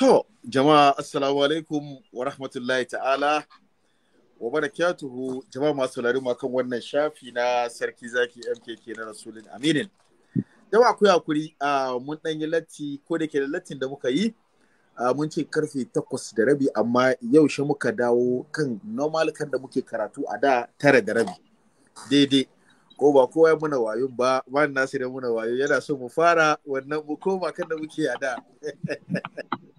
To, jama'a assalamu alaikum wa rahmatullahi ta'ala wa barakatuhu jama'a masu saurari makon wannan shafi na sarki zaki MKK na Rasulun Aminin. Yawa ku hakuri a mun ɗanyi yi latti ko da ke da lattin da muka yi mun ce karfe takwas da rabi amma yau shi muka dawo kan normal kan da muke karatu a da tara da rabi. Daidai. Ko ba kowa muna wayo ba, ba nasiru muna wayo yana so mu fara wannan mu koma kan da muke a da.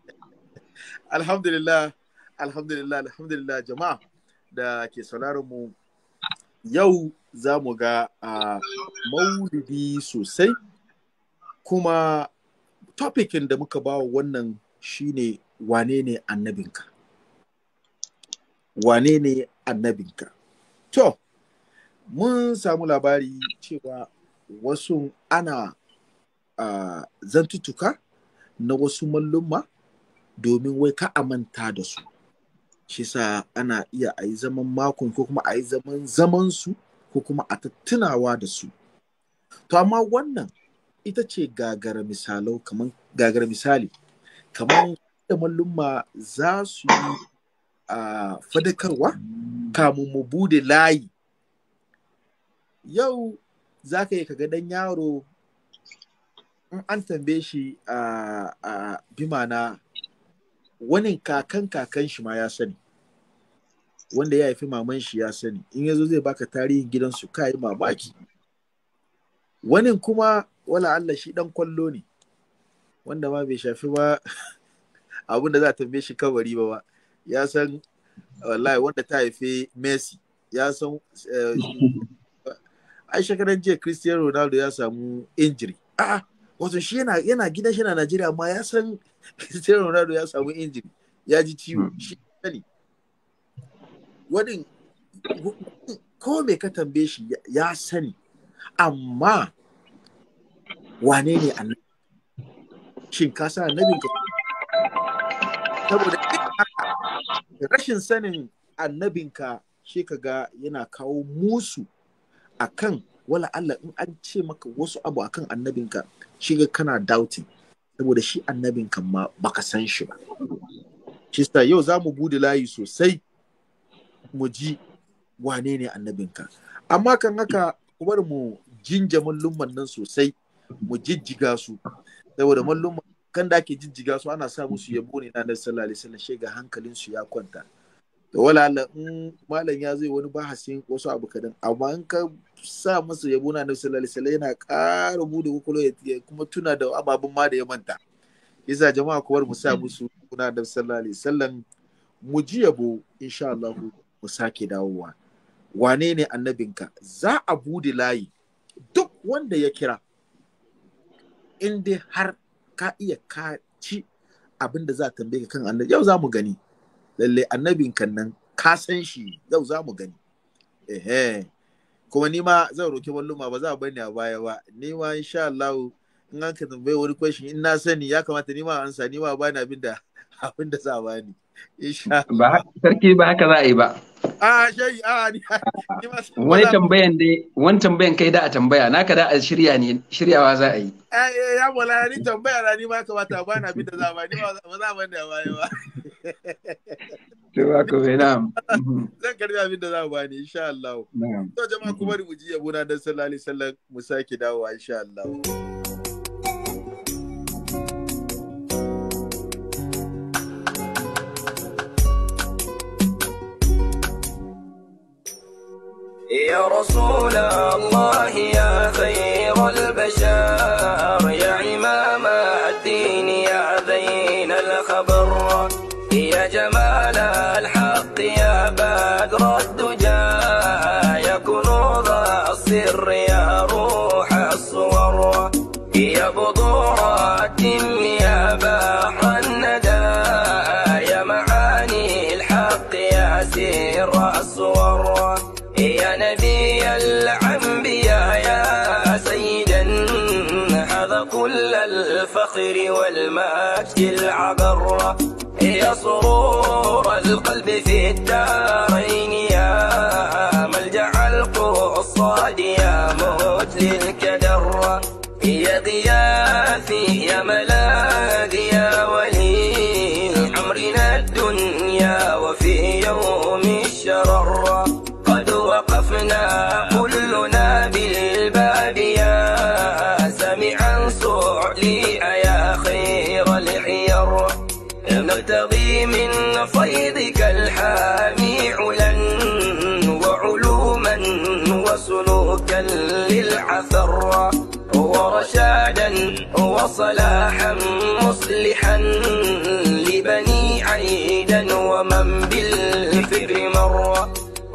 alhamdulillah alhamdulillah alhamdulillah jama'a da ke sauraron mu yau za mu ga a maulidi sosai kuma topikin da muka bawa wannan shine wane ne annabinka wane ne annabinka to mun samu labari cewa wasu ana zantutuka na wasu mallumma domin wai ka a manta da su shi sa ana iya a yi zaman makon ko kuma a yi zaman zaman su ko kuma a tattunawa da su to amma wannan ita ce gagara misalau kamar gagara misali kamar da mallumma za su yi a fadakarwa kamun mu bude layi yau za ka yi kaga dan yaro in an tambaye shi a bimana wani kakan kakan shi ma ya sani wanda ya haifi maman shi ya sani in yazo zai baka tarihin gidansu ka yi mamaki wani kuma wala Allah shi dan kwallo ne wanda ma bai shafi ba abin za ta tambaye shi kabari ba ba ya san wallahi wanda ta haifi Messi ya san eh, ai shekaran jiya Cristiano Ronaldo ya samu injury ah wato shi yana yana gidan shi na Najeriya amma ya san Cristiano Ronaldo ya samu injin ya ji ciwo hmm. shi sani wadin ko me ka tambaye shi ya sani amma wane ne annabi shin ka sa annabin ka saboda rashin sanin annabinka shi ka ga yana kawo musu akan wala Allah in an ce maka wasu abu akan annabinka shi ga kana doubting saboda shi annabinka ma baka san shi ba shi yau za mu bude layi sosai mu ji wane ne annabinka amma kan haka kuma mu jinja mallumman nan sosai mu jijjiga su saboda mallumman kan da ake jijjiga su ana sa musu yabo ne na sallallahu alaihi wasallam shi ga hankalin su ya kwanta da wala in malam ya zai wani bahasin wasu abu kadan amma in ka sa masa yabo na Nabi sallallahu alaihi yana ƙara bude kokolo ya kuma tuna da ababen ma da ya manta yasa jama'a kuma mu sa mm. musu kuna na sallallahu alaihi wasallam mu ji yabo insha Allah mu sake dawowa wane ne annabinka za a bude layi duk wanda ya kira in dai har ka iya ka ci abin da za a tambaye ka kan annabi yau za mu gani lalle annabin kan nan ka san shi yau za mu gani ehe kuma ni ma zan roki walluma ba za a bani a baya ba ni ma insha Allah in an ka tambaye wani question in na sani ya kamata ni ma ansa ni ma bani abin da abin da za a bani insha ba sarki ba haka za a yi ba a shayi a ni wani tambayan dai wani tambayan kai da a tambaya naka da a shirya ne shiryawa za a yi eh, eh ya bola ni tambaya ni ma kamata ba na abin da za a bani ba za a bani a baya ba to ba zan karbi abin da za mu bani insha Allah to jama'a kuma mu ji yabo na dan sallallahu alaihi wasallam mu sake dawowa insha Allah يا رسول الله يا خير العبرة يا صرور القلب في الدارين يا ملجع القصاد يا موت للكدر يا غياثي يا ملاذ يا ولي عمرنا الدنيا وفي يوم الشرر صيدك الحامي علا وعلوما وسلوكا للعثر ورشادا وصلاحا مصلحا لبني عيدا ومن بالفر مر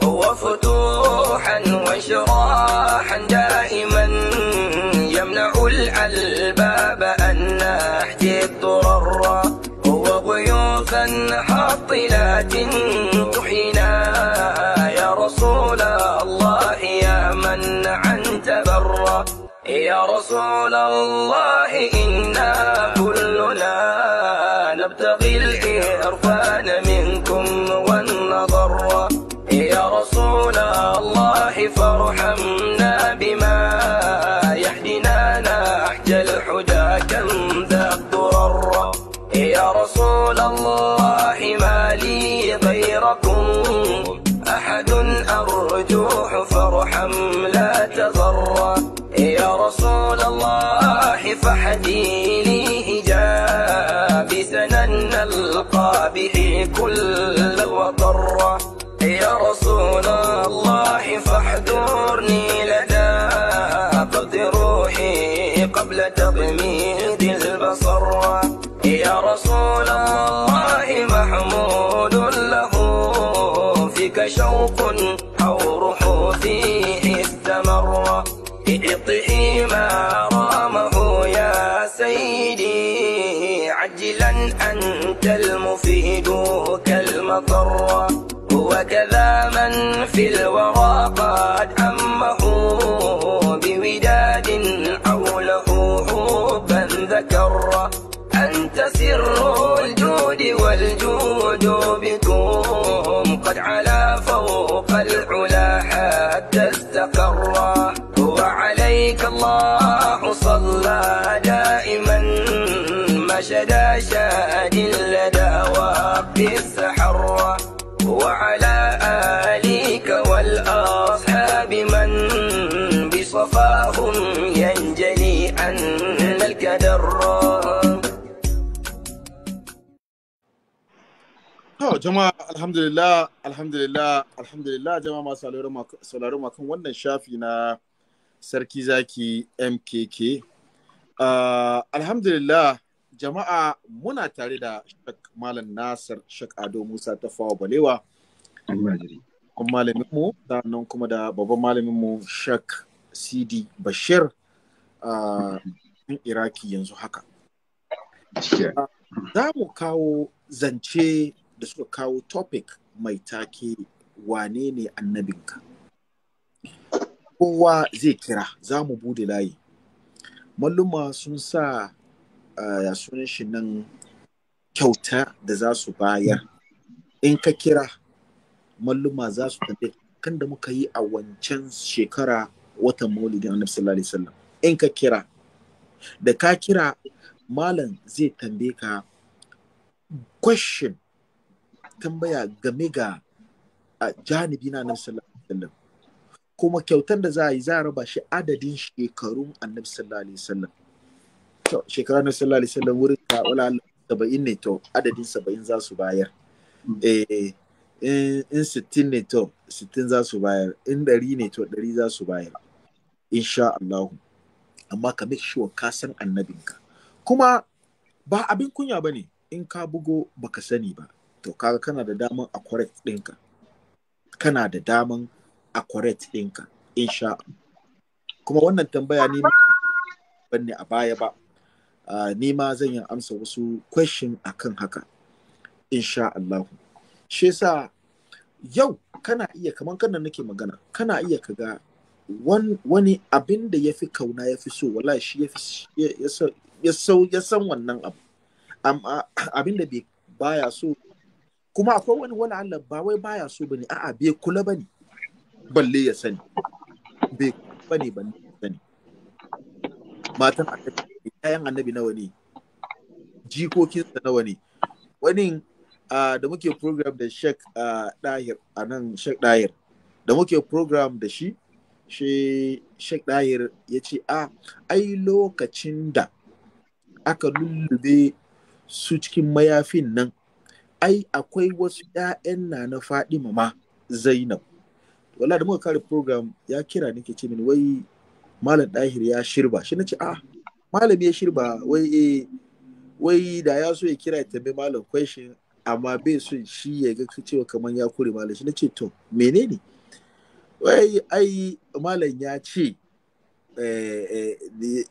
وفتوحا وشراحا دائما يمنع الألباب أن نحجي الضرر حاطلات تحينا يا رسول الله يا من عن تبرى يا رسول الله إنا كلنا نبتغي الإرفان منكم والنظر يا رسول الله فارحمنا وضره يا رسول الله فاحذرني لدى قبض روحي قبل تغميد البصر يا رسول الله محمود له فيك شوق أو روح فيه استمر اطحي ما رامه يا سيدي عجلا أنت المفيد مطرا وكذا من في الورى قد أمه بوداد حوله حبا ذكر أنت سر الجود والجود بكم قد علا فوق العلا حتى استقر وعليك الله صلى دائما ما شدا شاد لدى وقت السحر وعلى آلك والأصحاب من بصفاهم ينجلي عن الكدر To jama'a alhamdulillah alhamdulillah alhamdulillah jama'a masu sauraro makon wannan shafi na sarki zaki mkk uh, ah, alhamdulillah jama'a muna tare da malam nasir shak ado musa ta fawa balewa kuma malamin mu nan kuma da babban Malaminmu mu shak sidi bashir a iraki yanzu haka za mu kawo zance da suka kawo topic mai take wane ne annabinka kowa zai kira za mu bude layi malluma sun sa Ah, ya sunan shi nan kyauta da za su bayar in ka kira malluma za su tafi kan da muka yi a wancan shekara watan maulidin annabi sallallahu alaihi wasallam in ka kira da ka kira malam zai tambaye ka question tambaya game ga a ah, janibi na annabi sallallahu alaihi wasallam kuma kyautar da za a yi za a raba shi adadin shekarun annabi sallallahu alaihi wasallam to shekara na sallallahu alaihi wasallam wurin ula saba'in ne to adadin saba'in za su bayar hmm. eh in sittin ne to sittin za su bayar in ɗari ne to ɗari za su bayar insha Allah amma ka make sure ka san annabinka kuma ba abin kunya bane in ka bugo baka sani ba to kaga kana da daman a correct ɗinka kana da daman a correct ɗinka insha kuma wannan tambaya ne ban ne a baya ba Ah, ni ma zan yi amsa wasu question akan haka insha Allah shi yasa yau kana iya kamar kanan nake magana kana iya kaga wani abin da ya fi kauna ya fi so wala shi ya san wannan abu Amma abin da baya so kuma akwai wani wani Allah ba wai baya so bane a'a bai kula bane balle ya sani bai bane bane sani matan a kayan annabi nawa ne jikokinsa nawa ne wani da muke program da shek dahir a nan shek dahir da muke program da shi she shek dahir ya ce a ai lokacin da aka lullube su cikin mayafin nan ai akwai wasu 'ya'yan na na faɗi ma zainab wala da muka kare program ya kira nake ce mini wai malam dahir ya shirba shi na ce a ah, malami ya shirba wai eh, wai da ya so ya kira ya tambayi malam question amma bai so shi ya ga cewa kamar ya kure malam shi na ce to menene wai ai malam ya ce eh, eh,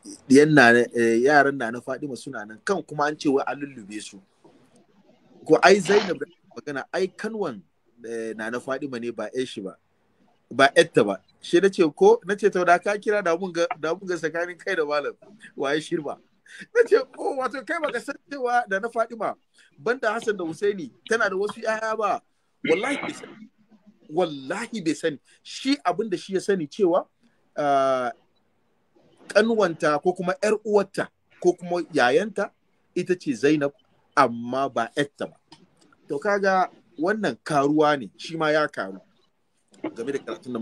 yaran na na Fadima suna nan kan kuma an ce wai an lullube su ko ai Zainab magana ai kanwan na na Fadima ne ba ƴan shi ba ba yatta ba shi na ce ko na ce ta ka kira da mun ga tsakanin kai da malam waye shirma na ce ko wato kai ka san cewa da na Fadima banda Hassan da Hussaini tana da wasu yaya ba wallahi bai sani wallahi bai sani shi abin da shi ya sani cewa kanuwanta, ah, ko kuma yar uwarta ko kuma yayanta ita ce Zainab amma ba yarta ba to kaga wannan karuwa ne shi ma ya karu game da karatun da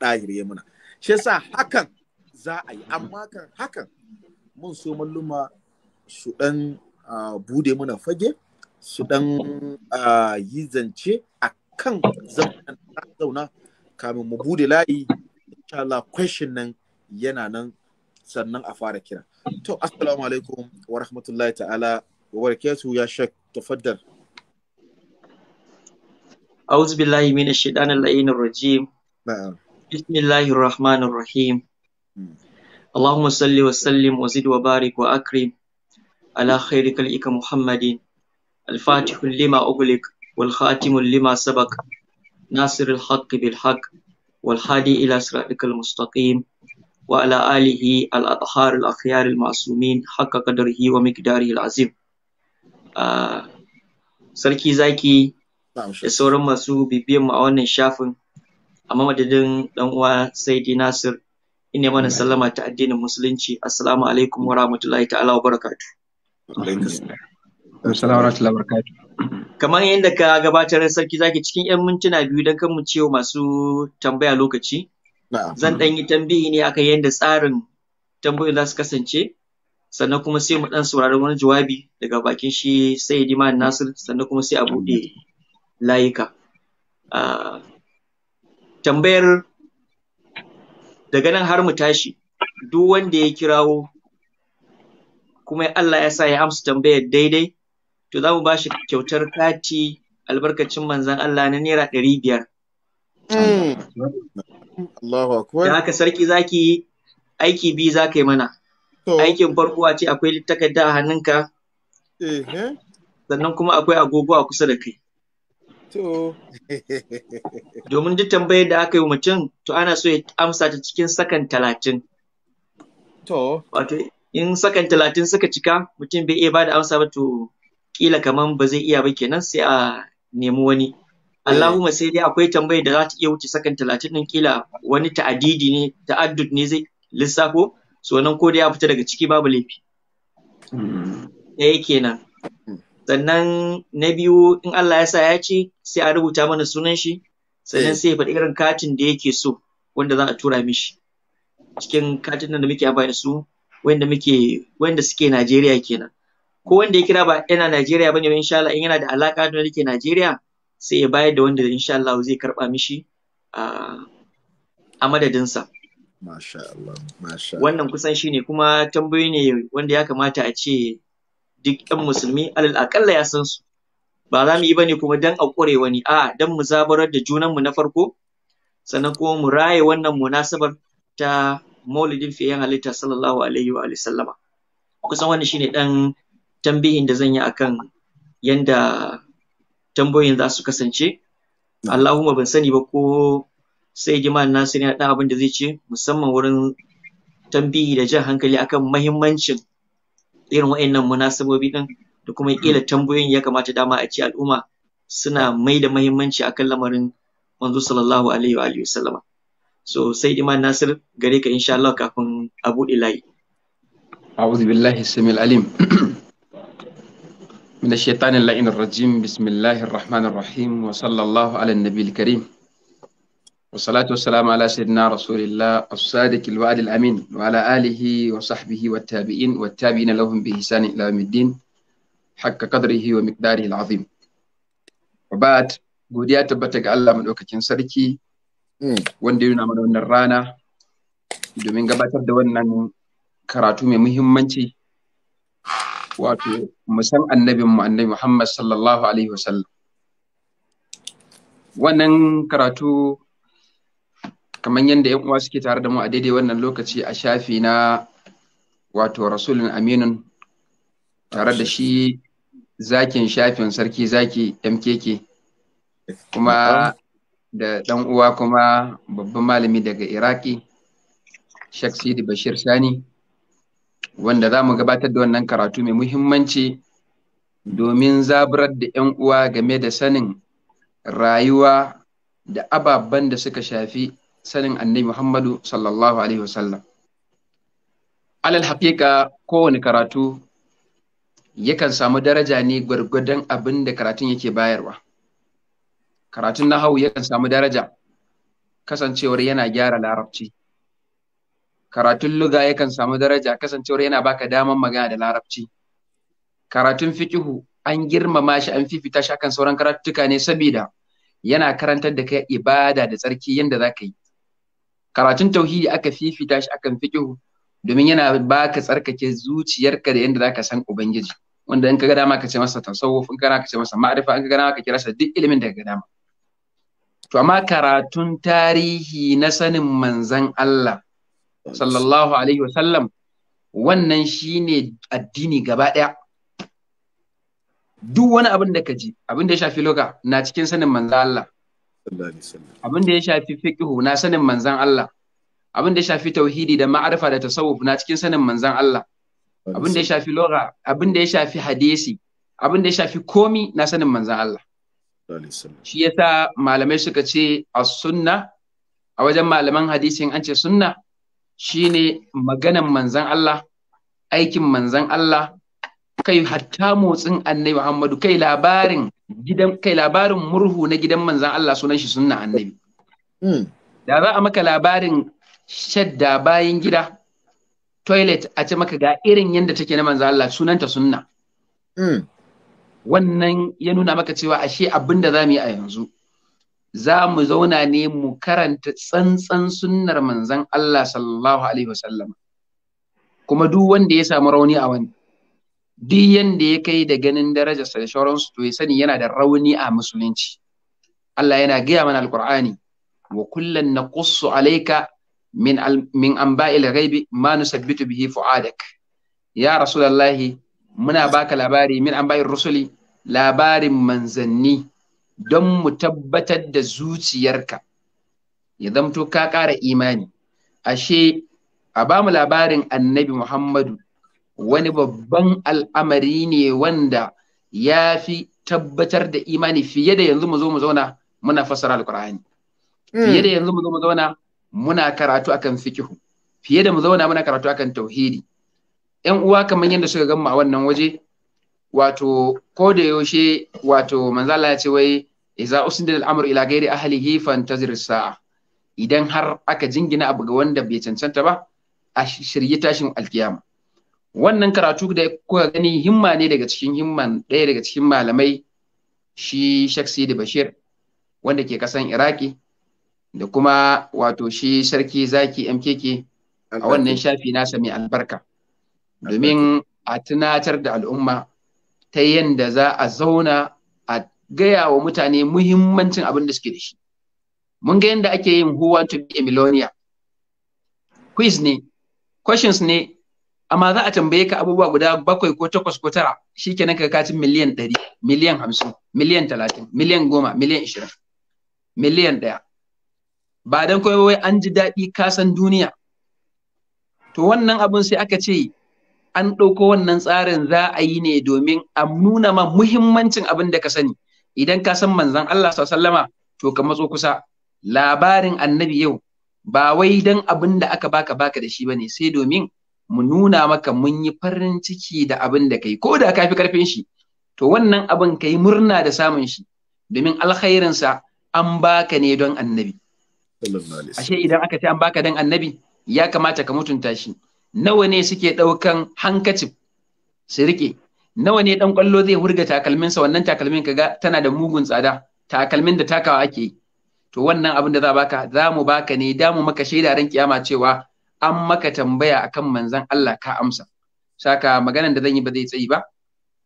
ɗahir ah, ya muna shi yasa hakan za a yi amma kan hakan mun so malluma su ɗan ah, bude muna fage su ɗan ah, yi zance a kan zauna kamin mu bude layi insha Allah question nan yana nan sannan a fara kira to assalamu alaikum wa rahmatullahi ta'ala wa barakatuhu ya shek tafaddar أعوذ بالله من الشيطان اللعين الرجيم نعم بسم الله الرحمن الرحيم اللهم صل وسلم وزد وبارك وأكرم على خير كلئك محمد الفاتح لما أغلق والخاتم لما سبق ناصر الحق بالحق والهادي إلى صراطك المستقيم وعلى آله الأطهار الأخيار المعصومين حق قدره ومقداره العظيم آه سركي زاكي da sauran masu bibiyan mu a wannan shafin a madadin dan uwa Saidi Nasir ina mana sallama ta addinin musulunci assalamu alaikum wa rahmatullahi ta'ala wa barakatuh assalamu alaikum wa barakatuh kamar yadda ka gabatar sarki zaki cikin yan mintuna biyu dan kan mu ciwo masu tambaya lokaci zan dan yi tambayi ne akan yadda tsarin tambayoyin za su kasance sannan kuma sai mu dan saurari wani jawabi daga bakin shi Saidi Man Nasir sannan kuma sai a buɗe layuka ah, tambayar daga nan har mu tashi duk wanda ya kirawo kuma Allah ya sa ya amsa tambayar daidai to za mu ba shi kyautar kati albarkacin manzan Allah na naira ɗari biyar. Allahu akbar. Da haka sarki zaki aiki bi za ka yi mana. Aikin farko a ce akwai takarda a hannunka. Sannan kuma akwai agogo a kusa da kai. To. Domin duk tambayar da aka yi wa mutum, to ana so ya amsa ta cikin sakan talatin. To. Wato, in sakan talatin suka cika, mutum bai iya ba da amsa ba to kila kaman ba zai iya ba kenan sai a nemi wani. Allahumma sai dai akwai tambayar da za ta iya wuce sakan talatin ɗin kila wani ta'adidi ne, ta'addud ne zai lissafo, so nan ko da ya fita daga ciki babu laifi. Hmm. Ɗaya kenan. Hmm. sannan na biyu in Allah ya sa ya ce sai a rubuta mana sunan shi sannan eh. sai ya faɗi irin katin da yake so wanda za a tura mishi cikin katin da muke amfani da su wanda muke wanda suke Najeriya kenan ko wanda ya kira ba yana Najeriya bane insha Allah in yana da alaka da wanda yake Najeriya sai ya bayar da wanda insha Allah zai karba mishi a madadinsa. Masha Allah, masha Allah. Wannan kusan shine kuma tambayoyi ne wanda ya kamata a ce duk ɗan musulmi alal aƙalla ya san su ba za mu yi bane kuma dan a ƙure wani a dan mu zabarar da junan mu na farko sannan kuma mu raye wannan munasabar ta maulidin fiyan halitta sallallahu alaihi wa sallama kusan wani shine dan tambihin da zan yi akan yanda tambayoyin za su kasance Allahumma ban sani ba ko sai jima'an Nasiru ya ɗan abin da zai ce musamman wurin tambihi da jan hankali akan mahimmancin irin wa'annan munasabobi din da kuma kila hmm. tambayoyin ya kamata dama a ce al'umma suna mai da muhimmanci akan lamarin manzo sallallahu alaihi wa alihi wasallama so sai iman nasir gare ka insha Allah kafin a buɗe layi أعوذ بالله Alim. العليم من الشيطان اللعين الرجيم بسم الله sallallahu الرحيم وصلى الله على النبي الكريم wasalatu wasalam ala sayyidina rasulillah asadikil wa alil amin wa ala alihi wa sahbihi wa tabi'in wa tabi'ina lahum bi hisani ila middin hakka kadrihi wa miqdarihi alazim wa ba'd gudiya tabbata ga allah mu sarki hmm. wanda yana mana rana domin gabatar da wannan karatu mai muhimmanci wato musan annabi mu muhammad sallallahu alaihi wasallam wannan karatu kamar yadda yan uwa suke tare da mu a daidai wannan lokaci a shafi na wato rasulun aminun tare da shi zakin shafin sarki zaki mkk kuma da ɗan uwa kuma babban malami daga iraki Sheikh Sidi Bashir Sani wanda za mu gabatar da wannan karatu mai muhimmanci domin zaburar da 'yan uwa game da sanin rayuwa da ababban da suka shafi sanin annabi Muhammadu sallallahu alaihi wasallam alal haƙiƙa kowane karatu yakan samu daraja ne gwargwadon abin da karatun yake bayarwa karatun na hau yakan samu daraja kasancewar yana gyara larabci karatun luga yakan samu daraja kasancewar yana baka daman magana da larabci karatun fikihu an girmama shi an fifita shi akan sauran karatuttuka ne saboda yana karantar da kai ibada da tsarki yadda za ka yi karatun tauhidi aka fifita shi akan fiqh domin yana baka tsarkake zuciyarka da yadda zaka san ubangiji wanda in ka ga dama ka ce masa tasawuf in ka ka ce masa ma'rifa in ka ga dama ka kira sa duk ilimin da ka dama to amma karatun tarihi na sanin manzan Allah sallallahu alaihi wasallam wannan shine addini gaba daya duk wani abin da ka ji abin da ya shafi loka na cikin sanin manzan Allah abin da ya shafi fiqhu na sanin manzan Allah abin da ya shafi tauhidi da ma'arifa da tasawuf na cikin sanin manzan Allah abin da ya shafi lugha abin da ya shafi hadisi abin da ya shafi komi na sanin manzan Allah shi yasa malamai suka ce a sunna a wajen malaman hadisi an ce sunna shine maganan manzan Allah aikin manzan Allah kai hatta motsin annabi Muhammadu kai labarin gidan kai labarin murhu na gidan manzan Allah sunan shi sunna annabi hmm. da za a maka labarin shadda bayan gida toilet a ce maka ga irin yadda take na manzan Allah sunanta sunna hmm. wannan ya nuna maka cewa ashe abin da za mu yi a yanzu za mu zauna ne mu karanta tsantsan sunnar manzan Allah sallallahu alaihi wasallam kuma duk wanda ya samu rauni a wani duk yanda ya kai da ganin darajarsa da shauransu to ya sani yana da rauni a musulunci Allah yana gaya mana alqur'ani wa kullan naqussu alaika min min anba'il ghaibi ma nusabbitu bihi fu'adak ya rasulullahi muna baka labari min anba'ir rusuli labarin manzanni don mu tabbatar da zuciyarka ya zamto ka ƙara imani ashe a ba mu labarin annabi Muhammadu wani babban al'amari ne wanda ya fi tabbatar da imani fiye da yanzu mu zo mu zauna muna fassara alkur'ani hmm. fiye da yanzu mu zo mu zauna muna karatu akan fikihu fiye da mu zauna muna karatu akan tauhidi yan uwa kamar yadda suka gama a wannan waje wato ko da yaushe wato manzala ya ce wai Iza usnida ila gairi ahlihi fantazir sa'a idan har aka jingina abu ga wanda bai cancanta ba a shirye tashin alkiyama wannan karatu da kuka gani himma ne daga cikin himman ɗaya daga cikin malamai shi shaksi da bashir wanda ke kasan iraki da kuma wato shi sarki zaki mkk a wannan shafi nasa mai albarka domin a tunatar da al'umma ta yadda za a zauna a gaya wa mutane muhimmancin abin da suke da shi mun ga yadda ake yin who want to be a millionaire quiz ne questions ne amma za a tambaye ka abubuwa guda bakwai ko takwas ko tara shi shikenan ka kacin miliyan ɗari miliyan hamsin miliyan talatin miliyan goma miliyan ishirin miliyan ɗaya ba dan wai an ji daɗi kasan duniya to wannan abun sai aka ce an ɗauko wannan tsarin za a yi ne domin a nuna ma muhimmancin abin da ka sani idan ka san manzan Allah sallama to ka matso kusa labarin annabi yau ba wai dan abin da aka baka baka da shi bane sai domin mu nuna maka mun yi farin ciki da abin da kai ko da ka fi karfin shi to wannan abin kai murna da samun shi domin alkhairinsa an baka ne don annabi ashe idan aka ce an baka don annabi ya kamata ka mutunta shi nawa ne suke ɗaukan hankacif su rike nawa ne ɗan ƙwallo zai hurga takalminsa wannan takalmin kaga tana da mugun tsada takalmin da takawa ake yi to wannan abin da za baka za mu baka ne da mu maka shaida ran kiyama cewa an maka tambaya akan manzan Allah ka amsa saka maganan da zan yi ba zai tsayi ba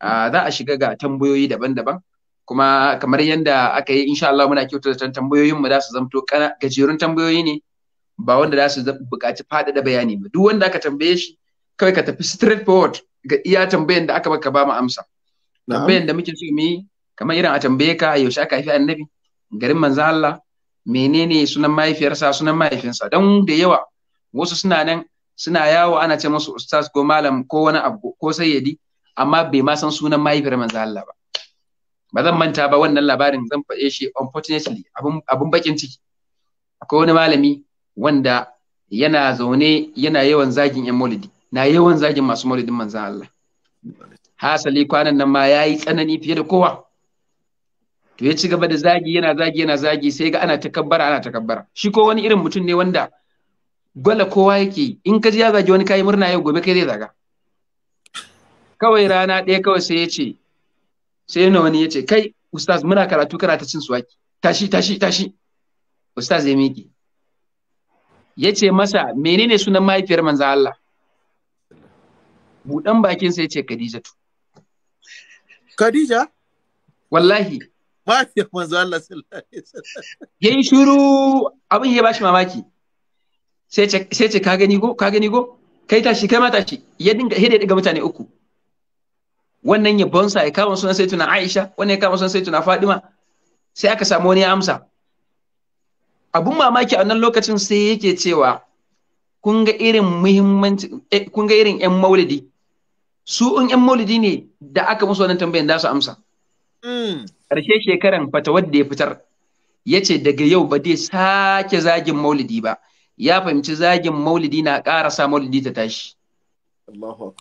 za a shiga ga tambayoyi daban-daban kuma kamar yadda aka yi insha Allah muna kyautata tambayoyin mu za su zamto gajerun tambayoyi ne ba wanda za su buƙaci faɗaɗa bayani ba duk wanda aka tambaye shi kawai ka tafi straight forward ga iya tambayan da aka baka ba mu amsa tambayan da muke so mu yi kamar irin a tambaye ka yaushe aka haifi annabi garin manzan Allah menene sunan mahaifiyarsa sunan mahaifinsa don da yawa wasu suna nan suna yawo ana ce musu ustaz ko malam ko wani abu ko sayyadi amma bai ma san sunan mahaifiyar manzo Allah ba ba zan manta ba wannan labarin zan faɗe shi unfortunately abun abun bakin ciki akwai wani malami wanda yana zaune yana yawan zagin yan maulidi na yawan zagin masu maulidin manzo Allah hasali kwanan nan ma yayi tsanani fiye da kowa to ya ci gaba da zagi yana zagi yana zagi sai ga ana takabbara ana takabbara shi ko wani irin mutum ne wanda gwala kowa yake in ka ji ya zagi wani kayi murna yau gobe kai zai zaga kawai rana ɗaya kawai sai ya ce sai na wani ya ce kai ustaz muna karatu kana ta cin suwaki tashi tashi tashi ustaz ya miƙe ya ce masa menene sunan mahaifiyar manzan Allah buɗan bakin sai ya ce tu. Khadija wallahi mahaifiyar manzan Allah sallallahu alaihi wasallam yayin shiru abin ya bashi mamaki sai ce ka gani go ka gani go kai tashi kai ma tashi ya dinga hede daga mutane uku wannan ya bonsa ya kama sunan sai tuna Aisha wannan ya kama sunan sai tuna Fadima sai aka samu wani ya amsa abun mamaki a wannan lokacin sai yake cewa kun ga irin muhimmanci eh, kun ga irin yan maulidi su in yan maulidi ne da aka musu wannan tambayan da su amsa ƙarshe mm. shekaran fatawar da ya fitar ya ce daga yau ba dai sake zagin maulidi ba ya fahimci zagin maulidi na ƙara sa maulidi ta tashi to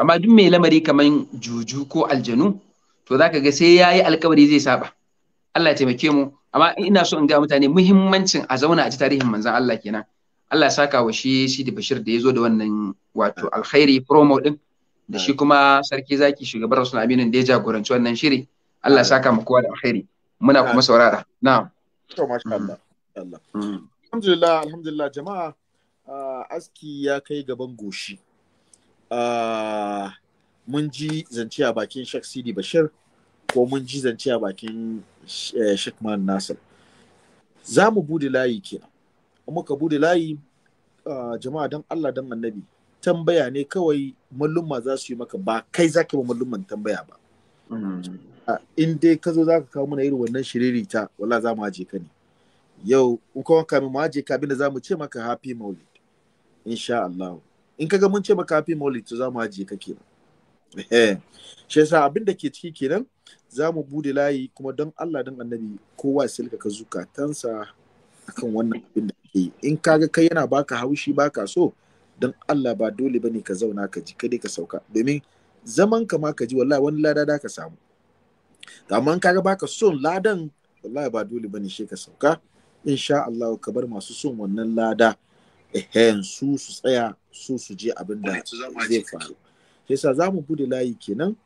amma duk mai lamari kamar juju ko aljanu to za ka ga sai ya yi alkawari zai saba Allah ya taimake mu amma ina so in ga mutane muhimmancin a zauna a ci tarihin manzan, Allah kenan Allah ya saka wa shi da Bashir da ya zo da wannan wato alkhairi promo ɗin, da shi kuma sarki zaki shugaban Rasul Aminin da ya jagoranci wannan shiri Allah ya saka mu kowa da alkhairi muna kuma saurara na'am Allah mm. Mm. alhamdulillah alhamdulillah jama'a uh, aski ya kai gaban goshi uh, mun ji zance a bakin shek sidi bashir ko mun ji zance a bakin eh, shek man nasir za mu bude layi kenan muka bude layi uh, jama'a don allah don annabi tambaya ne kawai mallumma za su yi maka ba kai zaka ba mallumman tambaya ba mm. in dai ka zo za ka kawo mana irin wannan ta wala za mu aje ka ne yau in kuma kamin mu aje kabin da za mu ce maka happy maulid insha Allah in ga mun ce maka happy maulid to za mu aje ka kenan shi yasa abin da ke ciki kenan za mu bude layi kuma don Allah don annabi kowa sai ka zukatansa akan wannan abin da ke in ka ga kai yana baka haushi baka so don Allah ba dole bane ka zauna ka ji kai ka sauka domin zaman ka ma ka ji wallahi wani lada da ka samu amma in kaga baka son ladan wallahi ba dole bane shi ka sauka insha Allah ka bar masu son wannan lada ehen su su tsaya su su je abin da zai faru yasa za mu bude layi kenan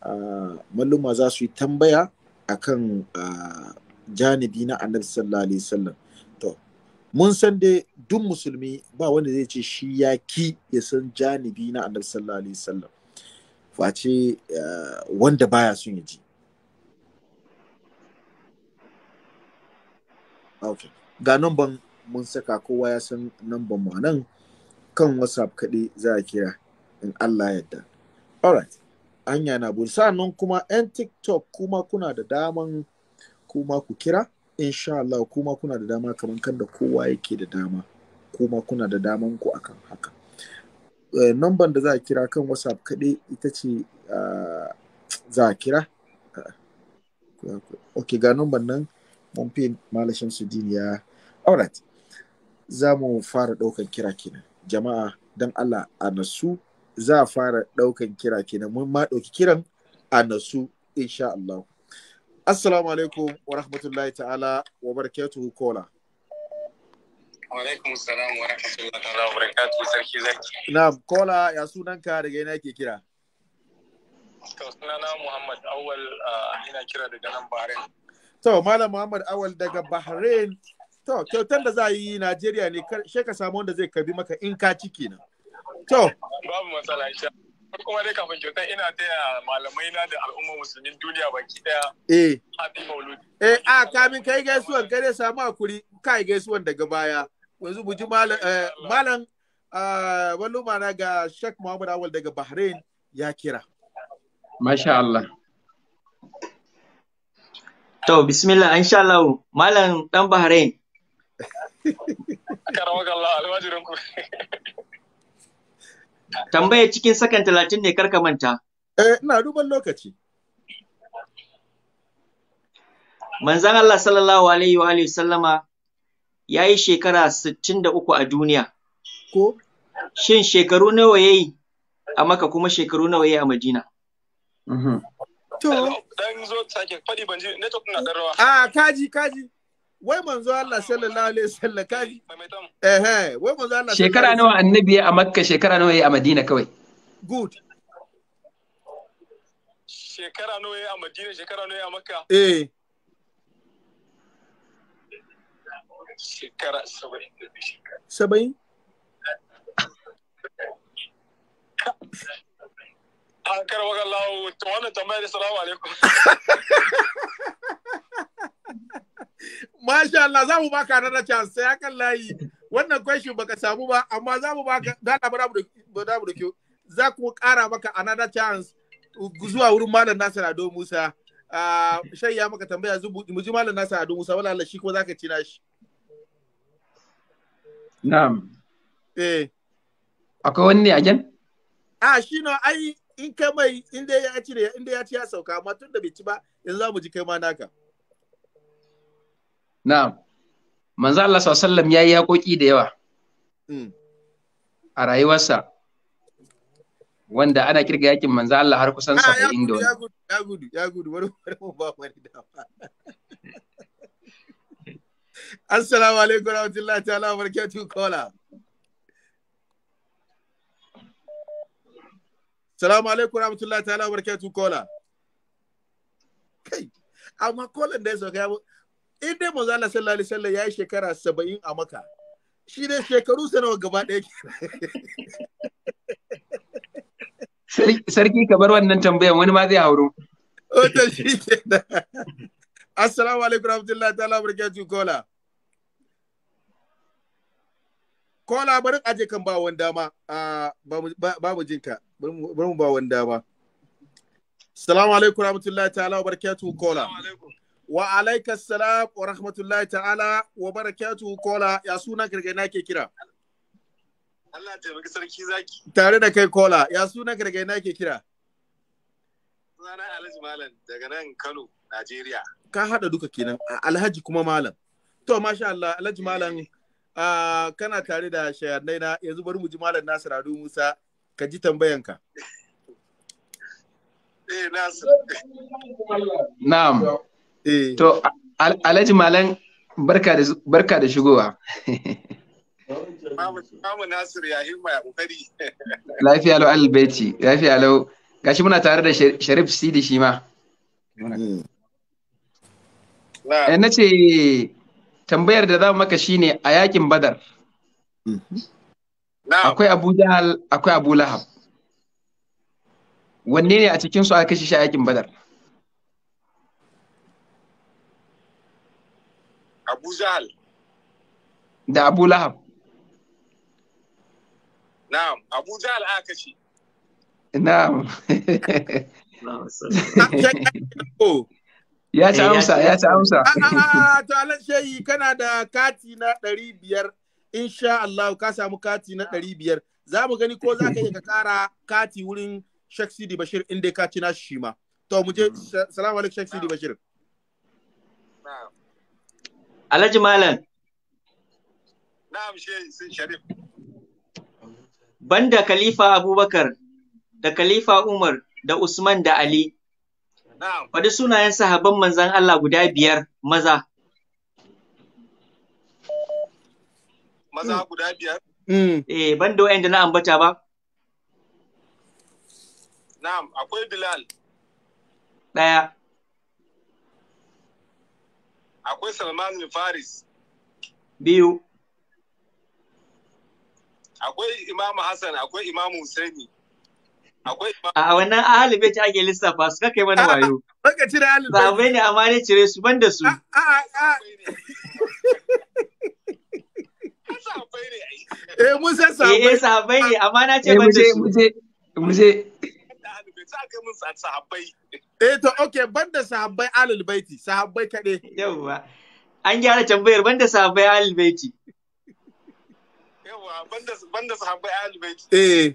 ah, malluma za su yi tambaya akan ah, janibi na annabi sallallahu alaihi wasallam to mun san dai duk musulmi ba wanda zai ce shi ya ki ya san janibi na annabi sallallahu alaihi wasallam face ah, wanda baya son ya ji ga numban mun saka kowa ya san numban mu nan kan whatsapp kaɗai za a kira in allah yadda alright hanya na buri sa'annan kuma 'yan tiktok kuma kuna da daman kuma ku kira insha Allah kuma kuna da dama kamar kan da kowa yake da dama kuma kuna da daman ku akan haka eh, Numban da za a kira kan whatsapp kaɗai ita ce ah, za a kira ah, ok ga numban nan mumfin malam shamsuddin ya alright za mu fara ɗaukan kira kenan jama'a don allah a nasu za a fara ɗaukan kira kenan mun ma ɗauki kiran a nasu insha Allah. Assalamu alaikum wa rahmatullahi ta'ala wa barakatuh kola. Wa alaikum salam wa rahmatullahi wa barakatuh sarki zaki. Na'am kola ya sunanka daga ina yake kira? To sunana Muhammad Awal ah, ina kira daga nan Bahrain. To, Malam Muhammad Awal daga Bahrain. To, kyautar da za a yi Najeriya ne, sheka ka samu wanda zai karbi maka in ka ciki nan. To. Babu matsala, insha kuma dai kafin kyautar ina taya malamai na da al'ummar musulmin duniya baki daya. Eh. Happy Maulud. Eh, a kamin kai gaisuwan kai dai samu hakuri, kai gaisuwan daga baya. Yanzu buji malam eh, ah, wani na ga Sheikh Muhammad Awal daga Bahrain ya kira. Masha Allah. To, bismillah, insha Allah, Malam ɗan Bahrain. Karamakallah, almajirin ku. Tambaya cikin sakan talatin ne karka manta. Eh, ina duban lokaci. Manzan Allah sallallahu alaihi wa sallama ya yi shekara 63 a duniya. Ko? Shin shekaru nawa ya yi a maka kuma shekaru nawa ya yi a Madina? Mhm. To. Dan zo sake faɗi ban ji network na dan rawa. Ah kaji kaji. Wai manzo Allah sallallahu alaihi wasallam kaji. Eh eh wai manzo Allah Shekara nawa annabi ya a Makka shekara nawa ya a Madina kawai. Good. Shekara nawa ya a Madina shekara nawa ya a Makka. Eh. Shekara saba'in. Saba'in? an karba kallahu wannan tambayar salamu alaikum Masha Allah za mu baka na chance sai akan layi wannan question baka samu ba amma za mu baka da na bara da da kyau za ku kara maka another chance zuwa wurin malam Nasir Ado Musa ah, shai ya maka tambaya zubu mu ji malam Nasir Ado Musa wala Allah shi ko zaka cina shi Na'am eh akwai wani ne a jan? Ah shi no ai in kai mai in dai ya ci in dai ya ci ya sauka amma tun da bai ci ba yanzu za mu ji kai ma naka na'am manzo Allah sallallahu alaihi wasallam yayi hakoki da yawa mm. a rayuwarsa wanda ana kirga yakin manzo Allah har kusan ah, sa da ya gudu ya gudu ya gudu bari mu ba wani da assalamu alaikum warahmatullahi ta'ala barakatuh kola Salamu alaikum rahmatullahi ta'ala wa barakatuh kola. Kai, amma kolan da ya sauka ya in dai manzo Allah sallallahu alaihi wasallam yayi shekara 70 a maka, Shi dai shekaru sa nawa gaba ɗaya Sarki ka bar wannan tambayan wani ma zai hauro. Wata shi ke da. Assalamu alaikum rahmatullahi ta'ala wa barakatuh kola. ko labarin aje kan ba dama ba mu jinka bari mu ba dama salamu alaikum rahmatullahi ta'ala wa barakatuhu kola wa alaika salam wa rahmatullahi ta'ala wa barakatuhu kola ya suna gargaina ke kira Allah ta yi sarki zaki tare da kai kola ya suna gargaina ke kira Zana Alhaji Malam daga nan Kano Najeriya ka hada duka kenan Alhaji kuma Malam to masha Allah Alhaji Malam kana tare da shayannai na yanzu bari mu ji malam Nasir Adu Musa ka ji tambayanka. Eh Nasir. Na'am. Eh. To Alhaji Malam barka da barka da shigowa. Mamu Nasir ya himma ya kokari. Lafiya lau albeti, lafiya lau. Gashi muna tare da Sharif Sidi shi ma. Eh. Hmm. Eh, na ce tambayar da za mu maka shine a yakin badar akwai abu jahal akwai abu lahab wanne ne a cikin su aka shi a yakin badar abu jahal da abu lahab na'am abu jahal aka kashe na'am Eh, ya ci amsa, ya ci amsa. Ah, ah, ah, to Alan Shehi kana da kati na ɗari biyar, insha Allah ka samu kati na ɗari biyar. Za mu gani ko za ka yi ka ƙara kati wurin Sheikh Sidi Bashir in dai ka ci shi ma. To mu je, mm. salamu alaikum Sheikh Sidi Bashir. Alhaji Malam. Na'am Sharif. Banda Khalifa Abubakar da Khalifa Umar da Usman da Ali Faɗi sunayen sahabban manzan Allah guda biyar maza. Maza guda biyar? Mm. Eh, ban da wa'yan da na ambata ba? Na'am, akwai Bilal. Ɗaya. Akwai Salman Faris. Biyu. Akwai Imamu Hassan, akwai Imamu Husaini. A wannan ahalin bai ci ake lissafa su kai mana ah, wayo. Baka cire ahalin bai. Sahabai ne amma ne cire su banda su. A a a. Eh mun san sahabai. Eh, eh sahabai ne amma na ce eh, banda su. Muje muje muje. Eh to okay banda da sahabbai alul baiti sahabbai kade. Yawa. An gyara tambayar banda da sahabbai alul baiti. banda banda da sahabbai alul baiti. Eh.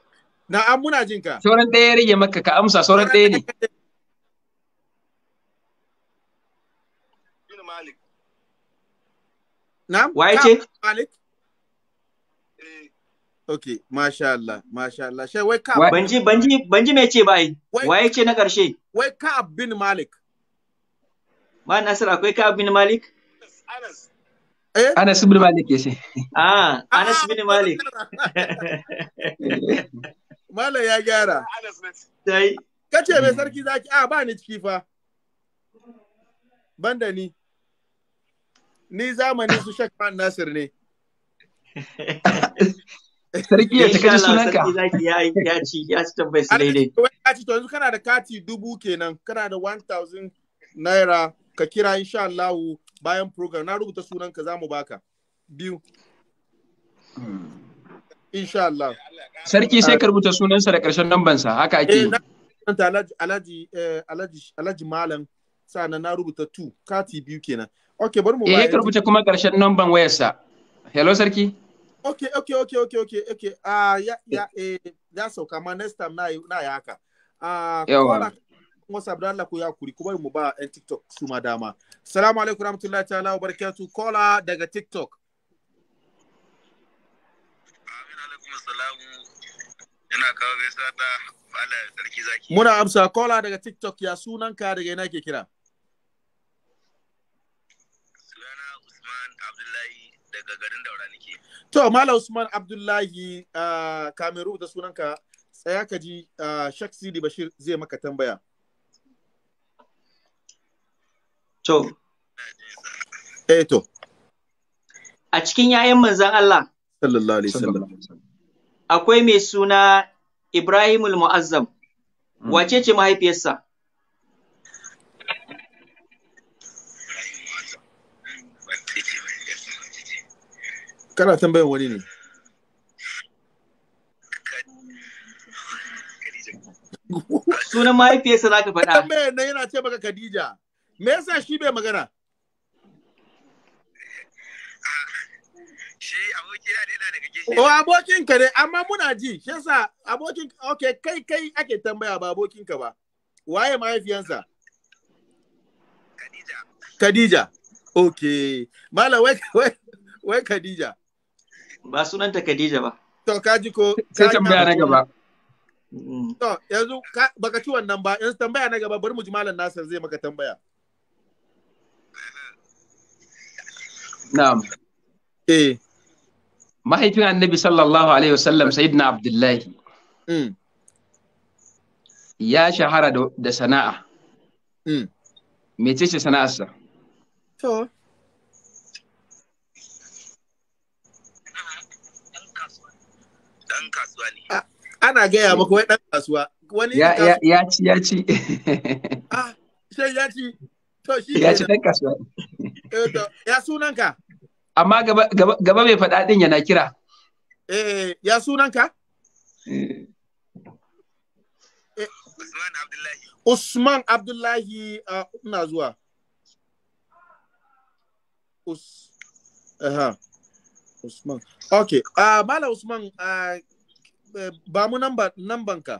Na'am muna jin ka. Sauran ɗaya ya rage maka ka amsa sauran ɗaya ne. Na'am. Waye ce? Malik. Eh. Okay, masha Allah, masha Allah. Shai wai ka banji banji banji me ce bai? Waye ce na ƙarshe? Wai ka bin Malik. Ba Nasir akwai ka bin Malik? Anas. Eh? Anas bin Malik ya ce. Ah, ah Anas bin Malik. Malam ya gyara. Dai. Kace mai mm. sarki zaki a ah, ba ni ciki fa. Banda ni. Ni zamani su Sheikh Man Nasir ne. Sarki ya cika sunanka. Sarki ya ci ya ci tambayi su daidai. Ya ci to yanzu kana da kati dubu kenan kana da 1000 naira ka kira insha Allah bayan program na rubuta sunanka zamu baka. Biyu. Hmm. Insha Allah. Sarki sai ka ah. rubuta sunansa da ƙarshen nambansa haka ake. Eh, Alhaji eh, Alhaji Alhaji Malam sana na rubuta tu kati biyu kenan. Ok bari mu Eh ka rubuta kuma ƙarshen namban wayarsa. Hello sarki. Ok ok ok ok ok okay ah ya ya eh ya sauka ma next time na na ya haka. Ah yawa. WhatsApp da Allah ku ya kuri kuma mu ba en TikTok su ma dama. Assalamu alaikum warahmatullahi ta'ala wa barakatuh. Kola daga TikTok. salamu ina kawo gaisa ta ala sarki zaki muna amsa kola daga tiktok ya sunan ka daga yana ke kira sunana usman abdullahi daga garin daura nake to mala usman abdullahi a uh, kameru da sunan ka tsaya ka ji uh, shak sidi bashir zai maka tambaya to eh to a cikin yayin manzan Allah sallallahu alaihi wasallam akwai mai suna Ibrahimul Mu'azzam. Hmm. Wace ce mahaifiyarsa? Kana tambayar wani ne? Sunan mahaifiyarsa za ka faɗa. Tambayar nan yana ce maka Khadija. Me yasa shi bai magana? O abokinka ne, amma muna ji, shi yasa abokin okay kai kai ake tambaya ba abokinka ba. Waye mahaifiyansa? Khadija. Khadija. Okay. Mala wai wai Khadija. Ba sunanta Khadija ba. To ka ko sai tambaya na gaba. Mm. To yanzu baka ci wannan ba, yanzu tambaya na gaba bari mu ji Malam Nasir zai maka tambaya. Na'am. Eh. mahaifin annabi sallallahu alaihi wasallam sayyidina abdullahi mm. ya shahara da sana'a mm. mece ce sana'arsa ana gaya maka wai dan kasuwa wani ya ya ci ya ci ah sai ya ci to shi ya ci dan kasuwa eh to ya sunanka amma gaba mai faɗa ɗin yana kira eh ya sunanka eh, Usman Abdullahi Usman Abdullahi uh, ina zuwa Us aha Usman ok. ah uh, mala Usman ah ba mu namban ka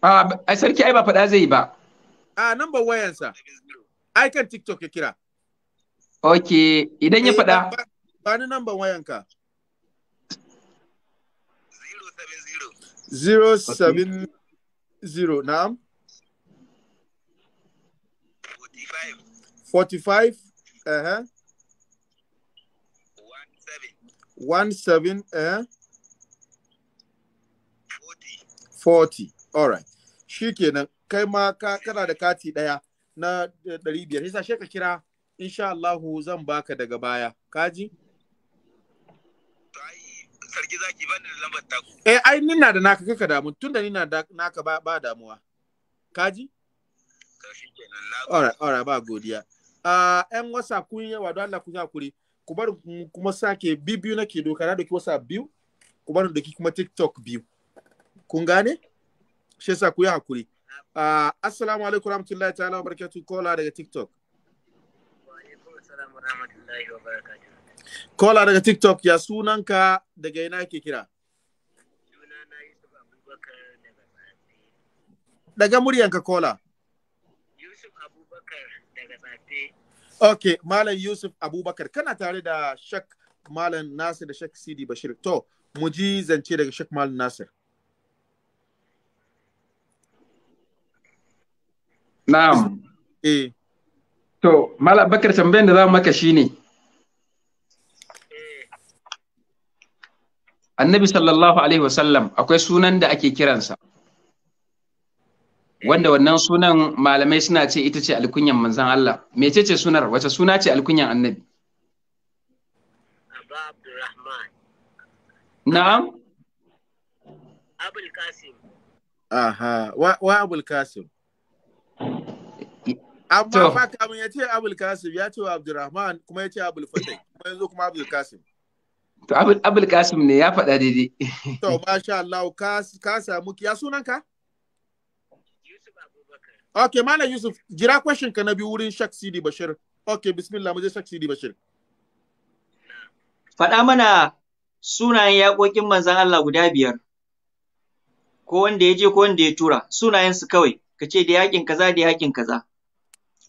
ah sarki ai ba faɗa zai ba ah namban wayansa ai kan TikTok ya kira Ok, idan ya eh, faɗa. Ba ni namban wayanka. 070. 070, na'am? 45. 45, eh? Uh 17, eh? 40. 40, all right. Shikenan, kai ma ka kana da kati ɗaya na 500, eh, sai ka kira insha Allahu zan baka daga baya kaji sarki zaki bani da lambar taku eh ai na da naka kaka damu tunda na da naka ba, ba damuwa kaji alright alright ba godiya uh, yan wasa kun yi wa don Allah ku hakuri ku bar kuma sake bibiyu nake doka na doki wasa biyu ku bar doki kuma tiktok biyu kun gane shi yasa ku yi hakuri uh, assalamu alaikum warahmatullahi ta'ala wa barakatuh kola daga tiktok wa rahmatullahi Kola daga TikTok ya sunanka daga ina yake kira? Sunana Yusuf Abubakar daga Tsafe. Daga muryanka Kola? Yusuf Abubakar daga Tsafe. Ok, Malam Yusuf Abubakar, kana tare da Shek Malam Nasir da Shek Sidi Bashir. To, mu ji zance daga Shek Malam Nasir. Na'am. Eh. To, Mala Bakar tambayan da za mu maka shine. Annabi sallallahu Alaihi wasallam akwai sunan da ake kiransa. Wanda wannan sunan malamai suna ce ita ce alkunyan manzan Allah. Mece ce sunar? Wace suna ce alkunyan annabi? Aba Na'am? Abul Qasim. Aha, wa, wa Abul Kasim. Amma fa kamun ya ce Abul Kasim ya ce Abdurrahman kuma ya ce Abul Fatai kuma yanzu kuma Abul Kasim. To Abul Kasim ne ya faɗa daidai. To masha Allah ka samu ya sunan ka? Ok, Malam Yusuf, jira question ka na biyu wurin Shak Sidi Bashir. Ok, bismillah, mu je Shak Sidi Bashir. Faɗa mana sunayen yaƙoƙin manzan Allah guda biyar. Ko wanda ya je ko wanda ya tura, sunayensu kawai, ka ce da yaƙin kaza da yaƙin kaza.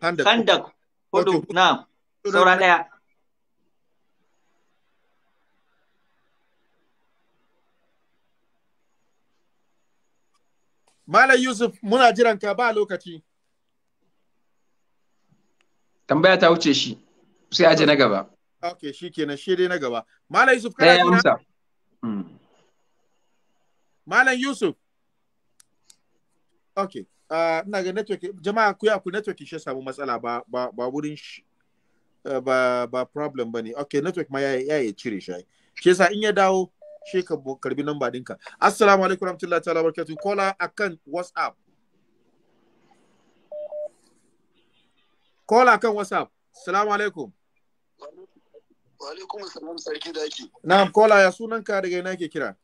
Kandak hudu na saura ɗaya. Malam Yusuf muna jiran ka ba lokaci. Tambaya ta wuce shi sai aje na gaba. Ok shi kenan shi dai na gaba. Malam Yusuf kana jira? Hmm. Malam Yusuf. Okay. Ah, ina ga network jama'a ku ya ku network shi samu matsala ba ba ba wurin eh, ba ba problem bane okay network ma ya ya cire shi shi yasa in ya dawo shi ka karbi namba dinka assalamu alaikum warahmatullahi ta'ala barakatuh kola akan whatsapp kola akan whatsapp assalamu alaikum wa alaikum assalam sarki daki na'am kola ya sunanka daga ina ke kira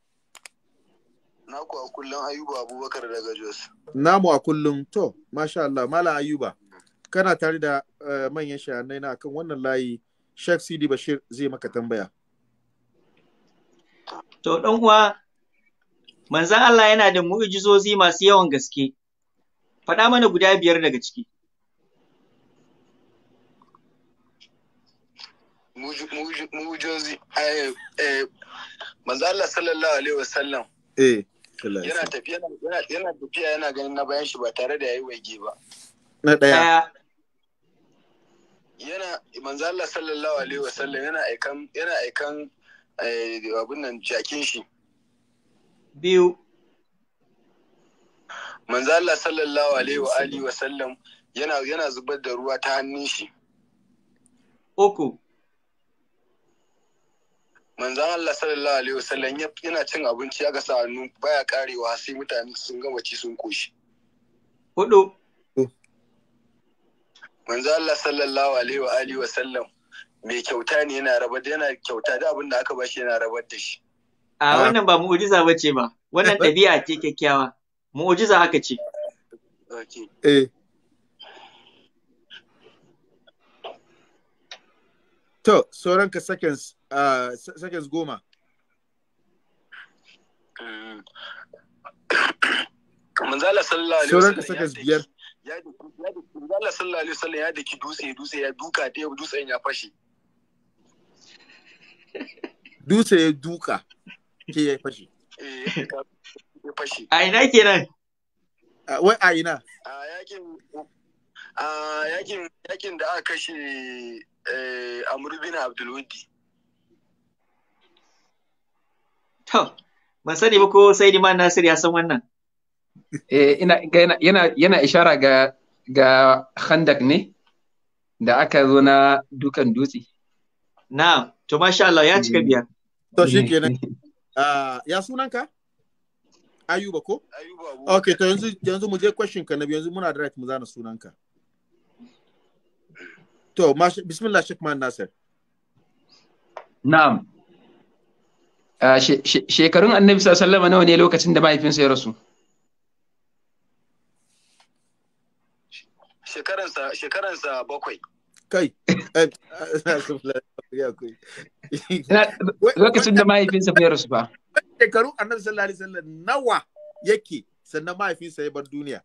Naku a kullum Ayuba Abubakar daga Jos. Namu a kullum to, masha Allah, Mala Ayuba. Kana tare da eh, manyan shahanai na kan wannan layi, Sheikh Sidi Bashir zai maka tambaya. To, ɗan uwa, manzan Allah yana da mu'ujizozi masu yawan gaske. Faɗa mana guda biyar daga ciki. Mu'ujizozi, eh, eh, manzan Allah sallallahu Alaihi wasallam. Eh. yana tafiya yana tafiya yana ganin na bayan shi ba tare da yayi waige ba na daya yana manzo Allah sallallahu alaihi wasallam yana aikan yana aikan eh, abin nan jakin shi biyu manzo Allah sallallahu alaihi wa alihi wasallam yana yana zubar da ruwa ta hannun shi uku manzan Allah sallallahu alaihi wasallam yana cin abinci aka sa hannu baya karewa sai mutane sun gama ci sun koshi hudu manzan Allah sallallahu alaihi wa alihi wasallam mai kyauta ne yana rabar da yana kyauta da abin da aka shi yana rabar da shi a ah. wannan ba mu'ujiza bace ba wannan ɗabi'a ce kyakkyawa mu'ujiza aka ce eh to sauran ka seconds Ah, seconds goma manzala sallallahu alaihi wasallam seconds biyar ya manzala sallallahu alaihi wasallam ya daki dutse dutse ya duka ta yau dutsen ya fashe dutse ya duka ke ya fashe eh, a ina kenan ah, wai a ina a yakin da aka kashe eh, Amr bin Abdul To, ban sani ba ko sai ma Nasir ya san wannan. Eh, ina, yana, yana ishara ga, ga Khandak ne da aka zo na dukan dutse. Na, to masha Allah ya cika eh. biya. To shikenan. Ah ya sunanka? Ayuba ko? Ayuba. Okay, to yanzu yanzu mu je question ka na yanzu muna direct mu zana sunanka. To, bismillah Sheikh Man Nasir. Na'am. Ah, shekarun annabi sallama nawa ne lokacin da mahaifinsa ya rasu shekaransa shekaransa bakwai kai lokacin da mahaifinsa ya rasu ba shekaru annabi sallallahu alaihi wasallam nawa yake sannan mahaifinsa ya bar duniya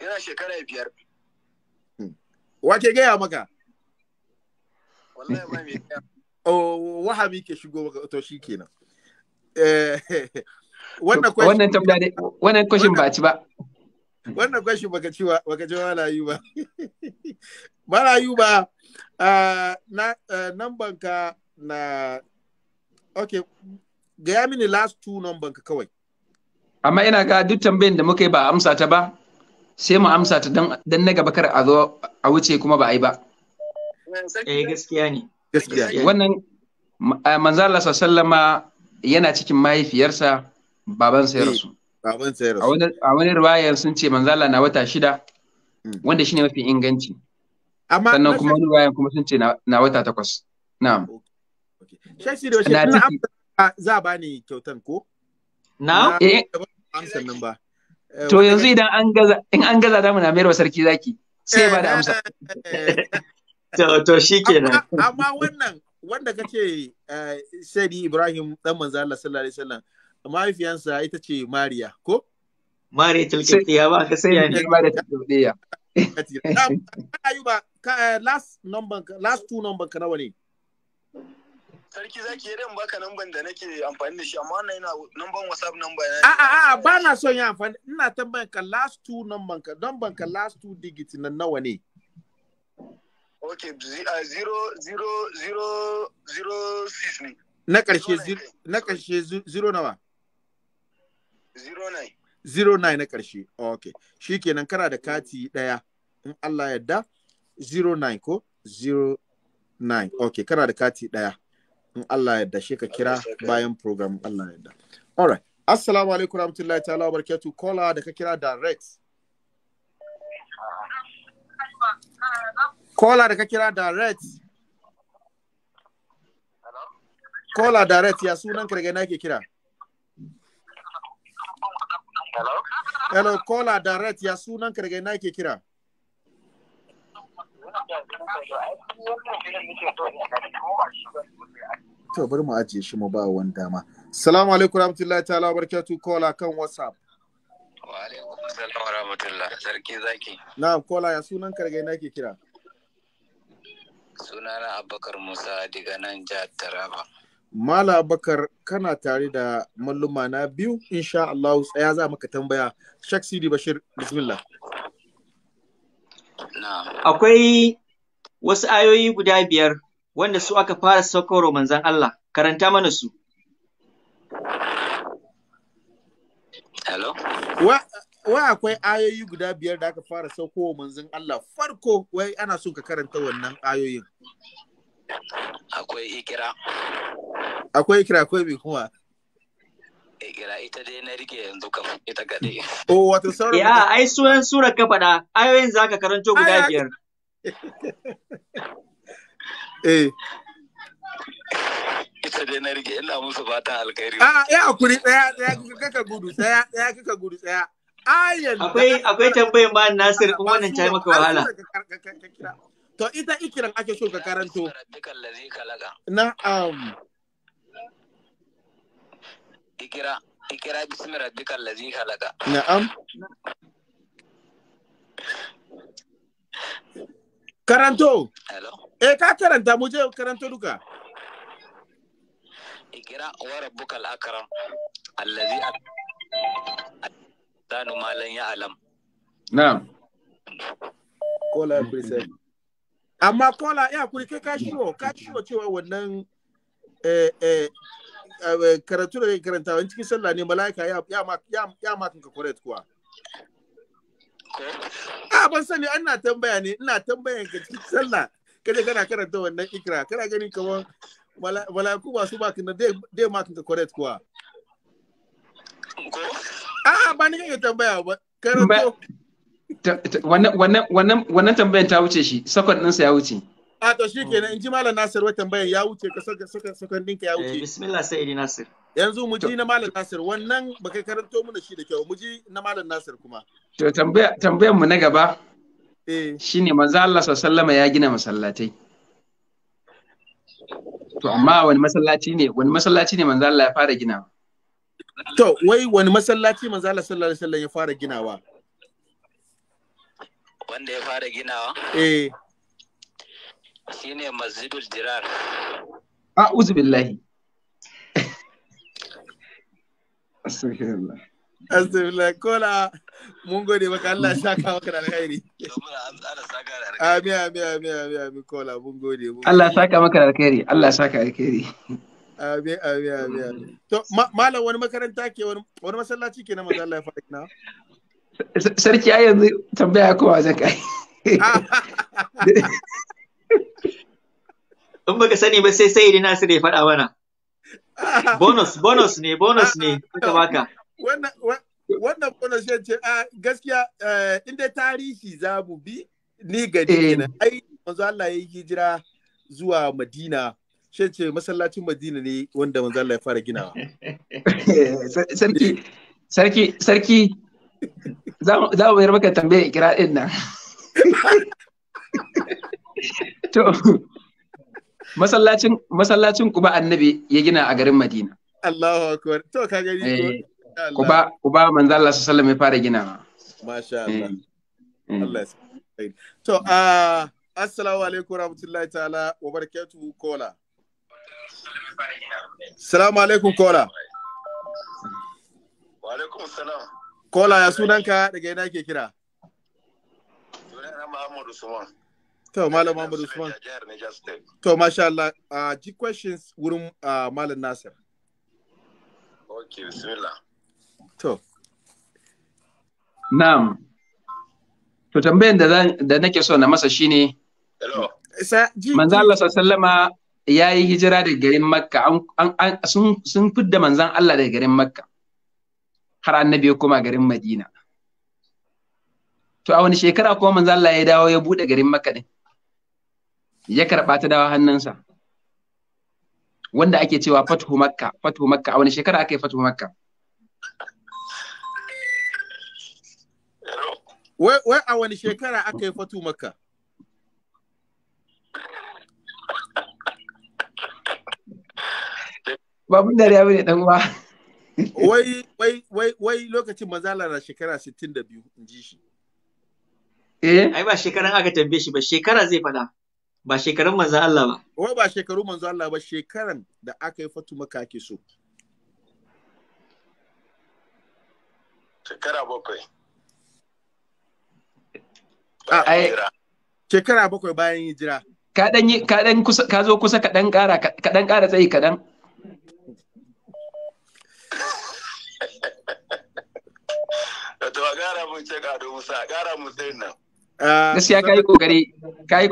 yana shekara biyar wace gaya maka wallahi ba me oh wahabi ke shigo to shikenan eh wannan question wannan tambaya ne ba ci ba wannan question baka ci ba baka ji malayu ba malayu ba ah, na eh, Nan banka na okay gaya mini last two number banka kawai amma ina ga duk tambayin da muka yi ba amsa ta ba sai mu amsa ta dan na gaba kar a zo a wuce kuma ba a yi ba eh gaskiya ne gaskiya wannan eh, manzo Allah sallama yana cikin mahaifiyarsa babansa ya eh, rasu ya rasu a wani riwaya sun ce manzo Allah na wata shida hmm. wanda shine mafi inganci amma sannan kuma wani riwaya kuma sun ce na wata takwas na'am shashi da shi za ba ni kyautan ko na eh amsar nan ba eh, to yanzu idan an gaza in an gaza da mu na mayar wa sarki zaki sai ba da amsa To, to shi kenan. Amma wannan wanda ka ce eh, Shadi Ibrahim ɗan manzo Allah sallallahu alaihi wasallam mahaifiyansa ita ce Mariya ko? Mariya tulkiyya ba ka sai ne Mariya tulkiyya. Ayuba last number last two number ka nawa ne? sarki zaki yadda baka number da nake amfani da shi amma wannan yana number whatsapp number na a a ba na son ya amfani ina tambayan ka last two number ka number ka last two digit na nawa ne ok zero zero zero zero six ne na ƙarshe na ƙarshe zero nawa zero nine zero nine na ƙarshe okay. shi kenan kana da kati ɗaya in Allah yadda zero nine ko zero nine ok kana da kati ɗaya in Allah yadda shi ka kira bayan program Allah yadda alright assalamu alaikum rahmatullahi ta'ala wa barakatuh kola da ka kira direct Kola da ka kira direct. Kola direct ya sunan kirge na ke kira. Hello? Hello, Kola direct ya sunan kirge na ke kira. To bari mu ajiye shi mu ba wani dama. Salamu alaikum rahmatullahi ta'ala barkatu kola kan WhatsApp. Wa alaikum salam wa rahmatullah sarki zaki. Na'am kola ya sunan kargai nake kira. Sunana Abubakar Musa daga nan jihar Taraba. Mala Abubakar kana tare da malluma na biyu insha Allah tsaya za maka tambaya Shak Sidi Bashir bismillah. Akwai wasu ayoyi guda biyar wanda su aka fara saukar manzan Allah karanta mana su. wai akwai ayoyi guda biyar da aka fara sauko wa manzon Allah farko wai ana son ka karanta wannan ayoyin. Akwai ikira. Akwai ikira akwai bi kuma. Ikira ita dai na rike yanzu kan ita gade. Oh wato sauran. Ya ai sunan sura ka faɗa ayoyin za ka karanto guda biyar. Eh. ita dai na rike ina musu fata alkhairi. A'a ah, ya eh, hakuri tsaya tsaya kika gudu tsaya tsaya kika gudu tsaya. ayan akwai akwai tambayar ma Nasir in wannan ta maka wahala to ita ikiran ake so ka karanto na'am um, ikira ikira bismi rabbikal ladhi khalaqa na'am karanto hello eh ka karanta mu je karanto duka ikira wa rabbukal akram alladhi tanu malan ya alam na'am kola ya amma kola ya kuri kai ka shiro ka shiro cewa wannan eh eh, eh karatu da karanta wani cikin sallah ne mala'ika ya ya makin ka correct kuwa a ah, ban sani na tambaya ne ina tambayan ka cikin sallah kaje kana karanta wannan ikra kana ganin kamar mala'iku ba su bakin da dai makin ka correct kuwa ko A'a ba ni kake tambaya ba. Karanto. Wannan tambayan ta wuce shi, sakon ɗinsa ya wuce. A to shi kenan in ji Malam Nasir wa tambayan ya wuce ka sakon ɗinka ya wuce. Eh, bismillah sai Idi Nasir. Yanzu mu ji na Malam Nasir wannan ba kai karanto mana shi da kyau mu ji na Malam Nasir kuma. To tambayan mu na gaba. Eh. Shi ne manzo Allah sallama ya gina masallatai. To amma wani masallaci ne wani masallaci ne manzo Allah ya fara ginawa. To, wai wani masallaci manzo Allah sallallahu alaihi wasallam ya fara ginawa? Wanda ya fara ginawa? Eh. Shine Masjidul Dirar. A'udhu billahi. Astaghfirullah. Astaghfirullah. Kola mun gode maka Allah ya saka maka da alkhairi. Amin amin amin amin amin kola mun gode mun. Allah ya saka maka da alkhairi. Allah ya saka alkhairi. Abi, abi, abi, abi. Mm. To, malam wani makaranta ke wani masallaci ke na maza ya fara gina? Sarki ya yanzu tambaya kowa zan kai. In baka sani ba sai sai na Nasir ya faɗa mana. Bonus, bonus ne, bonus ne, kuka ah, baka. Wannan bonus ya ce, ah, gaskiya eh, inda tarihi zabu bi, ni gari eh. kenan. Ai, manzo Allah ya yi hijira zuwa Madina. shi ce masallacin Madina ne wanda manzo Allah ya fara ginawa. Sarki sarki sarki za mu yi maka tambaya ikira din nan. To masallacin masallacin Kuba Annabi ya gina a garin Madina. Allahu akbar. To ka gani ko Kuba eh, Kuba manzo Allah sallallahu alaihi ya fara ginawa. Masha Allah. Eh, eh. Allah ya To, a ah, assalamu alaikum rahmatullahi ta'ala wa barakatuhu kola. Salamu alaikum kola. Wa alaikum salam. Kola ya sunanka daga ina ke kira? Sunana Muhammadu Usman. To Malam Muhammadu Usman. To masha Allah, uh, ji questions wurin uh, Malam Nasir. ok bismillah. To. nam To tambayan da nake so na masa shine Hello. Manzo Allah sallama ya yi hijira daga garin makka sun fidda manzan Allah daga garin makka har annabi ya koma garin madina to a wani shekara kuma manzan Allah ya dawo ya buɗe garin makka ne? ya karɓa ta dawa hannunsa wanda ake cewa fatuhu makka fatuhu makka a wani shekara aka yi fatuhu makka wai a wani shekara aka yi fatuhu makka ba mun dariya bane dan uwa wai wai wai wai lokacin mazala na shekara 62 in ji shi eh ai ba shekaran aka tambaye shi ba shekara zai fada ba shekaran manzo Allah ba wai ba shekaru manzo Allah ba shekaran da aka yi fatu maka ake so shekara bakwai ah, shekara bakwai bayan hijira ka dan ka dan kusa ka zo kusa ka dan kara ka dan kara tsayi ka dan ƙara mun ce ƙado musa a mun tsayin nan. Ah, Gaskiya ka yi ƙoƙari, ka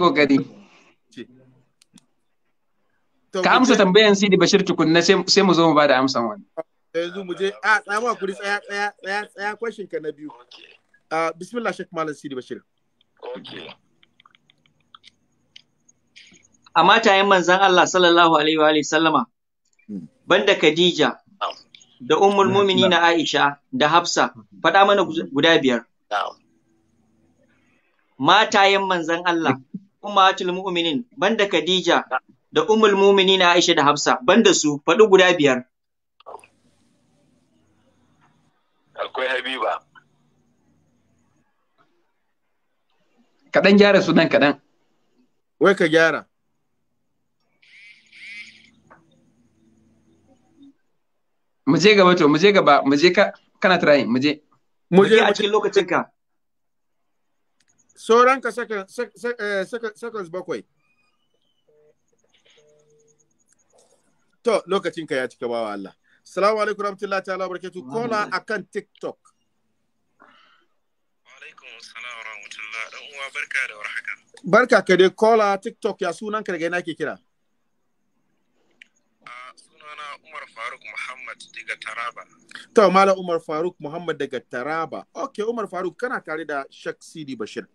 Ka amsa tambayan Sidi Bashir tukun na sai mu zo mu ba da amsan wani. Yanzu mu je, a ah, tsama kuri tsaya tsaya tsaya tsaya kwashin ka na biyu. Ah, bismillah Sheikh Malam Sidi Bashir. A matayen manzan Allah sallallahu alaihi wa sallama, hmm. banda Khadija, da ummul mumini na Aisha da Hafsa faɗa mana guda biyar. Matayen manzan Allah, ummatul mu'minin banda Khadija da ummul mumini na Aisha da Hafsa banda su faɗi guda biyar. Akwai Habiba. Kaɗan gyara sunan kaɗan. Wai ka gyara. mu je gaba to mu je gaba mu je kana trying mu je mu je a cikin lokacin ka sauran ka eh, seconds bakwai to lokacin ka ya cika bawa Allah salamu alaikum rahmatullahi ta'ala barakatu kola akan tiktok barka barka ka dai kola tiktok ya sunan ka daga ina ke kira ah, sunana Umar fa Muhammad daga Taraba. To Umar Faruk Muhammad daga Taraba. Ok Umar Faruk kana tare da Shak Sidi Bashir.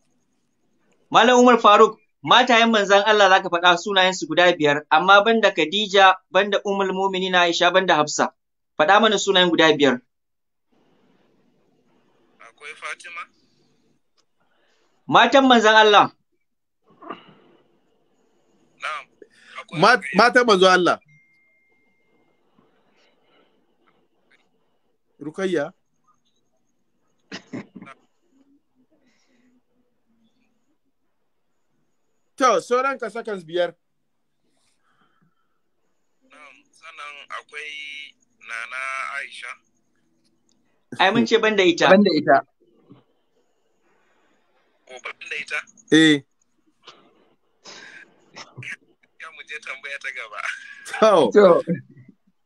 Malam Umar Faruk matayen manzan Allah za ka faɗa sunayensu guda biyar amma banda Khadija banda Ummul na Aisha banda Hafsa. Faɗa mana sunayen guda biyar. Akwai Fatima? Matan manzan Allah. Na'am. Matan manzan Allah. Rukayya. To, sauran ka seconds biyar. Sannan akwai Nana Aisha. Ai, mun ce ban da ita. Ban da ita. O oh, ban da ita? Eh. Ya mu je tambaya ta gaba. To.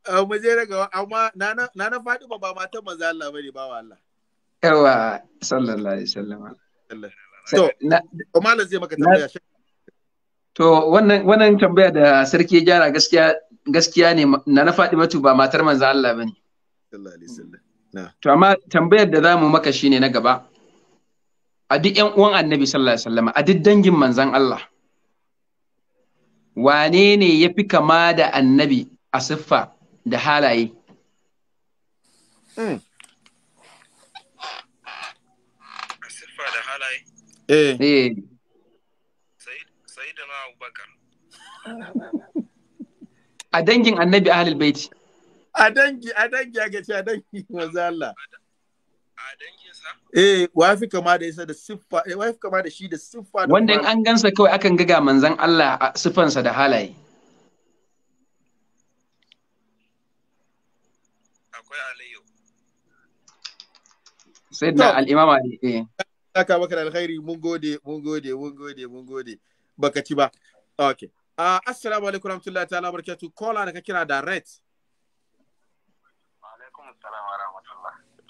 Eh, mu je daga amma na na faɗi ba matan manzo Allah bane ba wa Allah yawa sallallahu alaihi wasallam to malam zai maka tambaya to wannan wannan tambaya da sarki ya gyara gaskiya gaskiya ne na na faɗi Fatimatu ba matar manzo Allah bane sallallahu alaihi wasallam to amma tambayar da zamu maka shine na gaba a duk ƴan uwan annabi sallallahu alaihi wasallam a duk dangin manzon Allah wane ne ya fi kama da annabi a siffa da halaye hmm. siffa da halaye eh eh sayyidina abubakar a dangin annabi ahlul baiti a dangi a dangi a gaci a dangi manzo Allah a danginsa eh wa fi kama da isa da siffa eh fi kama da shi da siffa da wanda in an gansa kawai akan gaga manzan Allah a siffansa da halaye akwai alayyo sai al'imam ali eh maka alkhairi mun gode mun gode mun gode mun gode baka ci ba okay uh, assalamu alaikum warahmatullahi ta'ala barakatuh kola da ka kira da alaikum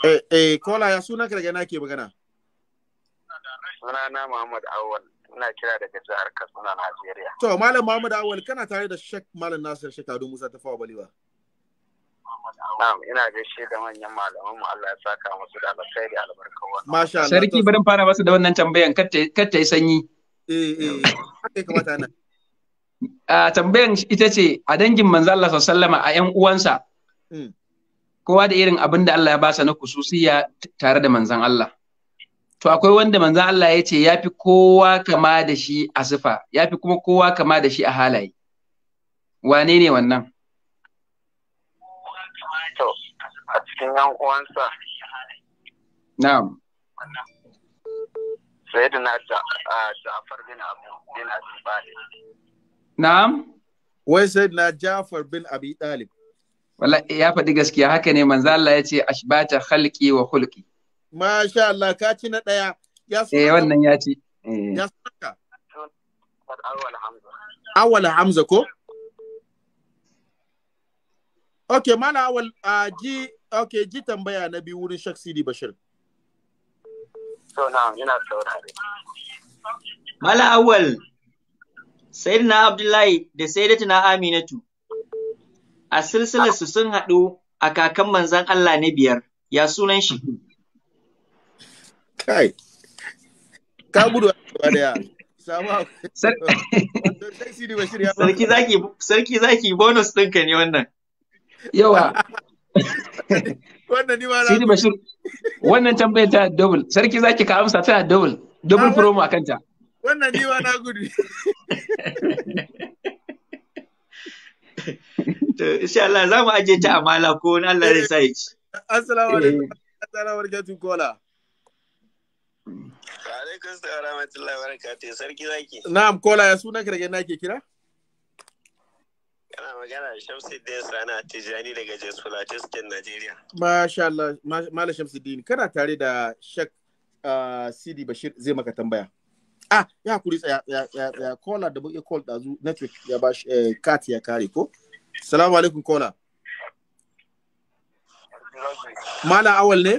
eh eh kola ya suna ka daga ina ke magana Suna na Muhammad Awal ina kira daga jihar Katsina Najeriya to malam Muhammad Awal kana tare da Sheikh Malam Nasir Shekaru Musa Tafawa Baliwa Na'am da manyan malaman mu Allah ya saka musu da alkhairi albarka Sarki barin fara basu da wannan tambayan katta yi sanyi. Eh, eh, eh. A tambayan ita ce a dangin manzala sallama a 'yan uwansa. Hmm. Kowa da irin abin da Allah ya basa na kususiya tare da manzan Allah. To akwai wanda manzan Allah ya ce ya fi kowa kama da shi a sifa, ya fi kuma kowa kama da shi a halaye. Wane ne wannan? cikin yan uwansa na'am sayyidina Ja'far bin Abu bin Abi Talib na'am wai sayyidina Ja'far bin Abi Talib wala ya faɗi gaskiya haka ne manzo Allah ya ce ashbata khalqi wa khulqi masha Allah ka ci na daya ya eh wannan ya ci eh. ya saka awal hamza ko okay mana awal ji ok ji tambaya na biyu wurin Sheikh Sidi Bashir So na ina saurare mala awal, awwal na Abdullahi da sayyidatuna Aminatu a silsilar su sun haɗu a kakan manzan Allah na biyar ya sunan shi kai ka gudu a da ya daya sarki zaki bonus ɗinka ne wannan yawa Wannan ni ma na. Sidi Bashir. Wannan tambayar ta double. Sarki zaki ka amsa tana double. Double promo a kanta. Wannan ni ma na gudu. To insha Allah za mu aje ta amala ko wani Allah zai sa ya Assalamu eh. alaikum. Assalamu alaikum kola. Wa alaikum salam wa rahmatullahi wa barakatuh. Sarki zaki. Na'am kola ya sunan da nake kira? Kana magana Shamsuddin Sana Tijani daga Jos Plateau State, Najeriya. Masha Allah, Mala Shamsuddin, kana tare da Shek ah, Sidi Bashir zai maka tambaya. Ah, ya kuri tsaya, ya, ya, ya, kola da buke da ɗazu, network ya ba shi, kati eh, ya kare ko? Salamu alaikum kola. Mala awal ne?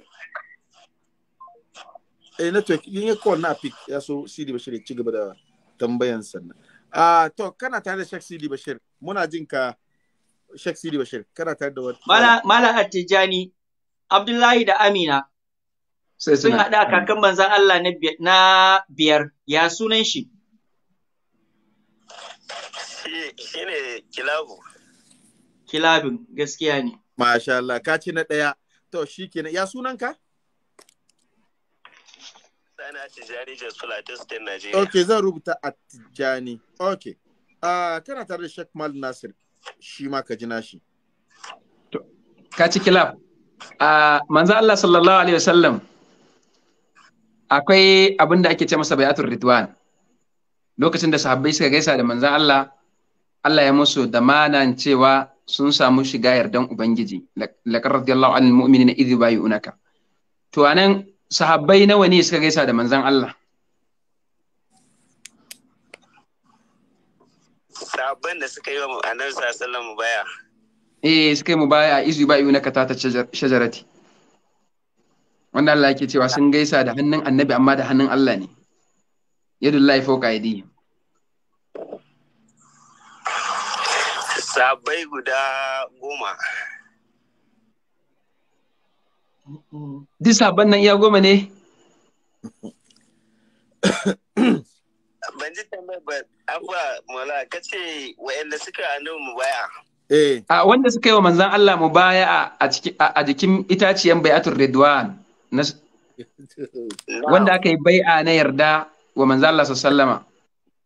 Eh, network, yin yi kola na pick, ya so Sidi Bashir ya ci gaba da tambayan sannan. Ah, to kana tare da Sheikh Sidi Bashir muna jin ka Sheikh Sidi Bashir kana tare da wani. Mala Mala Attijani Abdullahi da Amina sun hada kakan manzan Allah na biyar ya sunan shi shi ne kilabu kilabin gaskiya ne masha Allah ka ci na ɗaya to shikenan ya sunan ka sani plateau state nigeria ok zan rubuta a tijjani ok uh, kana tare da Sheikh mal nasir shi ma ka ji nashi ka ci Ah, uh, manzo Allah sallallahu alaihi wasallam akwai abin da ake ce masa bayatul ridwan lokacin da sahabbai suka gaisa da manzo Allah Allah ya musu da manan cewa sun samu shiga yardan ubangiji laqad radiyallahu anil mu'minina idh bayunaka to anan sahabbai nawa ne suka gaisa da manzan Allah sahabban da suka yi wa annabi sallallahu alaihi baya eh suka yi mu baya a izu ba yi na kata ta shajarati wanda Allah yake cewa sun gaisa da hannun annabi amma da hannun Allah ne yadullahi fawqa aydihim sahabbai guda goma Duk sabon nan iya goma ne? Ban ji tambayar ba, abuwa mala ka ce wa'yanda suka annabi mu baya. Eh. A wanda suka yi wa manzan Allah mu baya a jikin itaciyan bai'atul Ridwan. Wanda aka yi bai'a na yarda wa manzan Allah sallama.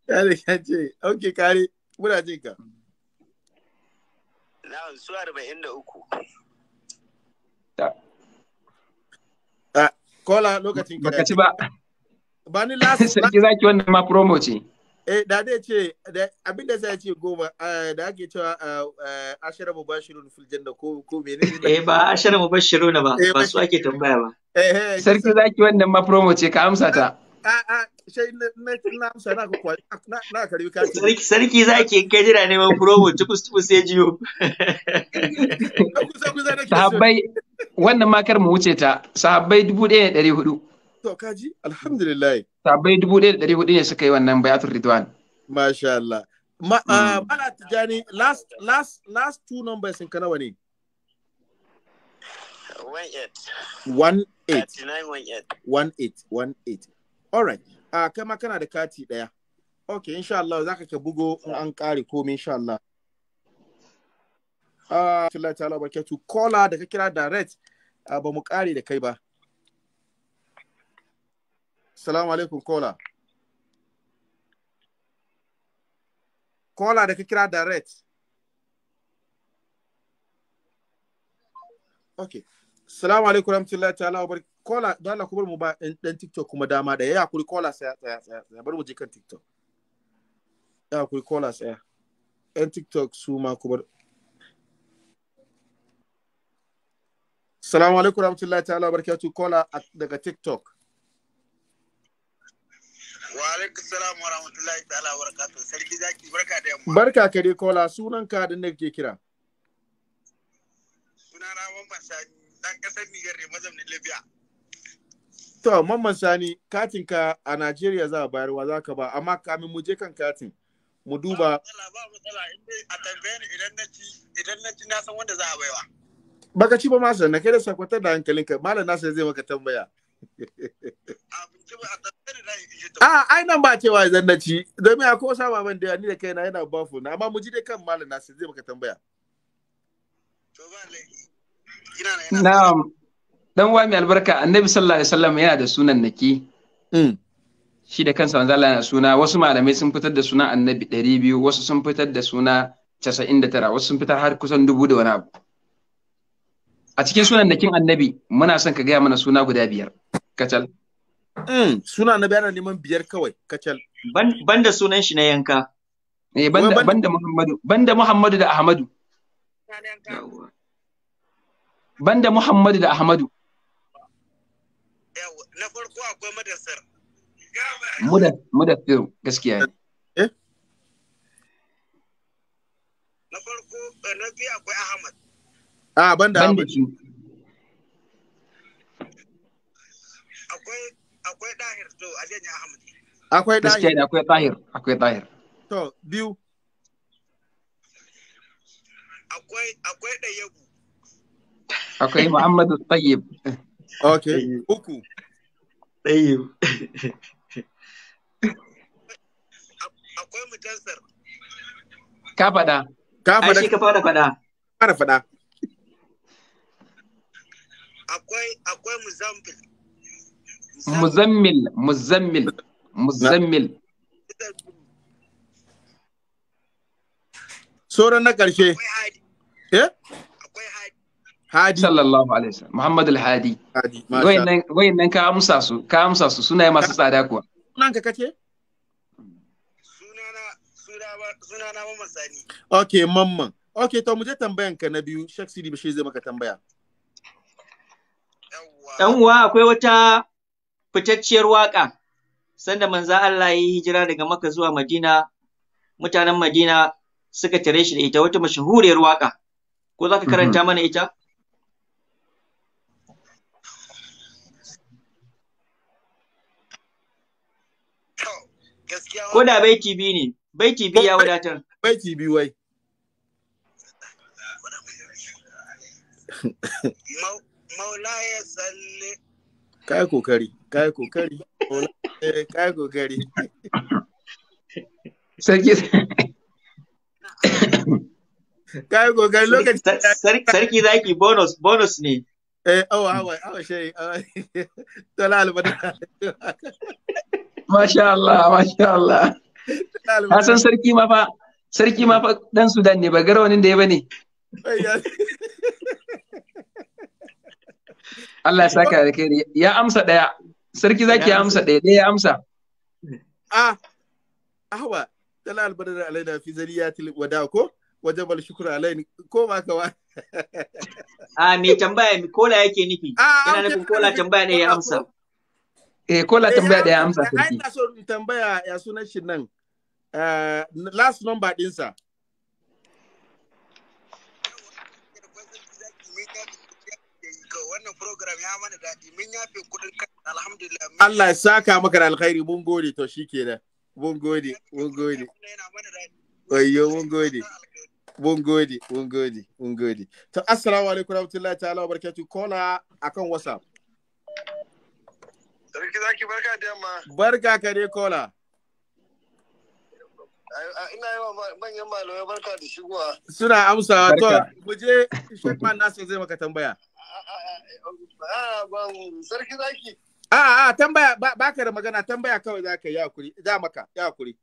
Kare ka ce, ok kare, muna jin ka. Na'am, su arba'in da uku. Kola lokacin ka. Baka ba. Ba ni last. Sarki zaki wannan ma promo ce. Eh da dai ce abin da sai ce goma eh, da ake cewa eh, eh, ashara mubashirun fil janna ko ko menene. Eh ba ashara mubashiruna ba ba su ake tambaya ba. Sarki zaki wannan ma promo ce ka amsa ta. a'a shai na na na kwa na karbi ka sarki sarki zaki in kai jira neman promo tukus tukus jiyo sahabbai wannan makar mu wuce ta sahabbai dubu ɗaya da hudu to kaji alhamdulillah sahabbai dubu ɗaya da hudu ne suka yi wannan bayatul ridwan masha Allah ma hmm. ah, mala tijani last last last two numbers 18 18 18 18 alright a ah, kai ma kana da kati daya ok insha Allah zaka ka bugo in an kare komai insha Allah ah Allah ta'ala barkatu kola da ka kira direct ah, ba mu kare da kai ba Salamu alaikum kola kola da ka kira direct ok Salamu alaikum rahmatullahi ta'ala wa kola don Allah ku mu ba dan TikTok kuma dama da ya kuri kola tsaya tsaya tsaya bar mu je kan TikTok ya kuri kola tsaya yan TikTok su ma ku bar Assalamu alaikum warahmatullahi ta'ala barkatu kola daga TikTok Wa alaikum salam warahmatullahi ta'ala barkatu, sarki zaki barka da yamma Barka ka dai kola sunan ka da ne kake kira Sunana Wamba Sani dan kasar Niger ne mazaunin Libya. To, mamman sani, katin ka a Najeriya za a bayarwa za ka ba, amma kamin mu je kan katin, mu duba. Ba matsala, a tambaye ni idan na ci, idan na ci na san wanda za a baiwa. Baka ci ba ma sanna, kai da sakwatar da hankalinka, malam nasa zai maka tambaya. A ai nan ba cewa idan na ci, domin a ko sama man da ni da kaina yana ba funa. amma mu ji dai kan malam nasa zai maka tambaya. To ba Na'am. dan wa mai albarka annabi sallallahu alaihi wasallam yana da sunan naki mm. shi da kansa manzo Allah yana suna wasu malamai sun fitar da suna annabi 200 wasu sun fitar da suna 99 wasu sun fitar har kusan dubu da wani abu a cikin sunan nakin annabi muna son ka gaya mana suna guda biyar kacal mm. suna annabi yana neman biyar kawai kacal banda sunan shi na yanka eh banda banda Muhammadu banda Muhammadu da Ahmadu banda Muhammadu da Ahmadu na farko akwai madassar madassar gaskiya ne eh? na farko eh, na biyu akwai ahmad a ban da ahmad akwai akwai dahir to a janye ahmad akwai dahir gaskiya ne akwai dahir akwai dahir to biyu akwai akwai dayabu akwai muhammadu tayyib okay uku ɗayyib akwai mutansar ka faɗa ka faɗa ka fara faɗa fara faɗa akwai akwai muzammil muzammil muzammil muzammil sauran na ƙarshe eh hadi sallallahu alaihi wasallam muhammad al-hadi hadi nan ka amsa su ka amsa su suna yi masu tsada kuwa nan ka kace sunana sunana mamma sani okay mamma. okay to mu je tambayan ka na biyu shek sidi bashir zai maka tambaya yan uwa akwai wata fitacciyar waka sanda manzo Allah ya yi hijira daga Makka zuwa Madina mutanen Madina suka tare shi da ita wata mashahuriyar waka ko zaka karanta mhm. mana ita Mm -hmm. Ko da baiti biyu ne, baiti biyu ya wadatar. Baiti biyu wai. Maula ya tsalle. Kai kokari, kai kokari, kai kokari. Sarki Kai kokari lokaci. Sarki zaki bonus, bonus ne. Eh, oh, awa, awa, awa, shey awa. Tola albada. Masha Allah, masha Allah. Ka san sarki ma fa, sarki ma fa dan Sudan ne ba garawanin da ya bane. Allah ya saka da kai ya amsa ɗaya. Sarki za ki ya amsa ɗaya, daya ya amsa. Ah, ahwa, tala albarar alaina fi zariyatil wada ko? wajabal shukru alaini ko ba ka a me tambaya mi kola yake nufi yana nufin kola tambaya ne ya amsa Eh, ko la eh, tambaya da ya amsa sarki. Ina so in tambaya ya sunan shi nan. Eh, last number dinsa. wannan program ya mana daɗi mun yafe kuɗin kan alhamdulillah Allah ya saka maka da alkhairi mun gode to shikenan mun gode mun gode ayyo mun gode mun gode mun gode mun gode to assalamu alaikum warahmatullahi ta'ala wabarakatuh kola akan whatsapp Sarki zaki barka da yamma. Barka ka dai kola. Ina yawa manyan malamai barka da shigowa. Suna amsawa to mu je Shekman Nasir zai maka tambaya. Sarki zaki. A'a tambaya ba ka da magana tambaya kawai za ka yi hakuri za maka ya hakuri.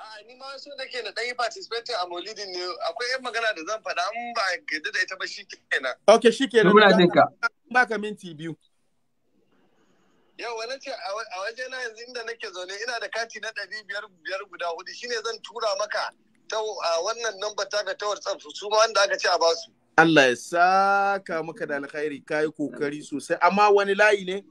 A'a ni ma so nake na ɗan yi participate a maulidin ne akwai yan magana da zan faɗa an ba yadda da ita ba shi kenan. Ok shi kenan. Ba ka minti biyu. yau wani ce a waje na yanzu inda nake zaune ina da kati na ɗari biyar biyar guda hudu shine zan tura maka ta wannan namba ta ga ta WhatsApp su ma wanda aka ce a basu. Allah ya saka maka da alkhairi kayi kokari sosai amma wani layi ne?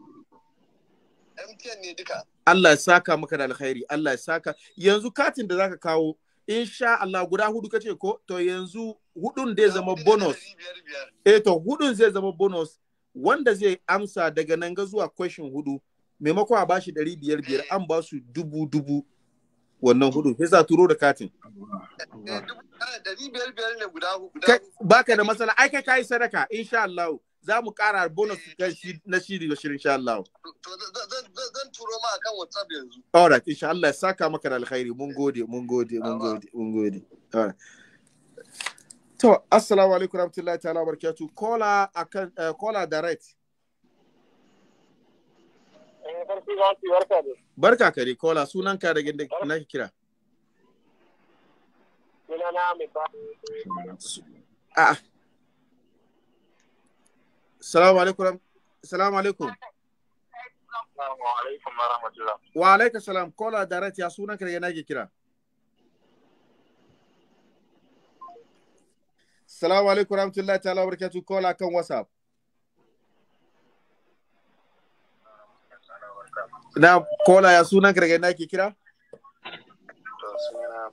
MTN ne duka. Allah ya saka maka da alkhairi Allah ya saka yanzu katin da zaka kawo insha Allah guda hudu kace ko to yanzu hudun eh zai zama bonus eh to hudun zai zama bonus wanda zai amsa daga nan ga zuwa question hudu maimakon a bashi ɗari biyar biyar an ba su dubu dubu wannan hudu sai za turo da katin. Ba ka da matsala ai kai kayi sadaka insha Allah za mu ƙara bonus eh, na shi da shirin insha Allah. Zan turo ma kan WhatsApp yanzu. Alright insha Allah saka maka da alkhairi mun gode mun gode mun gode mun gode. Alright. To, assalamu alaikum rahmatullahi ta'ala wa barakatuh. Kola akan uh, kola direct. Eh, barka kare kola sunan ka daga da na kira. Sunana ah, ah. Salamu alaikum. Salamu alaikum. Wa alaikum salam. Kola direct ya sunan ka daga na kira. Salamu alaikum rahmatullahi ta'ala wa barakatuh kola kan WhatsApp. Na kola ya sunan kirgen na ke kira?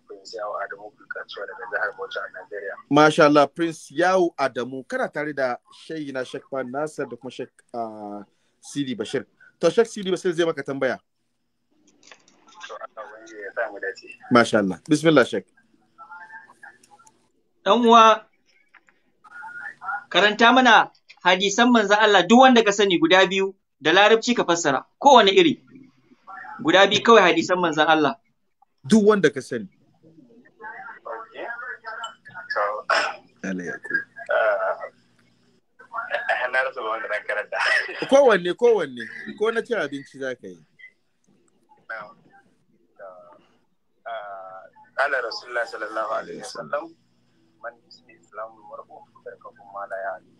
Prince Yawu Adamu Bukatuwa daga jihar Bauchi a Najeriya. Masha Allah, Prince Yawu Adamu, kana tare da shayi na Sheikh Fan Nasir da kuma Sheikh Sidi ah, Bashir. To Sheikh Sidi Bashir zai maka tambaya. Masha Allah, Bismillah Sheikh. Ɗan uwa karanta mana hadisan manzan Allah duk wanda ka sani guda biyu da larabci ka fassara kowane iri guda biyu kawai hadisan manzan Allah duk wanda ka sani kowanne kowanne ko na cin abinci za ka yi قال رسول الله صلى الله عليه وسلم من اسم الاسلام المرء tarkakun malaya ne.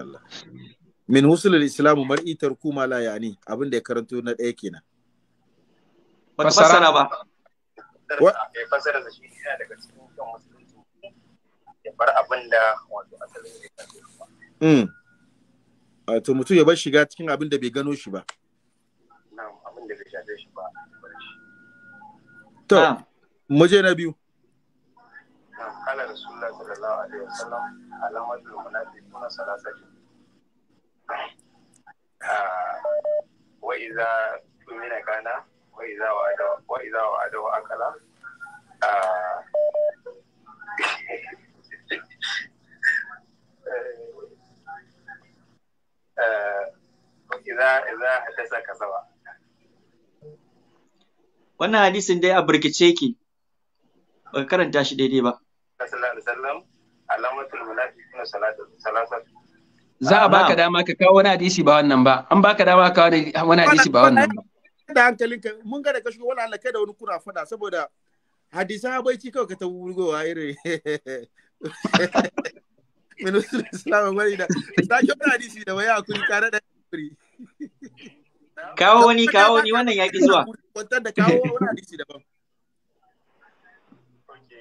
Allah. Min husulul islamu mar'i tarku ma la yani abin da ya karanto na ɗaya kenan. Ba fassara ba. Hmm. Ya fassara da shi yana daga cikin kyan musulunci ya bar abin da wato asalin ya karanto. Wato mutum ya bar shiga cikin abin da bai gano shi ba. Na'am abin da bai shafe shi ba. To, muje na biyu. ala rasulullah sallallahu alaihi wasallam ah, wa wa ah, eh, Wannan hadisin dai a birkice ki, ba karanta shi daidai ba. za a baka dama ka kawo wani hadisi ba wannan ba an baka dama ka kawo wani hadisi ba wannan ba da ka mun ga da ka shigo wala kai da wani kura fada saboda hadisan habaici kawai ka ta wurgowa irin ministan islam bari da sake wani hadisi da waya kun tare da kuri kawo wani kawo wani wannan yaki zuwa kwantar da kawo wani hadisi daban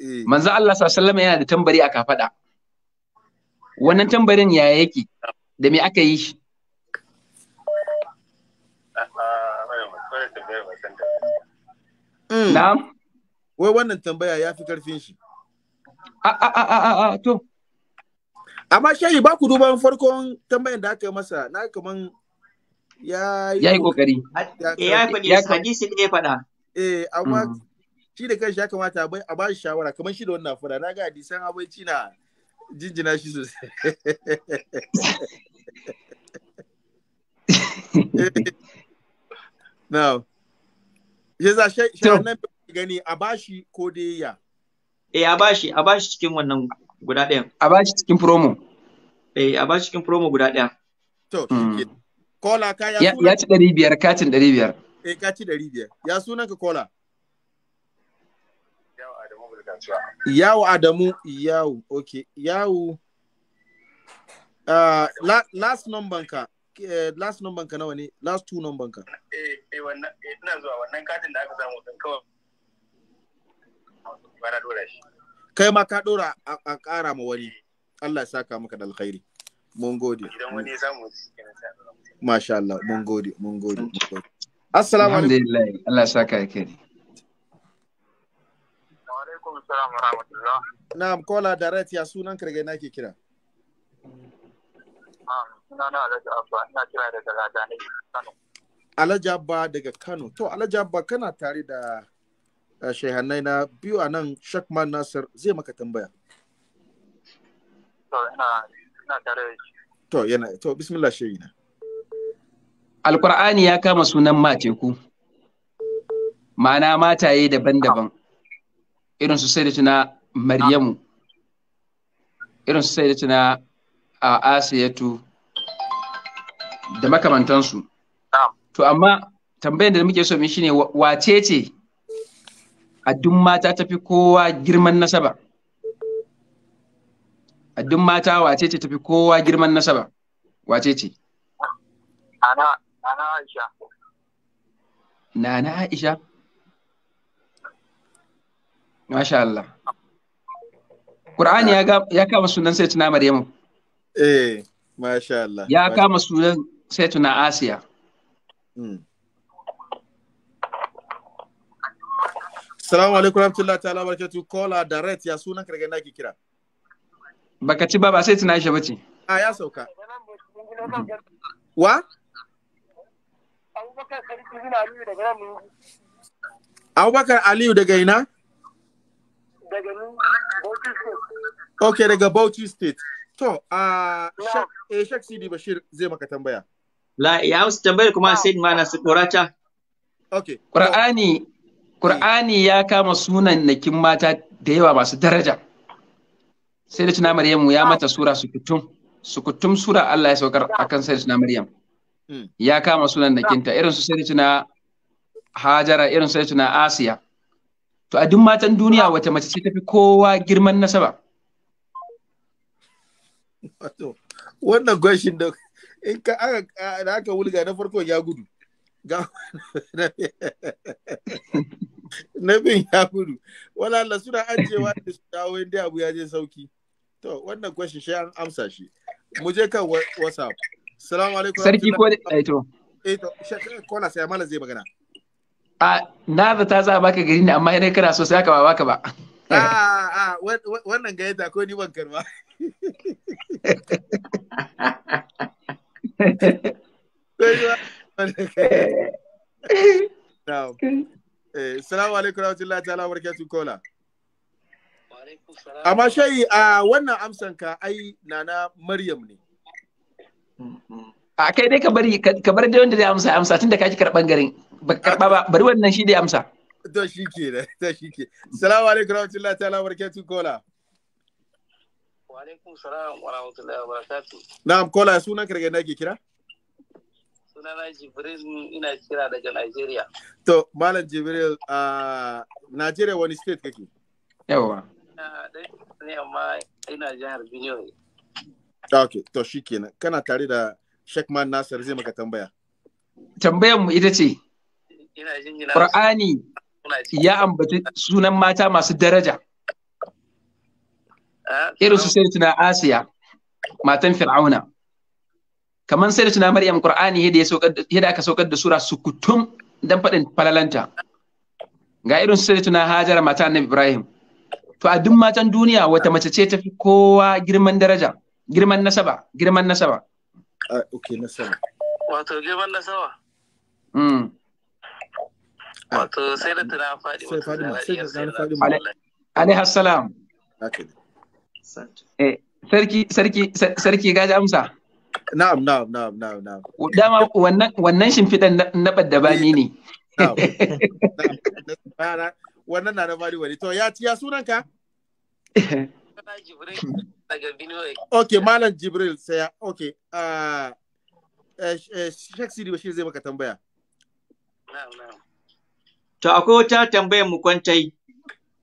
Eh. manzo Allah sallallahu alaihi yana da tambari a kafada wannan tambarin ya yake da me aka yi shi hmm. na'am wai wannan tambaya ya fi karfin shi a a a a to amma shayi ba ku duban farkon tambayan da aka yi masa na kaman ya yi kokari ya yi eh, hadisi ne fada eh amma hmm. shi da kanshi ya kamata a ba shi shawara kamar shi da wannan fura na ga hadisan abinci na jinjina shi sosai now ya za shi nan gani a bashi ko dai ya eh a shi a shi cikin wannan guda ɗayan a bashi cikin promo eh a shi cikin promo guda ɗaya to hmm. kola ka ya ya ci 500 katin 500 eh ka ci 500 ya sunan ka kola Yawo Adamu, yawo, ok, yawo. Uh, la, last number ka, eh, last number ka nawa ne, last two number ka. Eh, eh, wannan, eh, ina zuwa wannan katin da aka samu din kawai. Bara dora shi. Kai ma ka dora a ƙara ma wani. Allah ya saka maka da alkhairi. Mun gode. Idan wani ya samu Masha Allah, mun gode, mun gode, mun gode. Assalamu alaikum. Allah ya saka ya kai. Assalamu rahmatullah. Na'am kola direct ya sunan kirge na ke kira. Sunana Alhaji Abba ina kira daga Ladani Kano. Alhaji Abba daga Kano. To Alhaji Abba kana tare da eh, shehannai na biyu a nan Shakman Nasir zai maka tambaya. To ina ina tare da shi. To yana to bismillah na. Alƙur'ani ya kama sunan mateku. Ma'ana mataye daban-daban. irin su sai da tuna maryamu irin su sai da tuna a asiyatu da makamantansu to amma tambayar da muke so shi shine wace ce a duk mata tafi kowa girman nasaba a duk mata wace ce tafi kowa girman nasaba wace ce ana aisha Nana aisha Masha Allah. ƙurani ya kama sunan sai tuna Maryamu. Eh, masha Allah. Ya kama sunan sai tuna Asiya. Hmm. Salamu alaikum rahmatullah ta'ala barakatu kola direct ya sunan karge na ki kira. Baka ci ba ba sai tuna shi bace. A ah, ya sauka. Wa? Abubakar Aliyu daga ina? daga ni Bauchi State. Okay, daga Bauchi State. To, uh, a eh Shek Sidi Bashir zai maka tambaya. La ya musu tambayar kuma sai ma na su korata. Okay. Kur'ani, Qur'ani ya kama sunan nakin mata da yawa masu daraja. Sai da tuna Maryamu ya mata sura su kutum. Sukutum sura Allah ya saukar akan sai na Maryam. Hmm. Ya kama sunan nakinta irin su sai Hajara irin sai na Asiya. To a duk matan duniya wata mace ce tafi kowa girman nasaba. Wannan gwashin da in ka aka wulga na farko ya gudu. Na bin ya gudu. Wala Allah suna wa da su dawo inda abu ya je sauki. To wannan gwashin shi an amsa shi. Mu je kan WhatsApp. Salamu alaikum. Sarki ko da ito. Ito, to, eh, sai mana zai magana. na zata za a baka gari ne amma yanayi kana so sai aka ba baka ba Wannan wannan yadda ko ni ban karba eh, Salamu alaikum rahmatullahi ta'ala barakatuh kola. Amma shayi a wannan amsan ka ai nana Maryam ne. A kai dai ka bari ka bar dai wanda zai amsa amsa tunda ka ji karɓar garin. ba karba ba bari wannan shi da amsa to shi ke da to shi ke salamu alaikum rahmatullahi ta'ala barakatuh kola wa alaikum salam wa rahmatullahi wa barakatuh na'am kola sunan karge na ke kira sunana Jibril ina kira daga Najeriya. To, Malam Jibril, a Najeriya wani state kake? Yawa. Ne amma ina jihar Benue. Ok, to shi kenan. Kana tare da man Nasir zai maka tambaya. Tambayar mu ita ce, Qur'ani ya ambaci sunan mata masu daraja. Ah, irin su sai tuna Asiya, matan Fir'auna. Kamar sai tuna Maryam Qur'ani yadda aka saukar da sura su kutum don faɗin falalanta. Ga irin su sai tuna Hajara mata Annabi Ibrahim. To a duk matan duniya wata mace ce tafi kowa girman daraja, girman nasaba, girman nasaba. Ah, okay, nasaba. Wato girman nasaba. Hmm. wato sai da tana faɗi sai faɗi sai da tana faɗi alaihi assalam eh, sarki sarki sarki gaji amsa na'am na'am na'am na'am na'am dama wannan wannan shimfidan na badda bani ne wannan na na bari wani to ya ya sunan ka Ok, Malam Jibril saya. Ok, ah, eh, eh, Sheikh Sidi Bashir zai maka tambaya. Na'am, na'am. To akwai wata tambayar mu kwantai.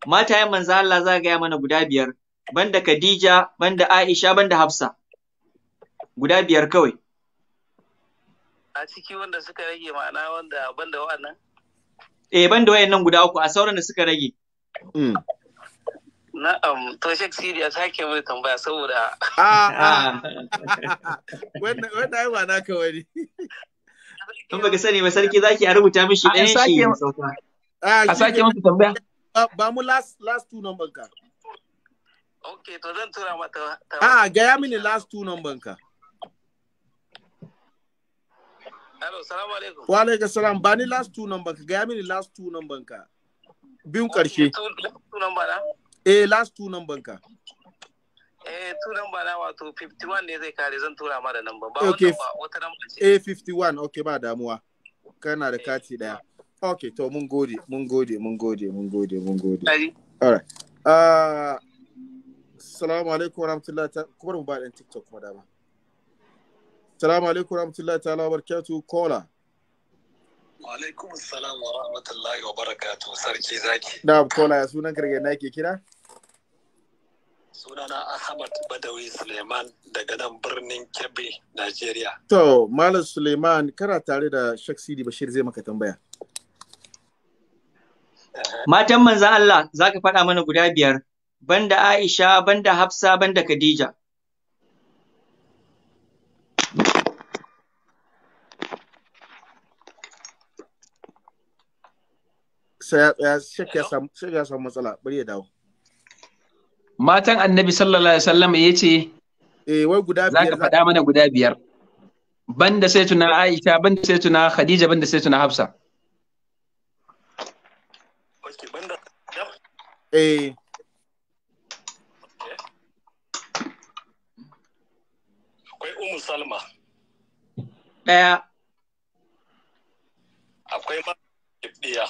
Matayen manzo Allah za gaya mana guda biyar, banda Khadija, banda Aisha, banda Hafsa. Guda biyar kawai. A ciki wanda suka rage ma'ana wanda banda wa'annan? Eh, banda wayannan guda uku a sauran da suka rage. Mm. Na'am, to Sheikh Siriya sake mai tambaya saboda. Ah, ah. Ah. Wannan ai ba ka wani. In baka sani ba sarki zaki a rubuta mishi ɗayan shi Ah, a sake masa tambaya ba mu last last two number ka to zan tura mata ah, gaya mini last two number ka Hello, salamu alaikum. Wa alaikum salam. Ba ni last two number ka gaya mini last two number ka. Biyun karshe. Eh last two number ka. Eh two number na wato 51 ne zai kare zan tura mara number ba wata number ce. Eh 51 ok, ba damuwa. Kana da eh, kati daya. ok to mun gode mun gode mun gode mun gode mun gode alright ah, salamu alaikum wa rahmatullahi ta kuma mu ba tiktok kuma dama salamu alaikum rahmatullahi ta'ala wa barakatuh kola wa alaikum assalam wa rahmatullahi wa barakatu sarki zaki na kola ya sunan karge na ke kira sunana Ahmad Badawi Suleiman daga nan birnin Kebbi, Najeriya. To, Malam Suleiman, kana tare da Sheikh Bashir zai maka tambaya. Matan manzan Allah za ka faɗa mana guda biyar, banda Aisha, banda Hafsa, banda Khadija. Sai ya samu matsala, bari ya dawo. Matan annabi sallallahu Alaihi wasallam ya ce, eh, za ka faɗa mana guda biyar. Banda sai tuna Aisha, banda sai tuna Khadija, banda sai tuna Hafsa. Eh, akwai Umu Salma. Ɗaya. Akwai ma ɗaya.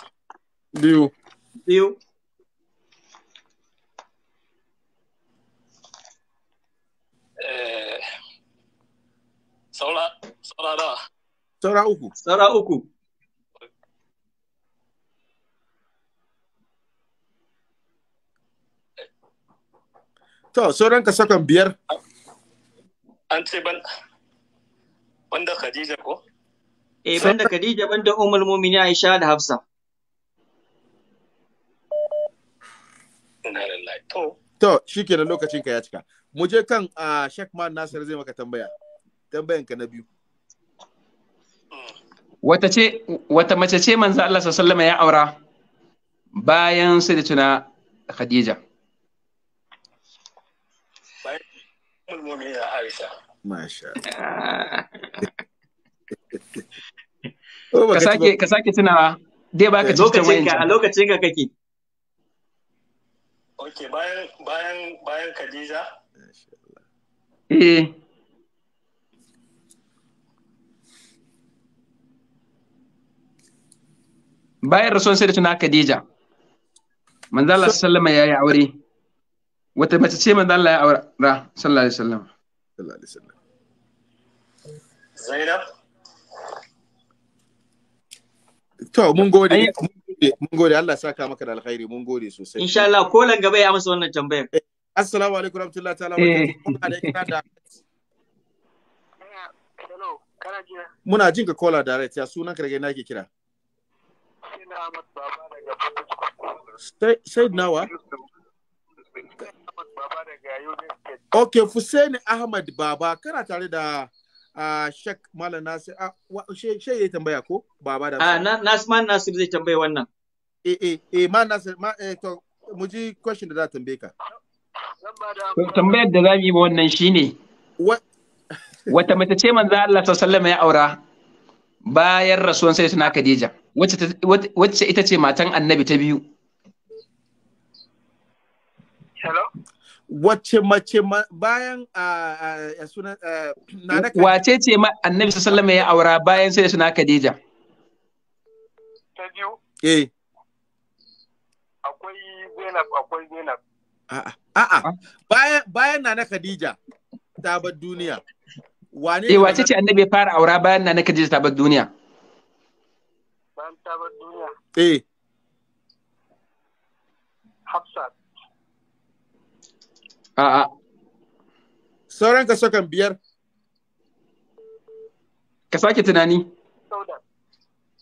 Biyu. Eh, To, sauran ka sakan biyar. An ce ban banda Khadija ko? Eh, banda Khadija banda Ummul Mu'minin Aisha da Hafsa. To, shi ke lokacin ka ya cika. Mu je kan a Sheikh Man Nasir zai maka tambaya. Tambayan ka na biyu. Hmm. Wata ce, wata mace ce manzo Allah sallallahu ya aura bayan sai da tuna Khadija. Ka sake ka sake tunawa dai eh, a lokacin ka kake. Ok, bayan bayan bayan Khadija. Eh. Bayan rasuwan sai da tuna Khadija. Manzala sallama ya yi aure. wata mace ce manzo Allah ya aura sallallahu alaihi wasallam sallallahu alaihi wasallam Zainab To mun gode mun gode Allah ya saka maka da alkhairi mun gode sosai Insha Allah ko lan gaba ya amsa wannan tambayar eh, Assalamu alaikum warahmatullahi ta'ala wa eh. Muna jin ka kola direct ya sunan ka daga ina ke kira Sai Nawa Ok, Fuseni Ahmad Baba, kana tare da uh, Malam Nasir, uh, she ya tambaya ko? Baba da. Uh, na, Nasir zai tambaya wannan. Eh, eh, eh, ma Nasir, ma, eh, to, mu ji question da za tambaye ka. Tambayar da za mu yi ba wannan shine. Wata mace ce manzo Allah sallallahu ya aura bayan rasuwan sai suna Khadija. Wacce ita ce matan annabi ta biyu. Hello? Wace mace bayan a suna na wace ce ma annabi wasallam ya aura bayan sai suna Khadija ta biyu eh akwai Zainab akwai Zainab a'a a ah. bayan bayan na Khadija ta bar duniya wane eh wace ce annabi ya fara aura bayan na Khadija ta bar duniya bayan ta bar duniya eh Hafsat A'a. Sauran ka sakan biyar. Ka sake tunani. Saudat.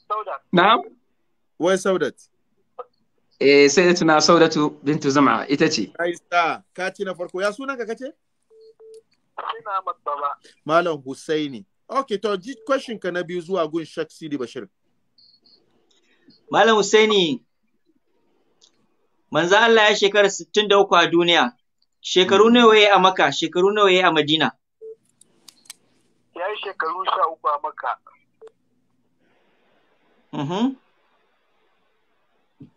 Saudat. Na'am? Wai Saudat. Eh sai da tuna Saudatu bintu Zama ita ce. Aista, sa, ka ci na farko. Ya sunan ka kace? Husaini Baba. Malam Husaini. Okay, to ji question ka na biyu zuwa gun Shak Sidi Bashir. Malam Husaini, manzo Allah ya shekara 63 a duniya. Hmm. Shekaru nawa ya a maka? Shekaru nawa ya a Madina? Ya yi shekaru sha uku a Makka. Mm-hmm.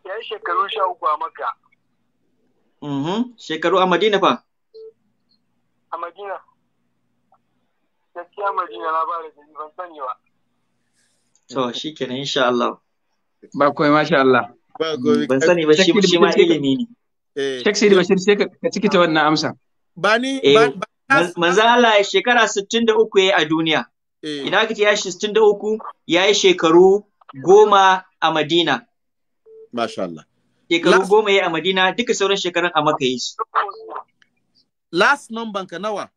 Ya yi shekaru sha uku a mhm Shekaru a Madina fa? A Madina. Gaskiya Madina na ba da ban sani ba. To shi kenan insha Allah. Ba kawai masha Allah. Ban sani ba shi ma ilimi ne. Eh, Sheikh Sayyid eh, Bashir sai ka ciki ta wannan amsa. Ba ni eh, ba manzo Allah ya shekara 63 yayi a duniya. Ina kace ya 63 yayi shekaru goma a Madina. Masha Allah. Shekaru goma yayi a Madina duka sauran shekarun a Makka yi. Last number ka nawa?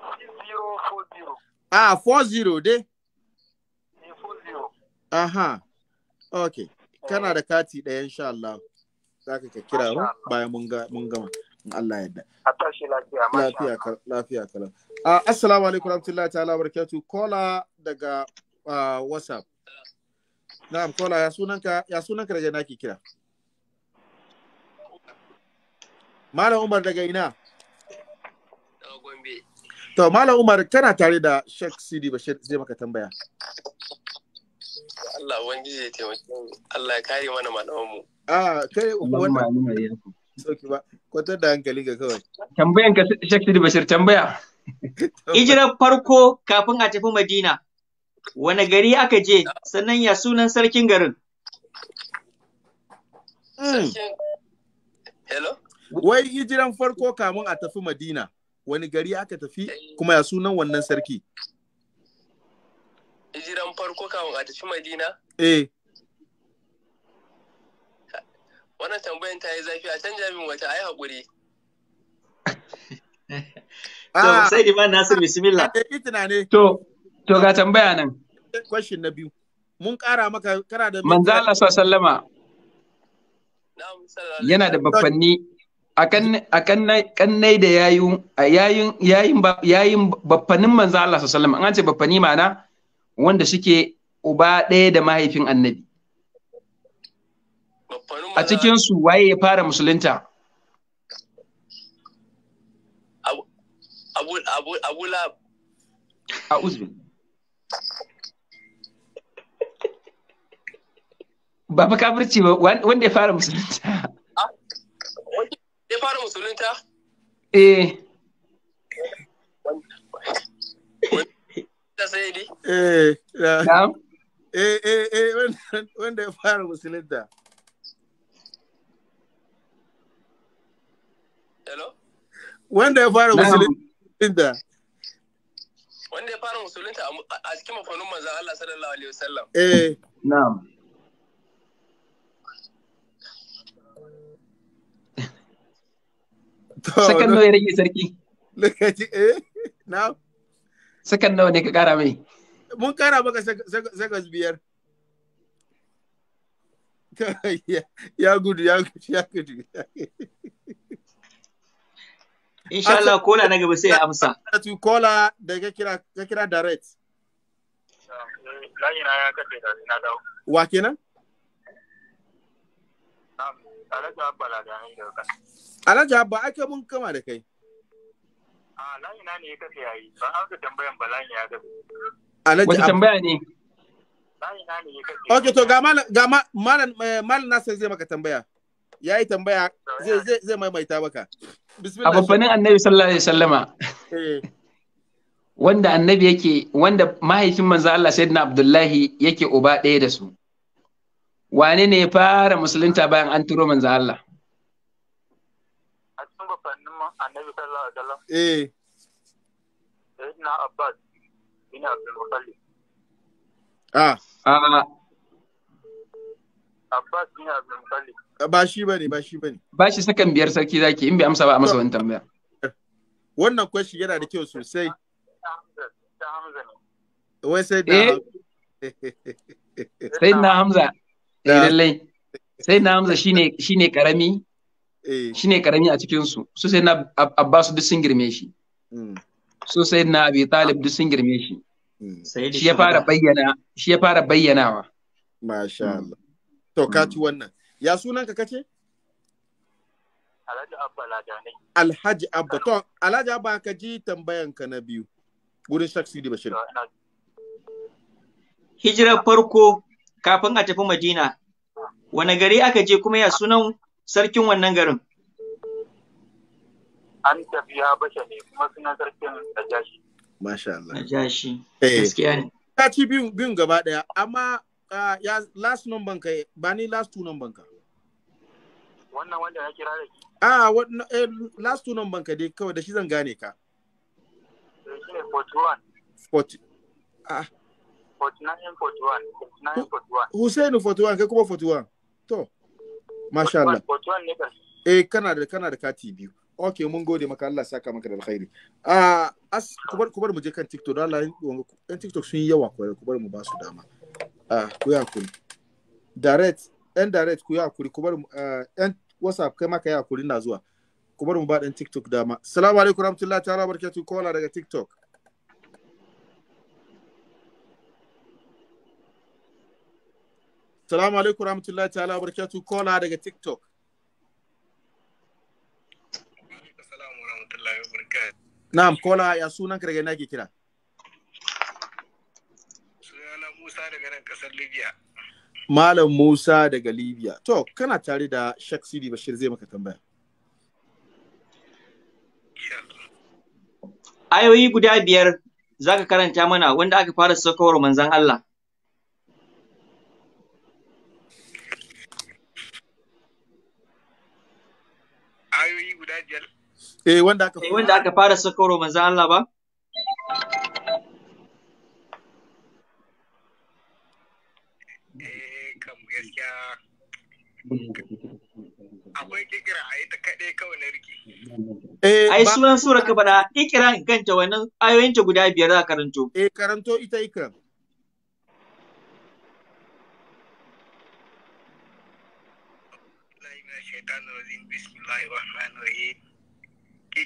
040. Ah 40 dai. Aha. Okay. Kana da kati ɗaya insha Allah. za ka kira mu bayan mun gama in Allah yarda a tashi lafiya lafiya lafiya kalam ah, assalamu alaikum rahmatullahi ta'ala barakatuh kola daga ah, whatsapp na'am kola ya sunanka ya sunanka da ina ki kira malam umar daga ina to malam umar kana tare da Sheikh Sidi Bashir zai maka tambaya Allah ubangiji ya taimake da hankali tambaya farko kafin a tafi Madina wani gari aka je sannan ya sunan sarkin garin hmm. Wai hijiran farko kamun a tafi Madina, wani gari aka tafi kuma ya sunan wannan sarki? hijiran farko kawon a tafi madina eh wannan tambayin ta yi zafi a can jami'in wata ai haƙuri ah. to sai liman nasir bismillah eh, to to ga tambaya nan question na biyu mun ƙara maka kana da manzo Allah sa sallama yana da babbanni akan kannai da yayin yayin yayin yayin babbanin manzo Allah sallama an ce babbani ma'ana wanda suke uba ɗaya da mahaifin annabi a cikinsu waye ya fara musulunta abu lab ba fa kafirci ba wanda ya fara musulunta ah, ya fara musulunta eh da eh, eh, eh, eh, wanda ya fara musulunta. Hello? Wanda ya fara musulunta. Wanda ya fara musulunta a cikin mafanin manzan Allah sallallahu Alaihi wasallam. Eh, na'am. Sakan nawa ya rage sarki. Lokaci, eh, na'am. sakan nawa ne ka kara mai mun kara maka sakas biyar ya gudu ya gudu ya gudu insha Allah kola na gaba sai ya amsa to kola da ka kira direct. kira direct ya kace da na dawo wa kenan Alhaji Abba Alhaji Abba ake mun kama da kai. A tambaya ne. Okay, to malam eh, zai maka tambaya. Ya tambaya zai maimaita maka. A babbanin Annabi sallallahu alaihi wasallama. Eh. Wanda annabi yake wanda mahaifin manzo Allah Sayyidina Abdullahi yake uba ɗaya da su. Wane ne ya fara musulunta bayan an turo manzo Allah? Murtala Adala. Eh. Sayyidina Abbas bin Abdul Ah. Ah. Abbas bin Abdul Muttalib. Ba shi bane, ba shi bane. Ba shi sakan biyar sarki zaki in bai amsa ba a masa wani tambaya. Wannan question yana da kyau sosai. Wai sai da na eh. Hamza. Eh lallai. Hamza shine shine karami Eh. shi ne karami a cikinsu su sai na abbasu duk sun girme shi hmm. su sai na abi talib duk sun girme shi hmm. shi ya fara bayyana shi ya fara bayyanawa masha hmm. Allah to ka ci wannan ya sunan ka kace Alhaji Abba Ladani Alhaji Abba to Alhaji Abba ka ji tambayan ka na biyu gurin Shaksidi Bashir hijira farko kafin a tafi Madina wani gari aka je kuma ya sunan sarkin wannan garin an tafi bashe ne kuma suna sarkin Najashi masha Allah Najashi eh. gaskiya ne ta ci biyun gaba daya amma ya last number ka ba ni last two number ka wannan wanda na kira da ki? a eh last two number ka dai kawai da shi zan gane ka eh, ne 41 40 ah 49 41 49 41 Hussein 41 kai kuma 41 to Masha Allah. Eh kana da kana da kati biyu. Ok, mun gode maka Allah saka maka da alkhairi. Ah, as kubar kubar mu je kan TikTok don Allah yan TikTok sun yi yawa kwarai kubar mu ba su dama. Ah, ku ya kuri. Direct, yan direct ku ya kuri kubar mu ah, yan WhatsApp kai maka ya kuri na zuwa. Kubar mu ba dan TikTok dama. Assalamu alaikum warahmatullahi ta'ala barakatuh kola daga TikTok. Salamu alaikum rahmatullahi ta'ala wa barakatuh kola daga TikTok. Na'am kola ya sunan ka daga ina ke kira? Sunana Musa daga nan kasar Libya. Malam Musa daga Libya. To kana tare da Shek Sidi Bashir zai maka tambaya. Ayoyi guda biyar zaka karanta mana wanda aka fara saukawar manzan Allah. eh wanda aka eh, wanda aka fara sakoro manzo Allah ba eh, akwai kikira a ita kaɗai kawai na riki. Eh, Ai sunan sura ka faɗa ikiran ganta wannan ayoyinta guda biyar za karanto. Eh karanto ita ikiran.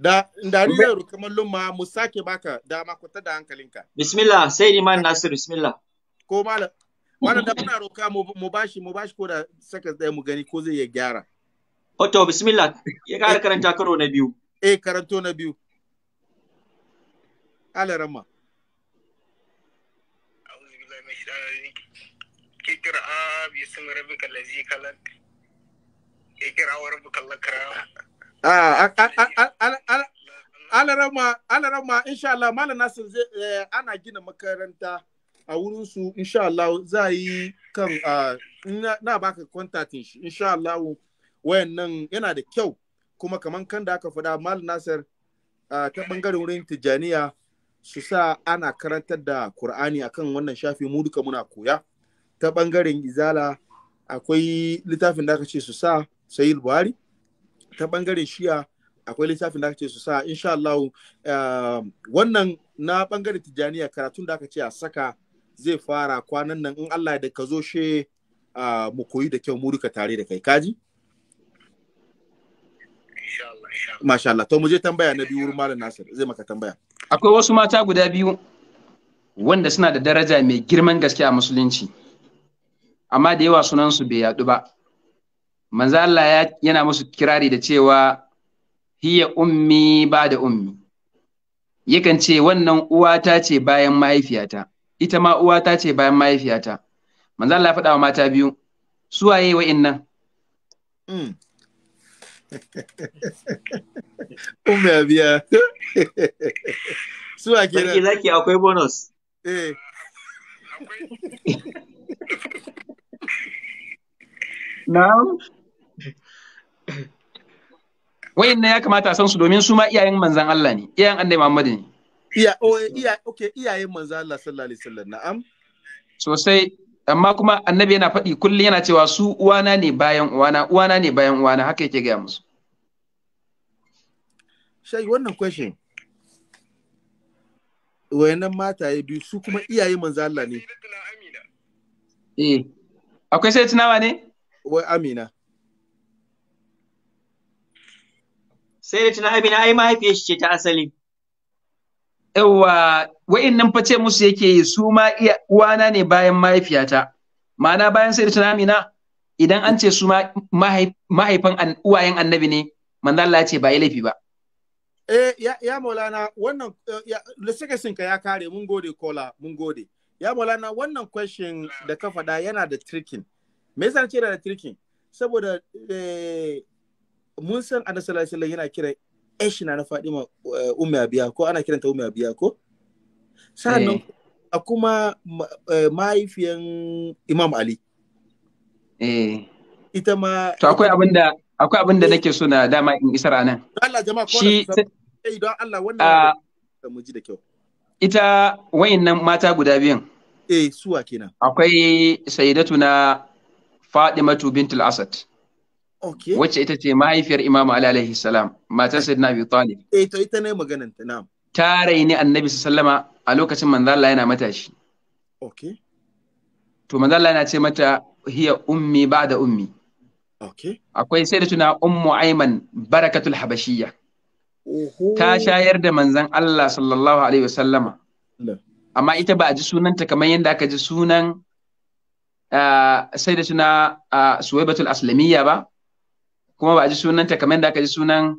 da dariyar kamallon ma mu sake baka dama ku ta da hankalinka bismillah sai iman nasir bismillah ko malam wannan da muna roka mu bashi mu bashi ko da saka tsaye mu gani ko zai ya gyara Oto bismillah ya kara eh. karanta karo na biyu eh karanto na biyu alarama اقرأ باسم ربك الذي خلق اقرأ وربك الأكرم Ah, alarama insha Allah malam eh, ana gina makaranta a wurinsu, su insha Allah za yi kan ah, na baka kontatin shi insha wayannan yana da kyau kuma kaman kan da aka faɗa malam nasir ah, ta bangaren wurin tijaniya su sa ana karantar da Kur'ani akan wannan shafi mu duka muna koya ta bangaren izala akwai littafin da aka ce su sa sayil buhari ta bangaren shiya akwai littafin da aka ce su sa insha Allah eh, wannan na bangaren tijaniya karatun da aka ce a saka zai fara kwanan nan in Allah da ka zo she mu koyi da kyau muri ka tare da kai kaji Masha Allah to mu je tambaya na biyu Malam Nasir zai maka tambaya akwai wasu mata guda biyu wanda suna da daraja mai girman gaske a musulunci amma da yawa sunansu bai yadu ba manzo Allah yana musu kirari da cewa hiya ummi ba da ummi yakan ce wannan uwata ce bayan mahaifiyata ita ma uwata ce bayan mahaifiyata manzo Allah ya faɗa wa mata biyu su waye wa'innan mm. Ummi abiya su kira nan zaki akwai bonus eh Na'am na ya kamata a san su domin su ma iyayen manzan Allah ne iyayen annabi Muhammad ne iya o oh, iya okay iyayen manzan Allah sallallahu alaihi wasallam na'am sosai amma kuma annabi yana faɗi kullum yana cewa su uwana ne bayan uwana uwana ne bayan uwana haka yake gaya musu shai wannan question wayannan mataye biyu su kuma iyaye manzan Allah ne eh akwai sai tunawa ne wai amina sai da tunan amina ai mahaifiyar shi ce ta asali wa'in nan fa ce musu yake yi su ma iya uwana ne bayan mahaifiyata ma'ana bayan sai da tunan amina idan an ce su ma mahaifin uwayen annabi ne manzo Allah ce ba ya laifi ba eh ya, ya maulana wannan eh, lissakasin ka ya kare mun gode kola mun gode ya maulana wannan question da ka faɗa yana da tricking me yasa ce da tricking saboda eh, mun san annabi sallallahu alaihi yana kiran ashina na Fadima eh, Ummi Abiya ko ana kiranta Ummi Abiya ko sannan eh. a kuma eh, mahaifiyan Imam Ali eh ita ma to akwai abinda akwai abinda nake so na dama in isar anan Allah jama'a ko sai don Allah wannan ah. mu ji da kyau ita wayannan mata guda biyan eh suwa kenan akwai sayyidatuna Fadimatu bintul Asad Okay. Wacce ita ce mahaifiyar Imam Ali alaihi salam, matar Sayyidina Abi Talib. Eh to ita ne maganan ta na'am. Ta raini Annabi sallama a lokacin manzo Allah yana matashi. Okay. To manzo Allah yana ce mata hiya ummi ba'da ummi. Okay. Akwai sai da tuna ummu Ayman barakatul habashiyya. Ta shayar da manzon Allah sallallahu alaihi wasallama. Amma ita ba a ji sunanta kamar yadda aka ji sunan ah, sai da tuna ah, Suwaibatul Aslamiyya ba, kuma ba a ji sunanta kamar da aka ji sunan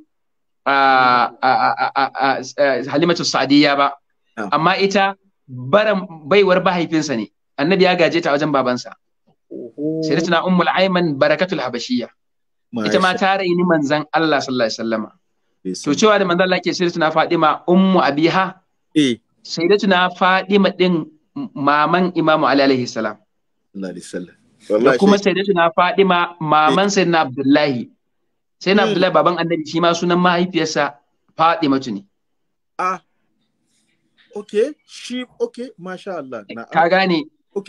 halimatu Sadiya ba ah. amma ita baran baiwar bahaifinsa ne annabi ya gaje ta wajen babansa na ummul aiman barakatul habashiyya ita ma ta raini manzan Allah sallallahu alaihi wasallama to cewa da manzan Allah ke sayyidatuna Fadima ummu abiha eh. da tuna Fadima din maman Imam Ali alaihi salam sallallahu alaihi wasallam da kuma sayyidatuna Fadima maman eh. sayyidina Abdullahi sai na hmm. Abdullahi baban annabi shi ma sunan mahaifiyarsa Fatimatu ne ah ok, shi ok, masha Allah ka gane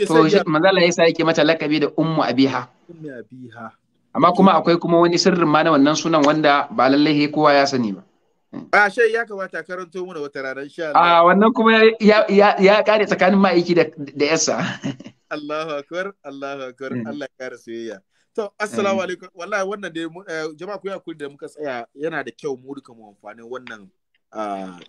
to mazala ya sa yake mata lakabi da ummu abiha ummu abiha amma kuma akwai kuma wani sirrin ma na wannan sunan wanda ba lallai he kowa ya sani ba A ah, shai ya kamata karanto mana wata ranar sha Allah. A ah, wannan kuma ya kare tsakanin ma'aiki da yasa. Allahu akbar, Allahu akbar, hmm. Allah kare soyayya. To, assalamu alaikum. Wallahi wannan dai eh, jama'a ku yakuri da muka tsaya yana da kyau mu duka mu amfani wannan ah,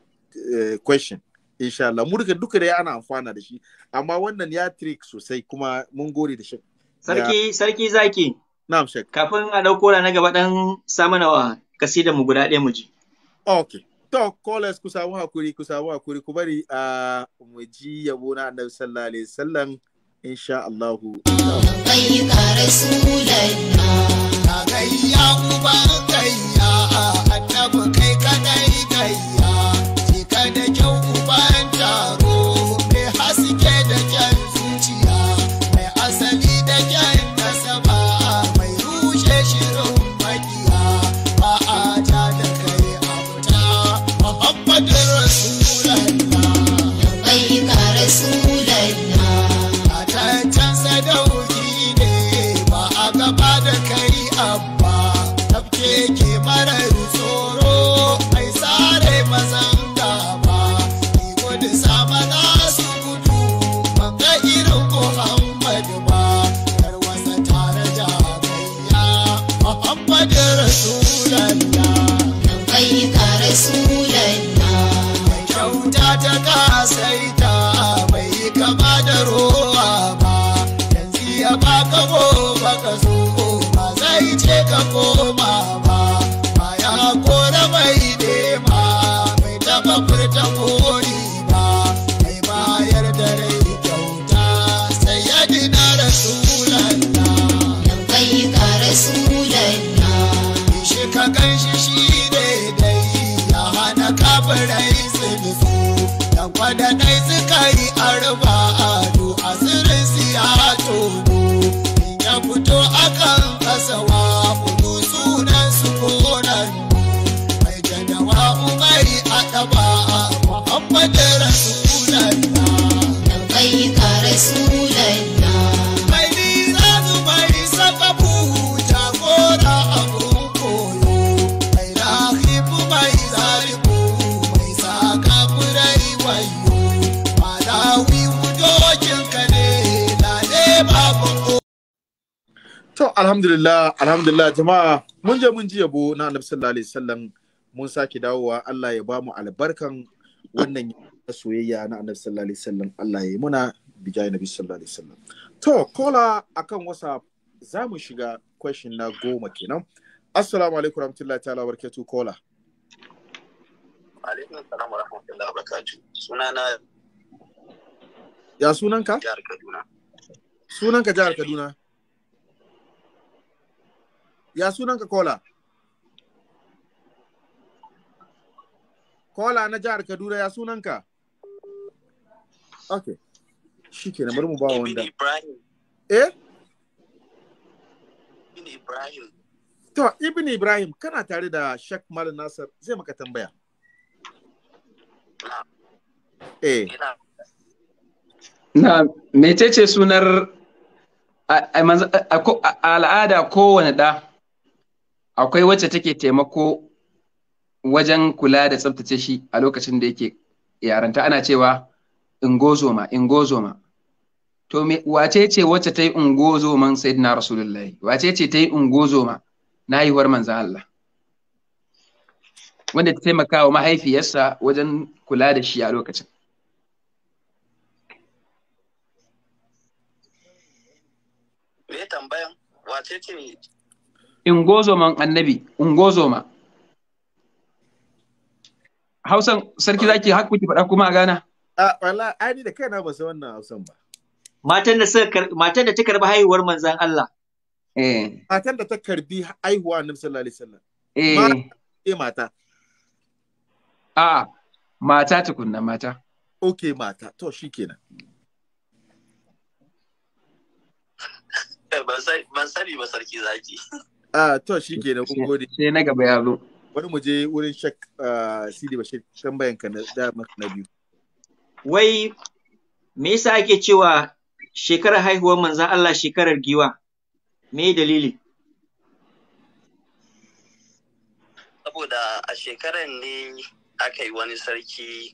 eh, question. Insha Allah, mu duka duka dai ana amfana da shi, amma wannan ya trick sosai kuma mun gode da shi. Sarki, sarki zaki. Na'am shek. Kafin a dauko na gaba dan samanawa kasida mu guda ɗaya mu ji. Okay. To, callers ku samu hakuri, ku samu hakuri, ku bari a ah, mu ji yabo na Annabi sallallahu alaihi wasallam. insha Allahu. I suka yi arba To alhamdulillah alhamdulillah jama'a mun je mun ji yabo na Annabi sallallahu alaihi wasallam mun sake dawowa Allah ya bamu albarkan wannan soyayya na Annabi sallallahu alaihi wasallam Allah ya yi muna bijai Nabi sallallahu alaihi wasallam. To kola akan WhatsApp za mu shiga question na goma kenan. Assalamu alaikum warahmatullahi ta'ala barkatu kola. Alaikum assalam warahmatullahi wabarakatuh. Sunana Ya sunanka? Jihar Kaduna. Sunanka jihar Kaduna. Ya sunan ka kola? Kola na jihar Kaduna ya sunan ka? Okay. Shi ke bari mu ba wanda. Ibrahim. Eh? Ibn Ibrahim. To, Ibn Ibrahim, kana tare da Sheikh Mal Nasir zai maka tambaya. Eh. Na, mecece sunar al'ada kowane ɗa? akwai wacce take taimako wajen kula da tsabtace shi a lokacin da yake yaranta ana cewa ingozoma ingozoma to me wace ce wacce ta yi ungozoman sayyidina rasulullahi wace ce ta yi ungozoma na haihuwar manzan Allah wanda ta taimaka wa mahaifiyarsa wajen kula da shi a lokacin Me tambayan wace ce In ingozoman annabi in ingozoma hausan sarki zaki haka kuke faɗa kuma a gana a wala ani da kaina ba sai wannan hausan ba matan da suka matan da ta karbi haihuwar manzon Allah eh matan da ta karbi haihuwa annabi sallallahu alaihi wasallam eh eh mata a mata tukunna mata okay mata to shikenan eh, ban sani ba sarki zaki Ah, to shi ke da gode. Sai na gaba ya zo. Bari mu je wurin shak ah, Sidi Bashir tambayan ka na maka na biyu. Wai me yasa ake cewa shekarar haihuwar manzan Allah shekarar giwa? Me dalili? Saboda a shekarar ne aka yi wani sarki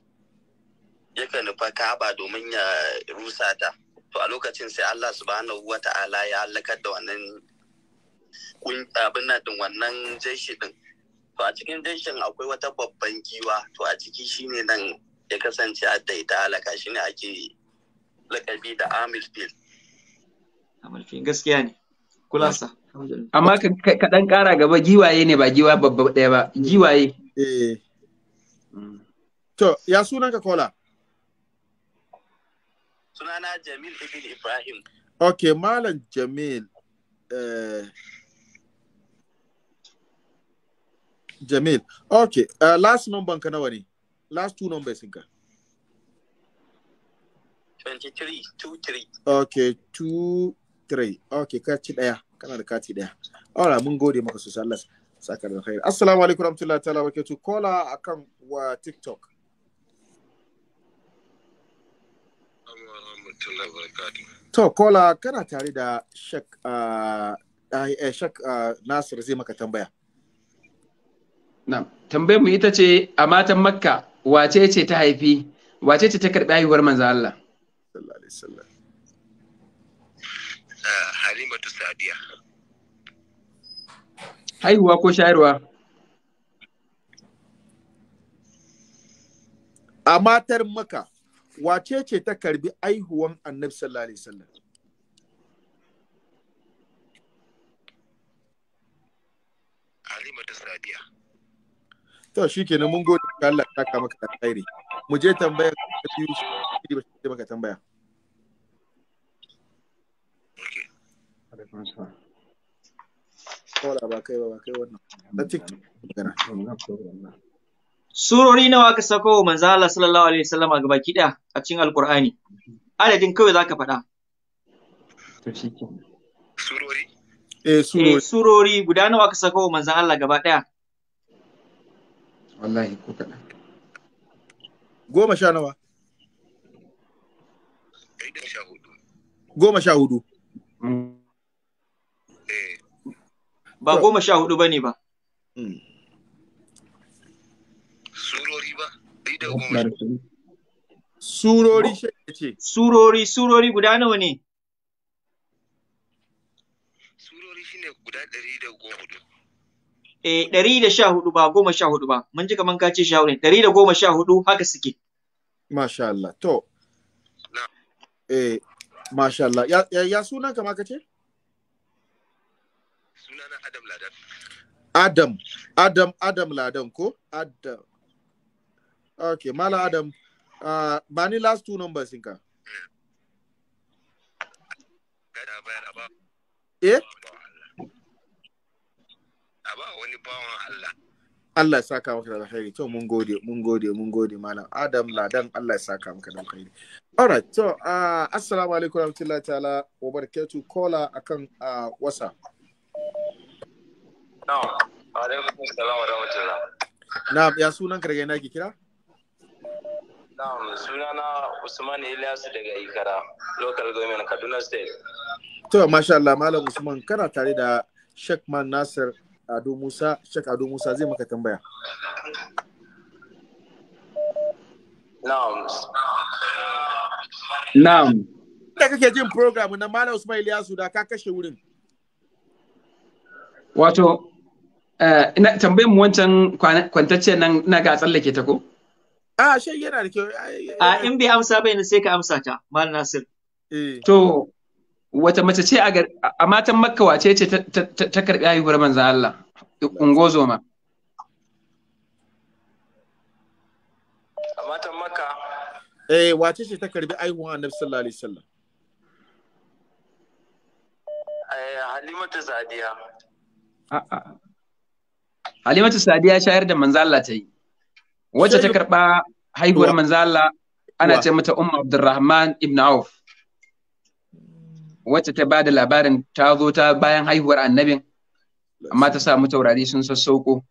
yakan nufa kaba domin ya rusa ta. To a lokacin sai Allah subhanahu wa ta'ala ya halakar da wannan abin na din wannan jeshi din to a cikin jeshin akwai wata babban giwa to a ciki shine nan ya kasance a daita alaka shine ake lakabi da amil fil amil fil gaskiya ne kulasa amma ka dan kara gaba giwaye ne ba giwa babba daya ba giwaye eh. mm. to ya sunan ka kola sunana jamil ibn ibrahim okay malam jamil eh Jamil. ok uh, last number ka nawa ne? Last two numbers ka. 23, ok Okay, 23. ok ka ci daya. Kana da kati daya. Alright, mun gode maka sosai Allah. Saka da khair. Assalamu alaikum warahmatullahi ta'ala wa barakatuh. Kola a kan wa TikTok. To, Kola, kana tare da Shek, uh, eh, Shek uh, Nasir zai maka tambaya. tambayar mu ita ce a matan makka wace ce ta haifi wace ce ta karɓi haihuwar manzo Allah eh, halimatu sadiya haihuwa ko shayarwa a matar maka wace ce ta karbi aihuwan annabi sallallahu alaihi wasallam halimatu sadiya to shi ke mun gode ga Allah ta saka maka da alkhairi mu je tambaya ka biyu shi ba shi maka tambaya Kola ba kai ba kai wannan. Na TikTok Surori nawa ka sako wa manzo Allah sallallahu alaihi wasallam ga baki daya a cikin Alkur'ani? Adadin kawai zaka faɗa. To shikenan. Surori? Eh surori. Eh surori guda nawa ka sako wa manzo Allah gaba daya? wallahi ko kaɗan goma sha nawa goma sha hudu eh. ba goma sha hudu ba ne ba hmm. surori ba surori ce surori surori guda nawa ne surori shi ne guda ɗari da goma eh ɗari da sha hudu ba goma sha hudu ba mun ji kaman ka ce sha hudu ɗari da goma sha hudu haka suke. Masha Allah to eh Masha Allah ya, ya, ya sunan kama ka ce? Sunana Adam Ladan. Adam Adam Adam Ladan ko? Adam Okay Mala Adam uh, ba ni last two numbers ɗinka. Eh? a ba wani bawan Allah Allah ya saka maka da alkhairi to mun gode mun gode mun gode malam Adam Ladan Allah ya saka maka da alkhairi alright to uh, assalamu alaikum warahmatullahi ta'ala wa barakatuh kola akan uh, wasa na'am alaikum assalamu wa rahmatullah na'am ya sunan karge na ki kira na'am sunana Usman Ilyas daga Ikara local government Kaduna state to masha Allah malam Usman kana tare da Sheikh Man Nasir Ado Musa, Shek Ado Musa zai maka tambaya. Na'am. Na'am. Da kake jin program na Malam Usman Ilyasu da ka kashe wurin. Wato, eh, ina tambayin mu wancan kwantacce nan na ga tsallake ta ko? A, shi yana da kyau. A, in bai amsa bai sai ka amsa ta, Malam Nasir. Eh. To, wata mace ce a matan makka wace ce ta karbi haihuwar manzan Allah ungozoma a matan makka eh wace ce ta karbi haihuwar annabi sallallahu alaihi wasallam eh, halimatu sadiya a'a halimatu sadiya shayar da manzan Allah ta yi wacce ta karɓa haihuwar manzan Allah ana ce mata umma abdurrahman ibn auf wacce ta bada labarin ta zo ta bayan haihuwar annabin amma ta samu taurari sun sassauko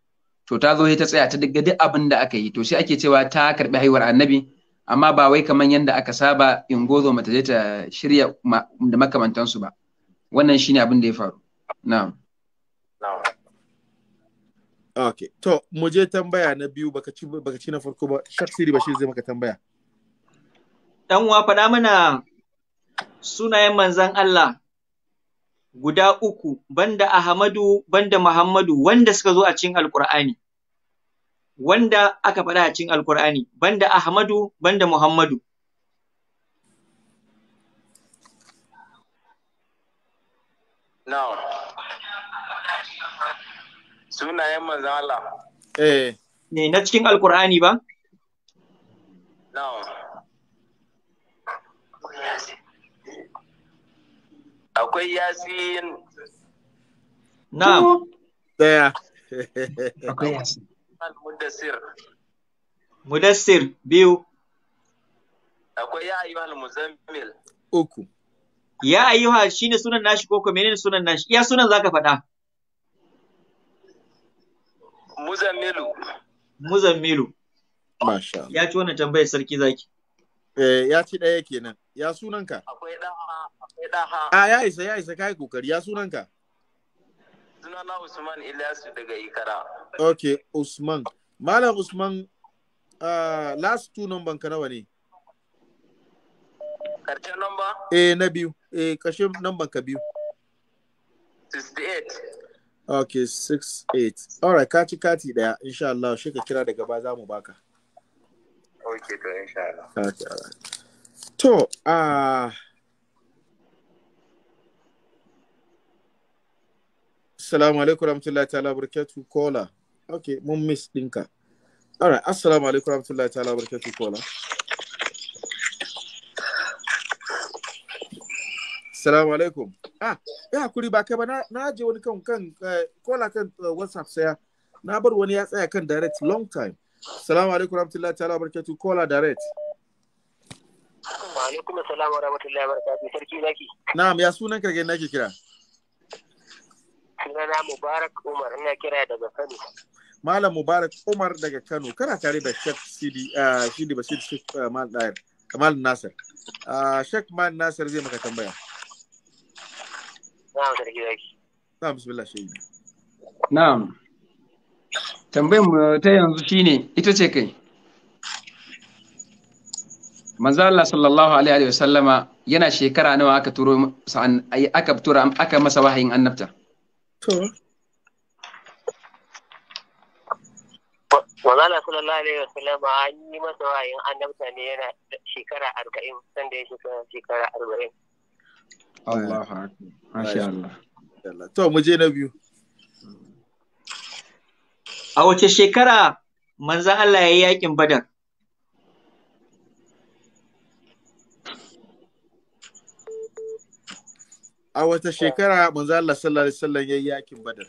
to ta zo ta tsaya ta diga duk abin da aka yi to sai ake cewa ta karbi haihuwar annabi amma ba wai kamar yadda aka saba in gozo mata je ta shirya da makamantansu ba wannan shine abin da ya faru na'am Ok, To, mu je tambaya na biyu baka ci na farko ba, Shak Siri Bashir zai maka tambaya. Dan uwa faɗa mana sunayen manzan Allah guda uku banda Ahmadu banda Muhammadu wanda suka zo a cikin Alƙur'ani wanda aka faɗa a cikin Alƙur'ani banda Ahmadu banda Muhammadu Now sunayen manzan Allah eh ne na cikin Alƙur'ani ba Now akwai yasin na daya akwai yasin mudassir mudassir biyu akwai ya ayyuhal muzammil uku ya ayyuha shine sunan nashi ko ko menene sunan nashi ya sunan zaka faɗa muzammilu muzammilu masha Allah ya ci wannan tambayar sarki zaki eh ya ci daya kenan Ya sunanka? Akwai ɗaha, akwai A ya isa, ya isa, kai kokari. Ya sunanka? Sunana Usman Ilyasu daga Ikara. Ok, Usman. Malam Usman, uh, last two number ka nawa ne? Karshen number? Eh, na biyu. Eh, karshen number ka biyu. 68. Ok, 68. Alright, ka ci kati daya, insha Allah, shi ka kira daga ba za mu baka. Ok, to insha Allah. Ok, alright. To, a Assalamu alaikum rahmatullahi ta'ala barakatuh kola. Okay, mun miss dinka. All right, assalamu alaikum rahmatullahi ta'ala barakatuh kola. Assalamu alaikum. Ah, ya hakuri ba kai ba na je wani kan kan kola eh, kan eh, WhatsApp saya. Na bar wani ya tsaya kan direct long time. Assalamu alaikum rahmatullahi ta'ala barakatuh kola direct. alaikum assalam wa rahmatullahi wa barakatuh sarki zaki na'am ya sunan ka nake kira sunana mubarak umar ina kira daga kano malam mubarak umar daga kano kana tare da shek sidi ah, shidi basir shek ah, mal dair kamal nasir ah, shek mal nasir zai maka tambaya na'am sarki zaki na'am bismillah shehi na'am tambayar mu ta yanzu shine ita ce kai manzo Allah sallallahu alaihi wa sallama yana shekara nawa aka turo aka tura aka masa wahayin annabta to manzo Allah sallallahu alaihi wa sallama an yi masa wahayin annabta ne yana shekara 40 sanda ya shekara 40 Allahu akbar masha Allah to mu je na biyu a wace shekara manzo Allah ya yi yakin badar a wata shekara manzo Allah sallallahu alaihi wasallam yayi yakin badar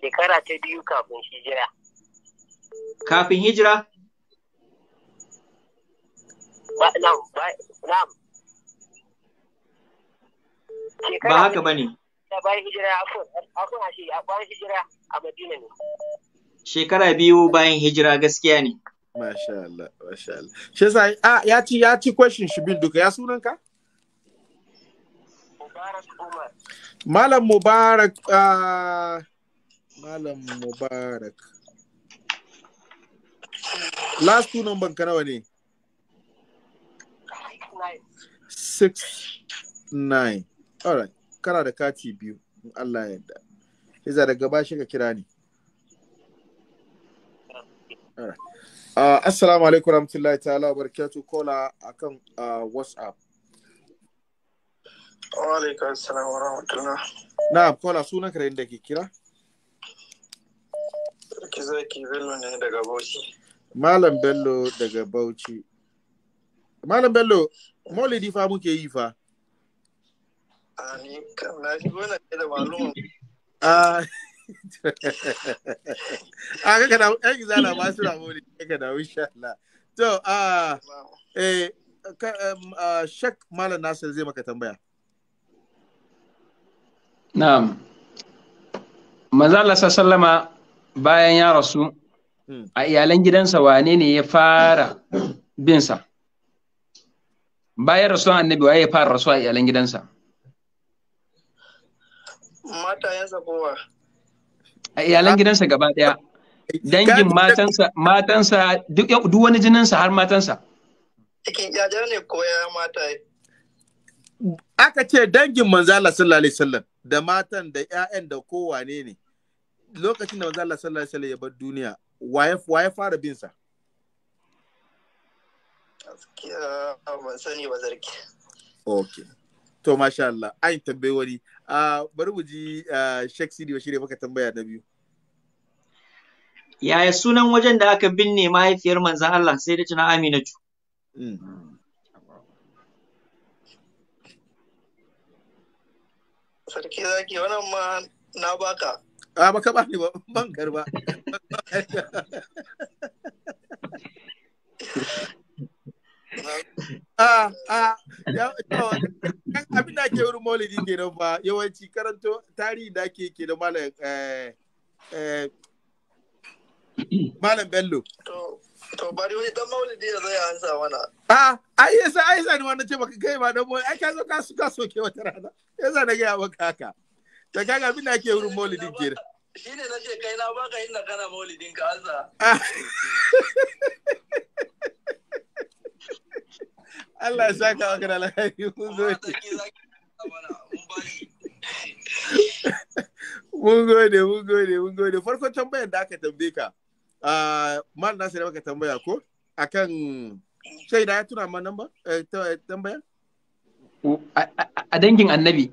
shekara ta biyu kafin hijira kafin hijira ba na'am ba na'am ba haka bane bayan hijira afon afon a shi bayan hijira a Madina ne shekara biyu bayan hijira gaskiya ne Masha Allah, masha Allah. Shi yasa ah, ya ci ya ci question shi bil duka ya sunan ka? Malam Mubarak uh, Malam Mubarak. Last two number ka nawa ne? 69. All right. Kana da kati biyu. Allah ya yarda. da gaba shi ka kira ni. All right. Uh, assalamu alaikum rahmatullahi ta'ala barakatu kola akan uh, WhatsApp. Wa alaikum assalam wa rahmatullah. Na kola sunan ka da ke kira? Sarki zaki Bello ne daga Bauchi. Malam Bello daga Bauchi. Malam Bello, Maulidi fa muke yi fa. Ah, ni kam na gona na da malum. Ah. a kaka da a bayan ya rasu hmm. a iyalan gidansa wane ne ya fara binsa bayan rasuwan annabi waye ya fara rasuwa a iyalan gidansa matayensa kowa a iyalan gidansa gaba daya dangin matansa matansa duk wani jininsa har matansa cikin jajar ne koya mata aka ce dangin manzo Allah sallallahu alaihi wasallam da matan da ƴaƴan da kowane ne lokacin da manzo Allah sallallahu alaihi wasallam ya bar duniya waye waye fara bin sa sani okay to masha Allah ai tambayi wani ah, bari mu ji ah, Sheikh Sidi Bashir maka tambaya na biyu yaya sunan wajen da aka binne mahaifiyar manzan Allah sai da Amina Aminatu. Hmm. Sarki zaki wannan ma na baka. A baka ba ne ba ban karba. Ah, ah, ya, abin da ke wurin maulidi ne ba yawanci karanto tarihi da ke da malam eh, eh, Malam Bello. To bari wani dan maulidi ya zai ansa mana. A ai yasa ai yasa ni wannan ce baka kai ba dan boye ai ka zo ka suka soke wata rana. Yasa na gaya maka haka. Da kaga abin da ake wurin maulidin kira. Shi ne na ce kai na baka yin na kana maulidin ka ansa. Ah. Allah ya saka maka da alheri mun zo. Mun gode, mun gode, mun gode. Farkon tambayar da aka tambaye ka. Ah, mal nasir baka tambaya ko akan shaida ya tuna ma namba eh, eh, tambaya a dangin annabi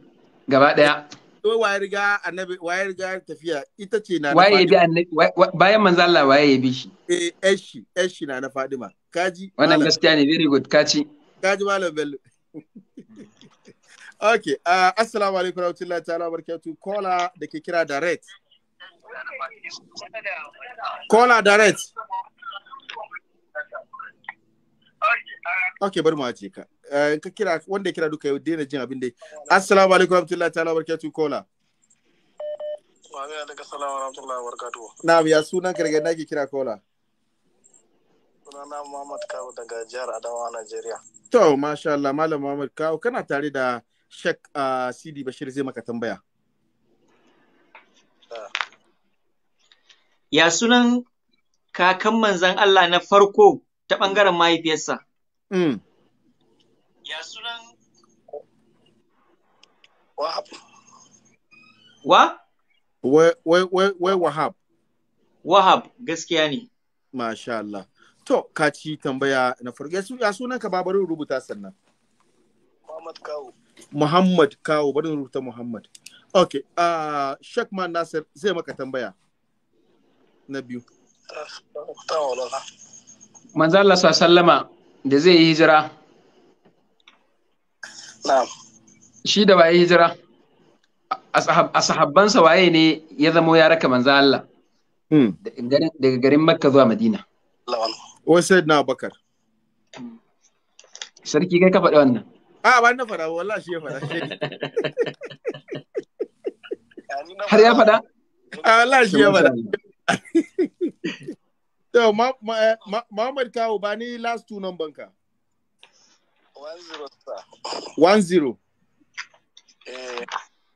gaba daya to waye riga annabi waye riga tafiya ita ce na waye bi annabi bayan manzo Allah waye ya bi shi eh eshi eshi na na Fadima kaji wannan gaskiya ne very good kaci kaji malam bello okay uh, assalamu alaikum warahmatullahi ta'ala kola da ke kira direct Kola direct. Ok, bari mu ajiye ka. Eh, ka kira wanda kira duka yau daina jin abin da Assalamu alaikum warahmatullahi ta'ala barakatuh Kola. Wa alaikum assalam warahmatullahi wabarakatuh. Na'am, ya sunan ka daga nake kira Kola. Sunana Muhammad Kawu daga jihar Adamawa, Najeriya. To, masha Allah, Malam Muhammad Kawu kana tare da Sheikh Sidi ah, Bashir zai maka tambaya. Ah. ya sunan kakan manzan Allah na farko ta ɓangaren mahaifiyarsa? Mm. Ya sunan Wahab. Wa? Wai Wahab. Wahab, gaskiya ne. Masha Allah. To, kaci tambaya na farko. Ya sunan ka babarin rubuta sannan. Muhammad Kawo. Muhammad Kawo, barin rubuta Muhammad. Ok, uh, Shekman Nasir zai maka tambaya. na biyu manzo Allah sallama da zai yi hijira shi da waye hijira a sahabbansa waye ne ya zamo ya raka manzo Allah hmm. daga garin Makka zuwa Madina wai na Bakar. sarki kai ka faɗi wannan a ba na faɗa wallahi shi ya faɗa har ya faɗa a wallahi shi ya faɗa So, ma, ma, eh, ma, Muhammad Kawo ba ni last two number ka. One zero, One zero. Eh.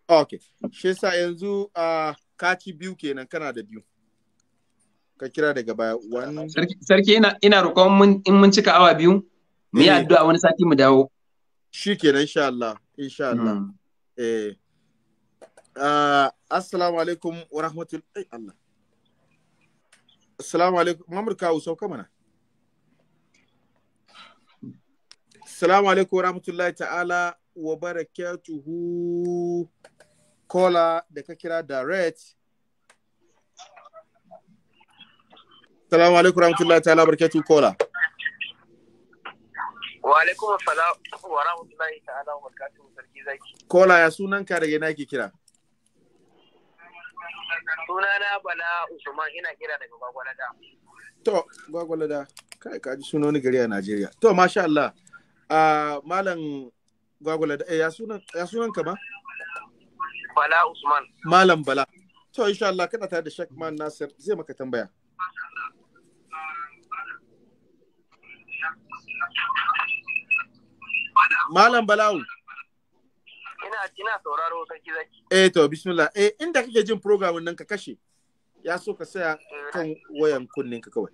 Ok. Shi sa yanzu a kaci biyu kenan kana da biyu. Ka kira daga baya. Sarki ina ina roƙon in mun cika awa biyu, mu yi eh. addu'a wani sati mu dawo. Shi kenan insha Allah, insha Allah. Hmm. Eh. Ah, assalamu alaikum wa rahmatullahi eh, Allah. Assalamu alaikum. Mamur kawo sauka mana. Assalamu alaikum wa rahmatullahi ta'ala wa barakatuhu. Kola da ka kira direct. Assalamu alaikum wa rahmatullahi ta'ala wa barakatuhu Kola. Wa alaikum wa rahmatullahi ta'ala wa barakatuhu sarki zaki. Kola ya sunanka daga yana ke kira? Sunana Bala Usman ina kira daga Gwagwalada. To, Gwagwalada, kai ka ji sunoni gari a Najeriya. To, masha Allah. Uh, Malam Gwagwalada, eh, ya sunan ka ma? Bala Usman. Malam Bala. To, insha Allah, kana tare da Sheikh Man Nasir, zai maka tambaya. Malam Balawu. ina sauraro sarki zaki. Eh to bismillah. Eh inda kake jin program nan ka kashe. Ya so ka saya eh, kan wayan kunnen ka kawai.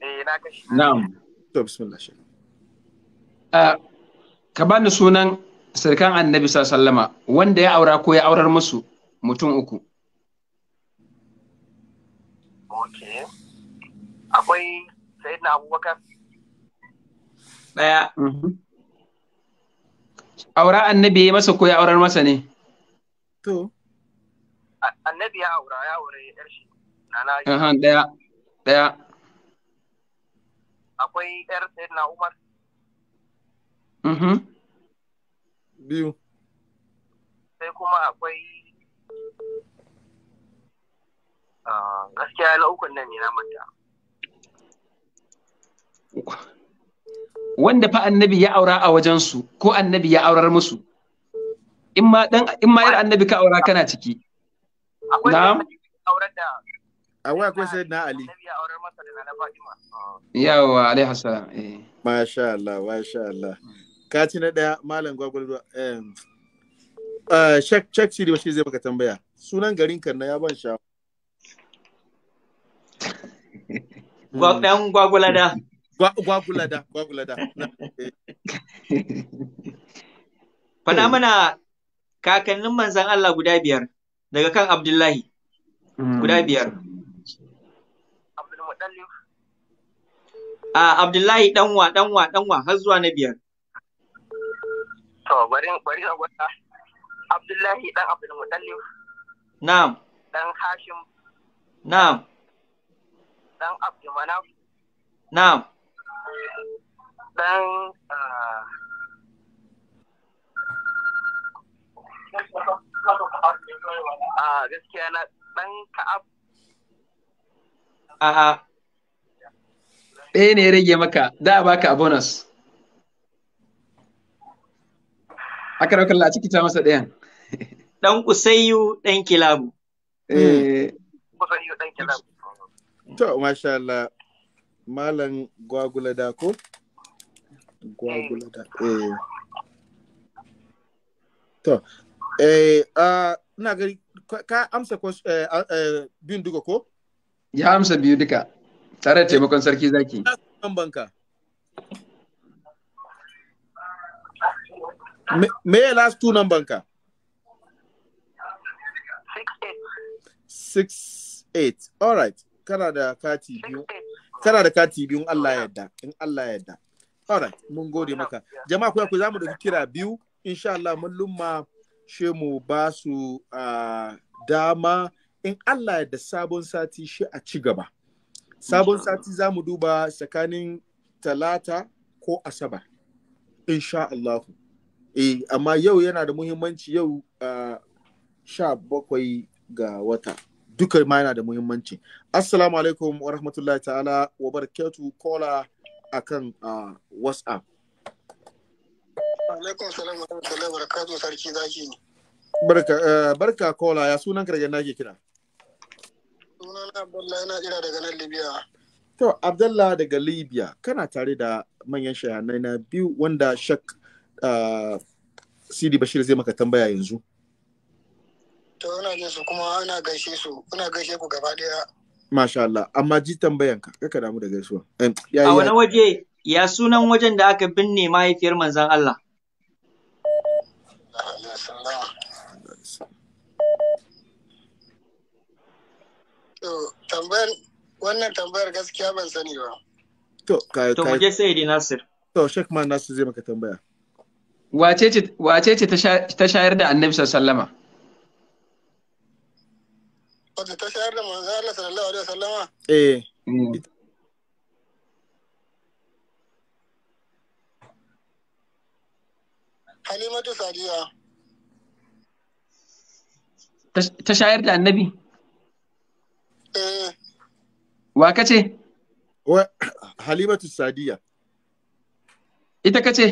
Eh na kashe. Na'am. To bismillah shi. Ah ka bani sunan sarkan Annabi sallama wanda ya aura ko ya aurar musu mutum uku. Okay. Akwai Sayyidina Abubakar. Daya. Mm aura annabi ya masa ko ya aurar masa ne to annabi ya aura ya aure yar nana aha daya daya akwai yar na umar mhm biyu sai kuma akwai ah, gaskiya na ukun nan ne na manta wanda fa annabi ya aura a wajensu ko annabi ya aurar musu in ma dan in ma yar annabi ka aura kana ciki na'am akwai akwai sai na ali yawa alaihi salam eh masha Allah masha Allah ka ci na daya malam gwagwalwa eh ah, check check shi shi zai baka tambaya sunan garin kan na ya ban sha dan gwagwalada Gwagulada, gwagulada. Eh. Faɗa eh. mana kakannin manzan Allah guda biyar daga kan Abdullahi. Hmm. Guda biyar. A Abdullahi ɗanwa, ɗanwa, ɗanwa har zuwa na biyar. To, bari bari a gwada. Abdullahi ɗan Abdulmutallif. Na'am. Ɗan Hashim. Na'am. Ɗan Abdulmanaf. Na'am. dan ah, ah, gaskiya na dan ka'ab a'a ɗaya ne ya rage maka da a baka a bonus aka raukar a ciki ta masa ɗayan dan kusayu dan kilabu eh kusayu kilabu to masha Allah malam gwagula da ko gwagula da eh to eh a ina gari ka amsa eh, eh, biyun duka ko ya amsa biyu duka tare da taimakon sarki zaki banka me me last two number ka 68 all right kana da kati biyu kana da kati biyu Allah ya yarda in Allah ya yarda alright mun gode maka jama'a ku ku mu da kira biyu insha Allah mun lumma she mu ba su dama in Allah ya yarda sabon sati shi a ci gaba sabon sati za mu duba tsakanin talata ko asabar insha Allah eh amma yau yana da muhimmanci yau sha bakwai ga wata duka ma yana da muhimmanci assalamu alaikum wa rahmatullahi ta'ala wa barakatu kola akan uh, whatsapp alaikum salam wa barakatu sarki zaki barka uh, barka kola ya sunan ka daga nake kira sunan abdullahi na jira daga nan libya to abdullahi daga libya kana tare da manyan shayanai na biyu wanda shak uh, sidi bashir zai maka tambaya yanzu to ina jin su kuma ana gaishe su ina gaishe ku gaba daya masha Allah amma ji tambayan ka kaka damu da gaisuwa a wani waje ya sunan wajen da aka binne mahaifiyar manzon Allah To tambayar wannan tambayar gaskiya ban sani ba. To ka To waje sai Nasir. To Sheikh Man Nasir zai maka tambaya. Wace ce ta shayar da Annabi sallama? wata eh. mm. ta shayar da manzo Allah sallallahu alaihi wasallama eh Halima Halimatu Sadiya ta shayar da annabi eh wa kace Halimatu Sadiya ita kace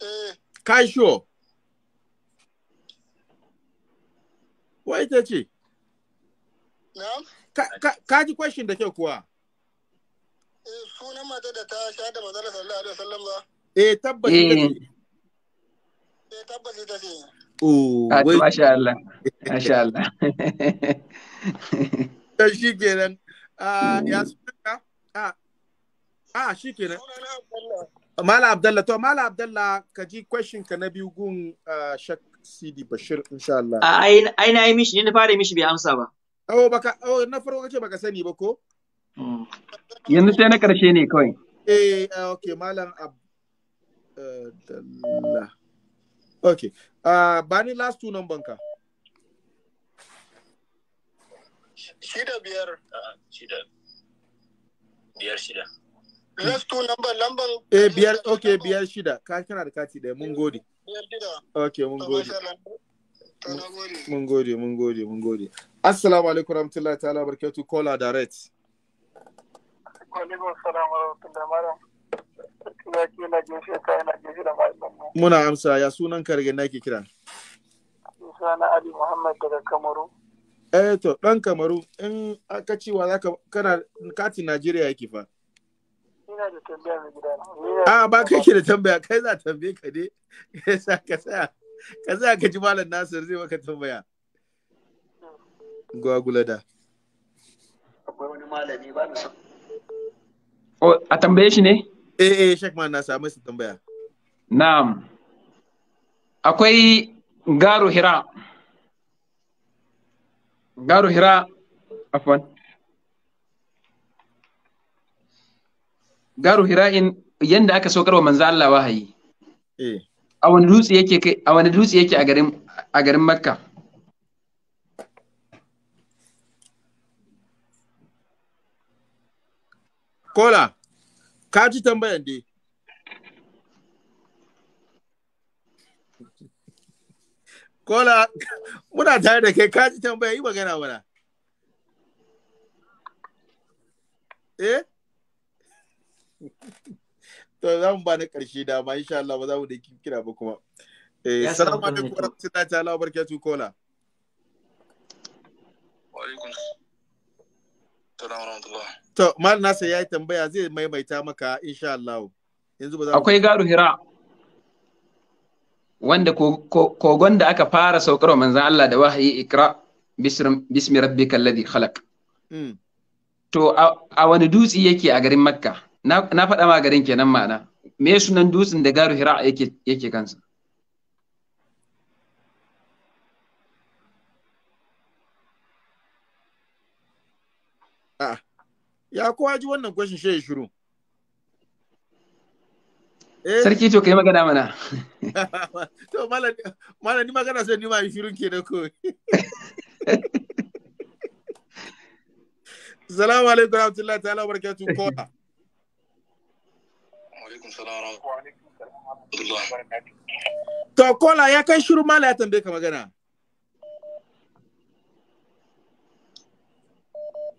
eh kai sure Wa ita ce? Ka ji question da kyau kuwa? Eh, sunan mata da ta sha da mazara sallallahu alaihi wasallam ba? Eh tabbas ta ce. Eh tabbas ta ce. Oh, ah, wai. Masha Allah. Masha Allah. Ta shi kenan. Ah, ya mm. sunan ka? Ah, ah shi kenan. Mala Abdallah, to Mala Abdallah, ka ji question ka na biyu gun shakka. Sidi Bashir insha Allah. Ai na yi mishi, ni na fara yi mishi bai amsa ba. Awo baka, awo na farko kace baka sani ba ko? Hmm. Yanzu sai na karshe ne kawai. Eh, okay, Malam Abdalla. Okay, uh, ni last two number ka. Shida biyar. Shida. Biyar shida. Last two number, lambar. Eh, biyar, okay, biyar shida. Ka kana da kati ɗaya, mun gode. ok mun gode mun gode mun gode mun gode assalamu alaikum rahmatullahi ta'ala barkatu kola direct muna amsa ya sunan karge na ke kira sana ali muhammad daga kamaru eh to dan kamaru in aka cewa zaka kana kati najeriya yake fa ina da tambaya mai gida a ah, ba kai ke da tambaya kai za tambaye ka ne yasa ka tsaya ka tsaya ka ji malam nasir zai maka tambaya gwagula da akwai wani malami ba da a tambaye shi ne eh eh shek ma na samu su tambaya na'am akwai garo hira Garo hira afwan garu hira'in yanda aka saukar wa manzo Allah wahayi eh. a wani dutse yake a wani dutse yake a garin a garin Makka Kola ka ji tambayan dai Kola muna tare da kai ka ji tambayan yi magana mana Eh to za mu ba na ƙarshe da ma insha Allah ba za mu da kira ba kuma eh salamu alaikum wa rahmatullahi ta'ala wa barakatuh kola wa alaikum salam wa rahmatullah to mal nasa yayi tambaya zai maimaita maka insha Allah yanzu ba za akwai garu hira wanda kogon da aka fara saukar wa Manzan Allah da wahayi ikra bismi rabbikal ladhi khalaq mm. to a wani dutsi yake a garin makka na faɗa ma garin kenan ma'ana me sunan dutsen da garu hira yake kansa ah, ya kowa ji wannan kwashin shi shiru eh. sarki to kai magana mana to ni magana sai ni ma yi shirin ke da ko salamu alaikum rahmatullahi ta'ala barakatuhu kowa To kola ya kai shiru mala ya tambaye ka magana.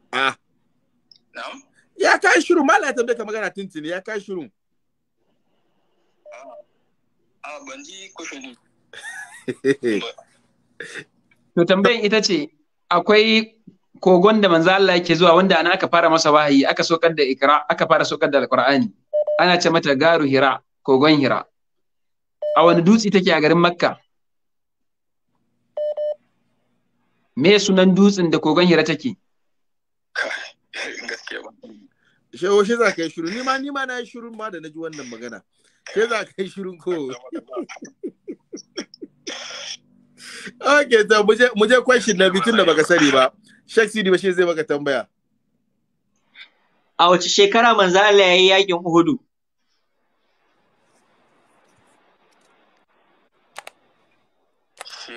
Ah. Ya kai shiru mala ya tambaye ka magana tintini ya kai shiru. Ah, ah To tambayan ita ce akwai kogon da manzo Allah yake zuwa wanda ana aka fara masa wahayi aka sokar da ikra aka fara sokar da alqur'ani. ana ce mata garu hira kogon hira a wani dutse take a garin makka me sunan dutsen da kogon hira take shehu shi za ka yi shiru nima nima na yi shirun ma da naji wannan magana ke za ka yi shirun ko ok to mu je question na bitin da baka sani ba shek sidi ba shi zai baka tambaya a wace shekara manzo Allah yayi yakin uhudu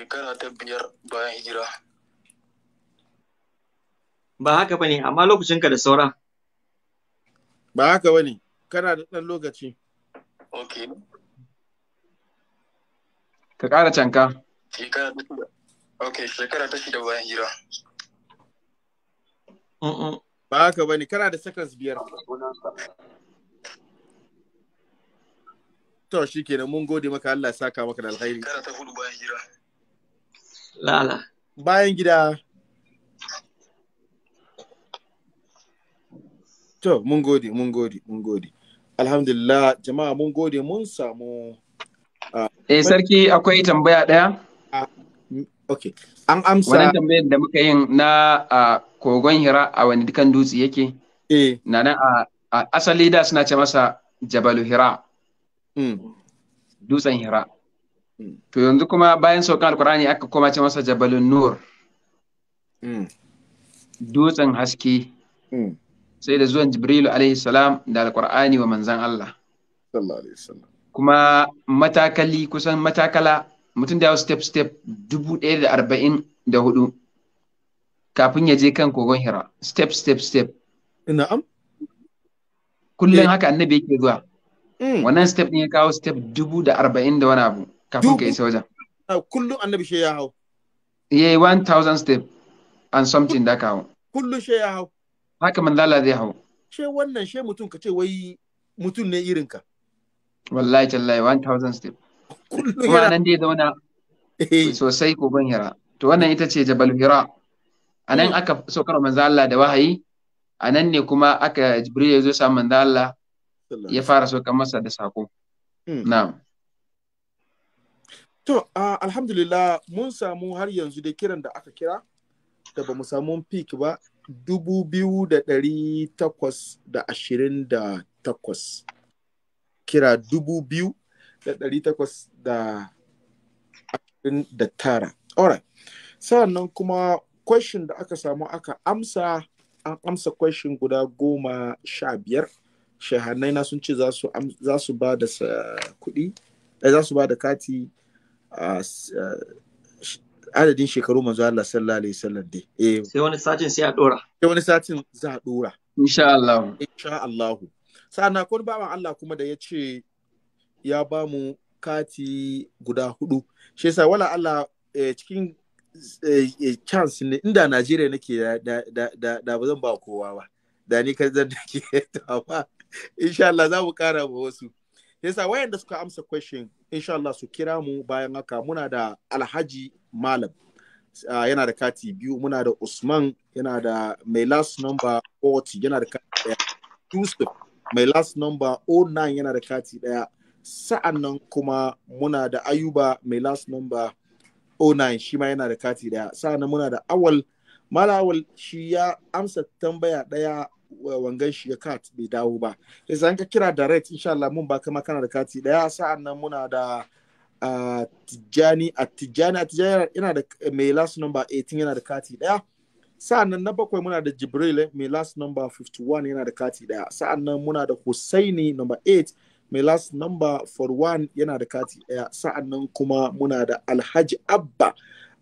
shekara ta biyar bayan hijira. Ba haka ba ne, amma lokacinka da saura. Ba haka ba ne, kana da ɗan lokaci. Ok. Ka ƙara canka. Shekara ta shida. Ok, shekara ta shida bayan hijira. Ba haka ba ne, kana da seconds biyar. To shi kenan mun gode maka Allah ya saka maka da alkhairi. Shekara ta hudu bayan hijira. Lala. Bayan gida. To, mun gode, mun gode, mun gode. Alhamdulillah, jama'a mun gode mun samu. Ah, eh, sarki akwai tambaya ɗaya? Ah, ok, an amsa. Wannan tambayar da muka yin na ah, kogon hira a wani dukan dutse yake? Eh. Na nan uh, asali da suna ce masa Jabalu Hira. Mm. Dutsen Hira. To yanzu kuma bayan saukan Alkur'ani aka koma ce masa jabalin Nur. Mm. Dutsen haske. Mm. Sai da zuwan Jibrilu alaihi salam da Alkur'ani wa manzan Allah. Kuma matakali kusan matakala mutum da yawa step step dubu ɗaya da arba'in da hudu kafin ya je kan kogon Hira. Step step step. Na'am. Kullum eh. haka annabi yake zuwa. Mm. Wannan step ne ya kawo step dubu da arba'in da wani abu. kafin ka isa wajen ah, kullum annabi shi ya hau one thousand step and something da ka hau kullum shi ya hau haka man lala zai hau Shi wannan shi mutum ka ce wai mutum ne irin ka wallahi tallahi thousand step kuma nan dai zauna eh. sosai ko ban hira to wannan ita ce jabal hira A nan hmm. aka saukar manzo Allah da wahayi a nan ne kuma aka jibril ya zo samun manzo Allah ya fara saukar masa da saƙo. Hmm. na'am To, uh, alhamdulillah mun samu har yanzu da kiran da aka kira da ba mu samu peak ba dubu biyu da ɗari takwas da ashirin da takwas. Kira dubu biyu da ɗari takwas da ashirin da tara. Alright. nan kuma question da aka samu aka amsa an amsa question guda goma sha biyar. Shahannai na sun ce za su ba da kuɗi, eh, za su ba da kati adadin shekaru manzo Allah sallallahu alaihi wasallam dai eh sai wani satin sai a dora sai wani satin za a dora insha Allah insha Allah sannan kun bawan Allah kuma da ya ce ya ba mu kati guda hudu shi yasa wala Allah eh, cikin eh, eh, chance ne inda Najeriya nake da da da ba zan ba kowa ba da ni kan zan dake to amma insha Allah za mu kara ma wasu yasa wayanda suka amsa question insha Allah su kira mu bayan haka muna da Alhaji Malam ah, yana da kati biyu muna da Usman yana da my last number 40 yana da kati daya Yusuf my last number 09 yana da kati daya Sa'annan kuma muna da Ayuba my last number 09 shi ma yana da kati daya Sa'annan muna da Awal Malawal shi ya amsa tambaya daya wangan shi kat bai dawo ba yanzu an ka kira direct insha Allah mun baka kana da kati daya sa'an nan muna da tijjani a tijjani a tijjani yana da mai last number 18 yana da kati daya sa'an nan na bakwai muna da jibril mai last number 51 yana da kati daya sa'an nan muna da husaini number 8 mai last number 41 yana da kati daya sa'an nan kuma muna da alhaji abba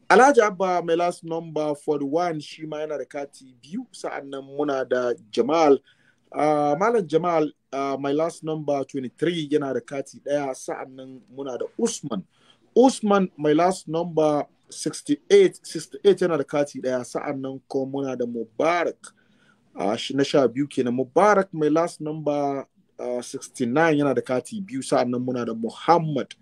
Alhaji Abba mai last number for the one shi ma yana da kati biyu sa'annan muna da Jamal uh, Malam Jamal uh, my last number 23 yana da kati ɗaya sa'annan muna da Usman Usman my last number 68 68 yana da kati ɗaya sa'annan ko muna da Mubarak uh, na sha biyu kenan Mubarak my last number uh, 69 yana da kati biyu sa'annan muna da Muhammad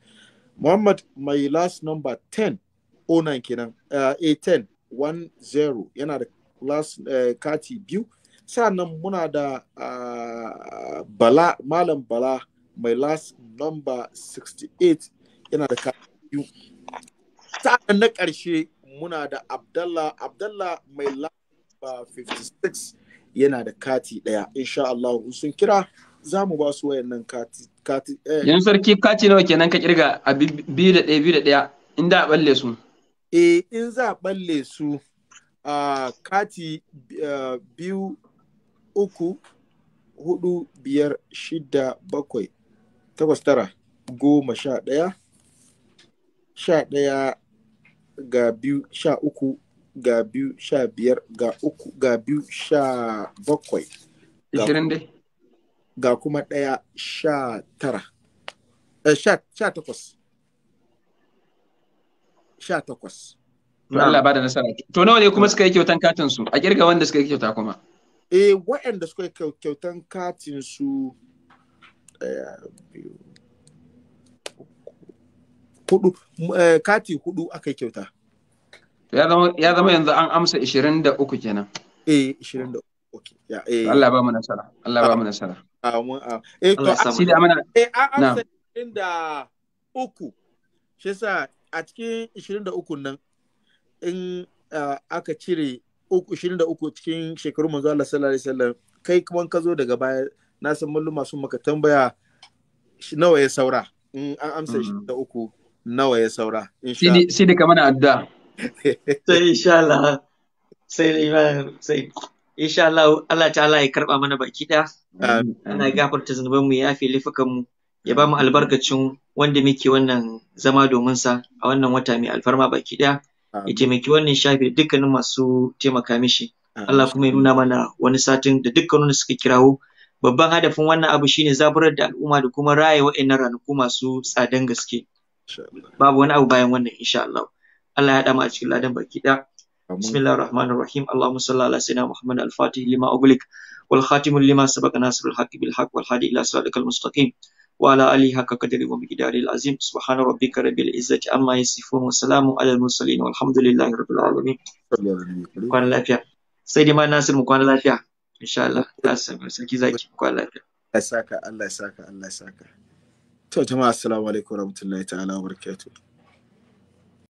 Muhammad my last number 10 09 kenan eh, A10 10 yana da class eh, kati biyu sa'annan muna da ah, bala malam bala mai last number 68 yana da kati biyu sa'annan na ƙarshe muna da abdalla abdalla mai last number 56 yana da kati ɗaya insha Allah sun kira za mu ba su wayannan kati kati eh. yanzu sarki kati nawa kenan ka kirga a biyu da ɗaya biyu da ɗaya inda a balle su e in za a balle su a kati biyu uku hudu biyar shida bakwai takwas tara goma sha ɗaya sha ɗaya ga biyu sha uku ga biyu sha biyar ga uku ga biyu sha bakwai ga kuma ɗaya sha tara eh, sha takwas sha takwas. To Allah ba da nasara. To nawa ne kuma suka yi kyautan katin su a kirga wanda suka yi kyauta kuma. Eh waɗanda suka yi kyautan katin su ɗaya biyu hudu eh, kati hudu aka yi kyauta. Ya zama yanzu an amsa ishirin da uku kenan. Eh ishirin da uku. Eh. Allah ba mu nasara. Allah ba mu ah, nasara. Eh to eh, an amsa ishirin da uku. Shi a cikin 23 nan in aka cire 23 cikin shekaru manzo Allah sallallahu alaihi wasallam kai kuma ka zo daga baya na san mallu masu maka tambaya nawa ya saura in an amsa 23 mm. nawa ya saura insha sai da kamar adda sai insha Allah sai sai insha Allah Allah ta'ala ya karba mana baki da ana gafarta zanubanmu ya yafe laifukan mu ya ba mu albarkacin wanda muke wannan zama domin sa a wannan wata mai alfarma baki daya ya taimaki wannan shafi dukkanin masu taimaka mishi Allah kuma ya nuna mana wani satin da dukkanin suka kirawo babban hadafin wannan abu shine zaburar da al'umma da kuma raya wa'annan ranaku masu tsadan gaske babu wani abu bayan wannan insha Allah Allah ya hada mu a cikin ladan baki ɗaya بسم الله الرحمن الرحيم اللهم صل على سيدنا محمد الفاتح لما أغلق والخاتم لما سبق ناصر الحق بالحق والهادي إلى صراطك المستقيم وعلى آله حق قدره ومقداره العظيم سبحان ربك رب العزة عما يصفون وسلام على المرسلين والحمد لله رب العالمين kwana lafiya sai dai ma Nasir mu kwana lafiya insha Allah sarki zaki kwana lafiya Allah ya saka Allah ya saka Allah ya saka to jama'a assalamu alaikum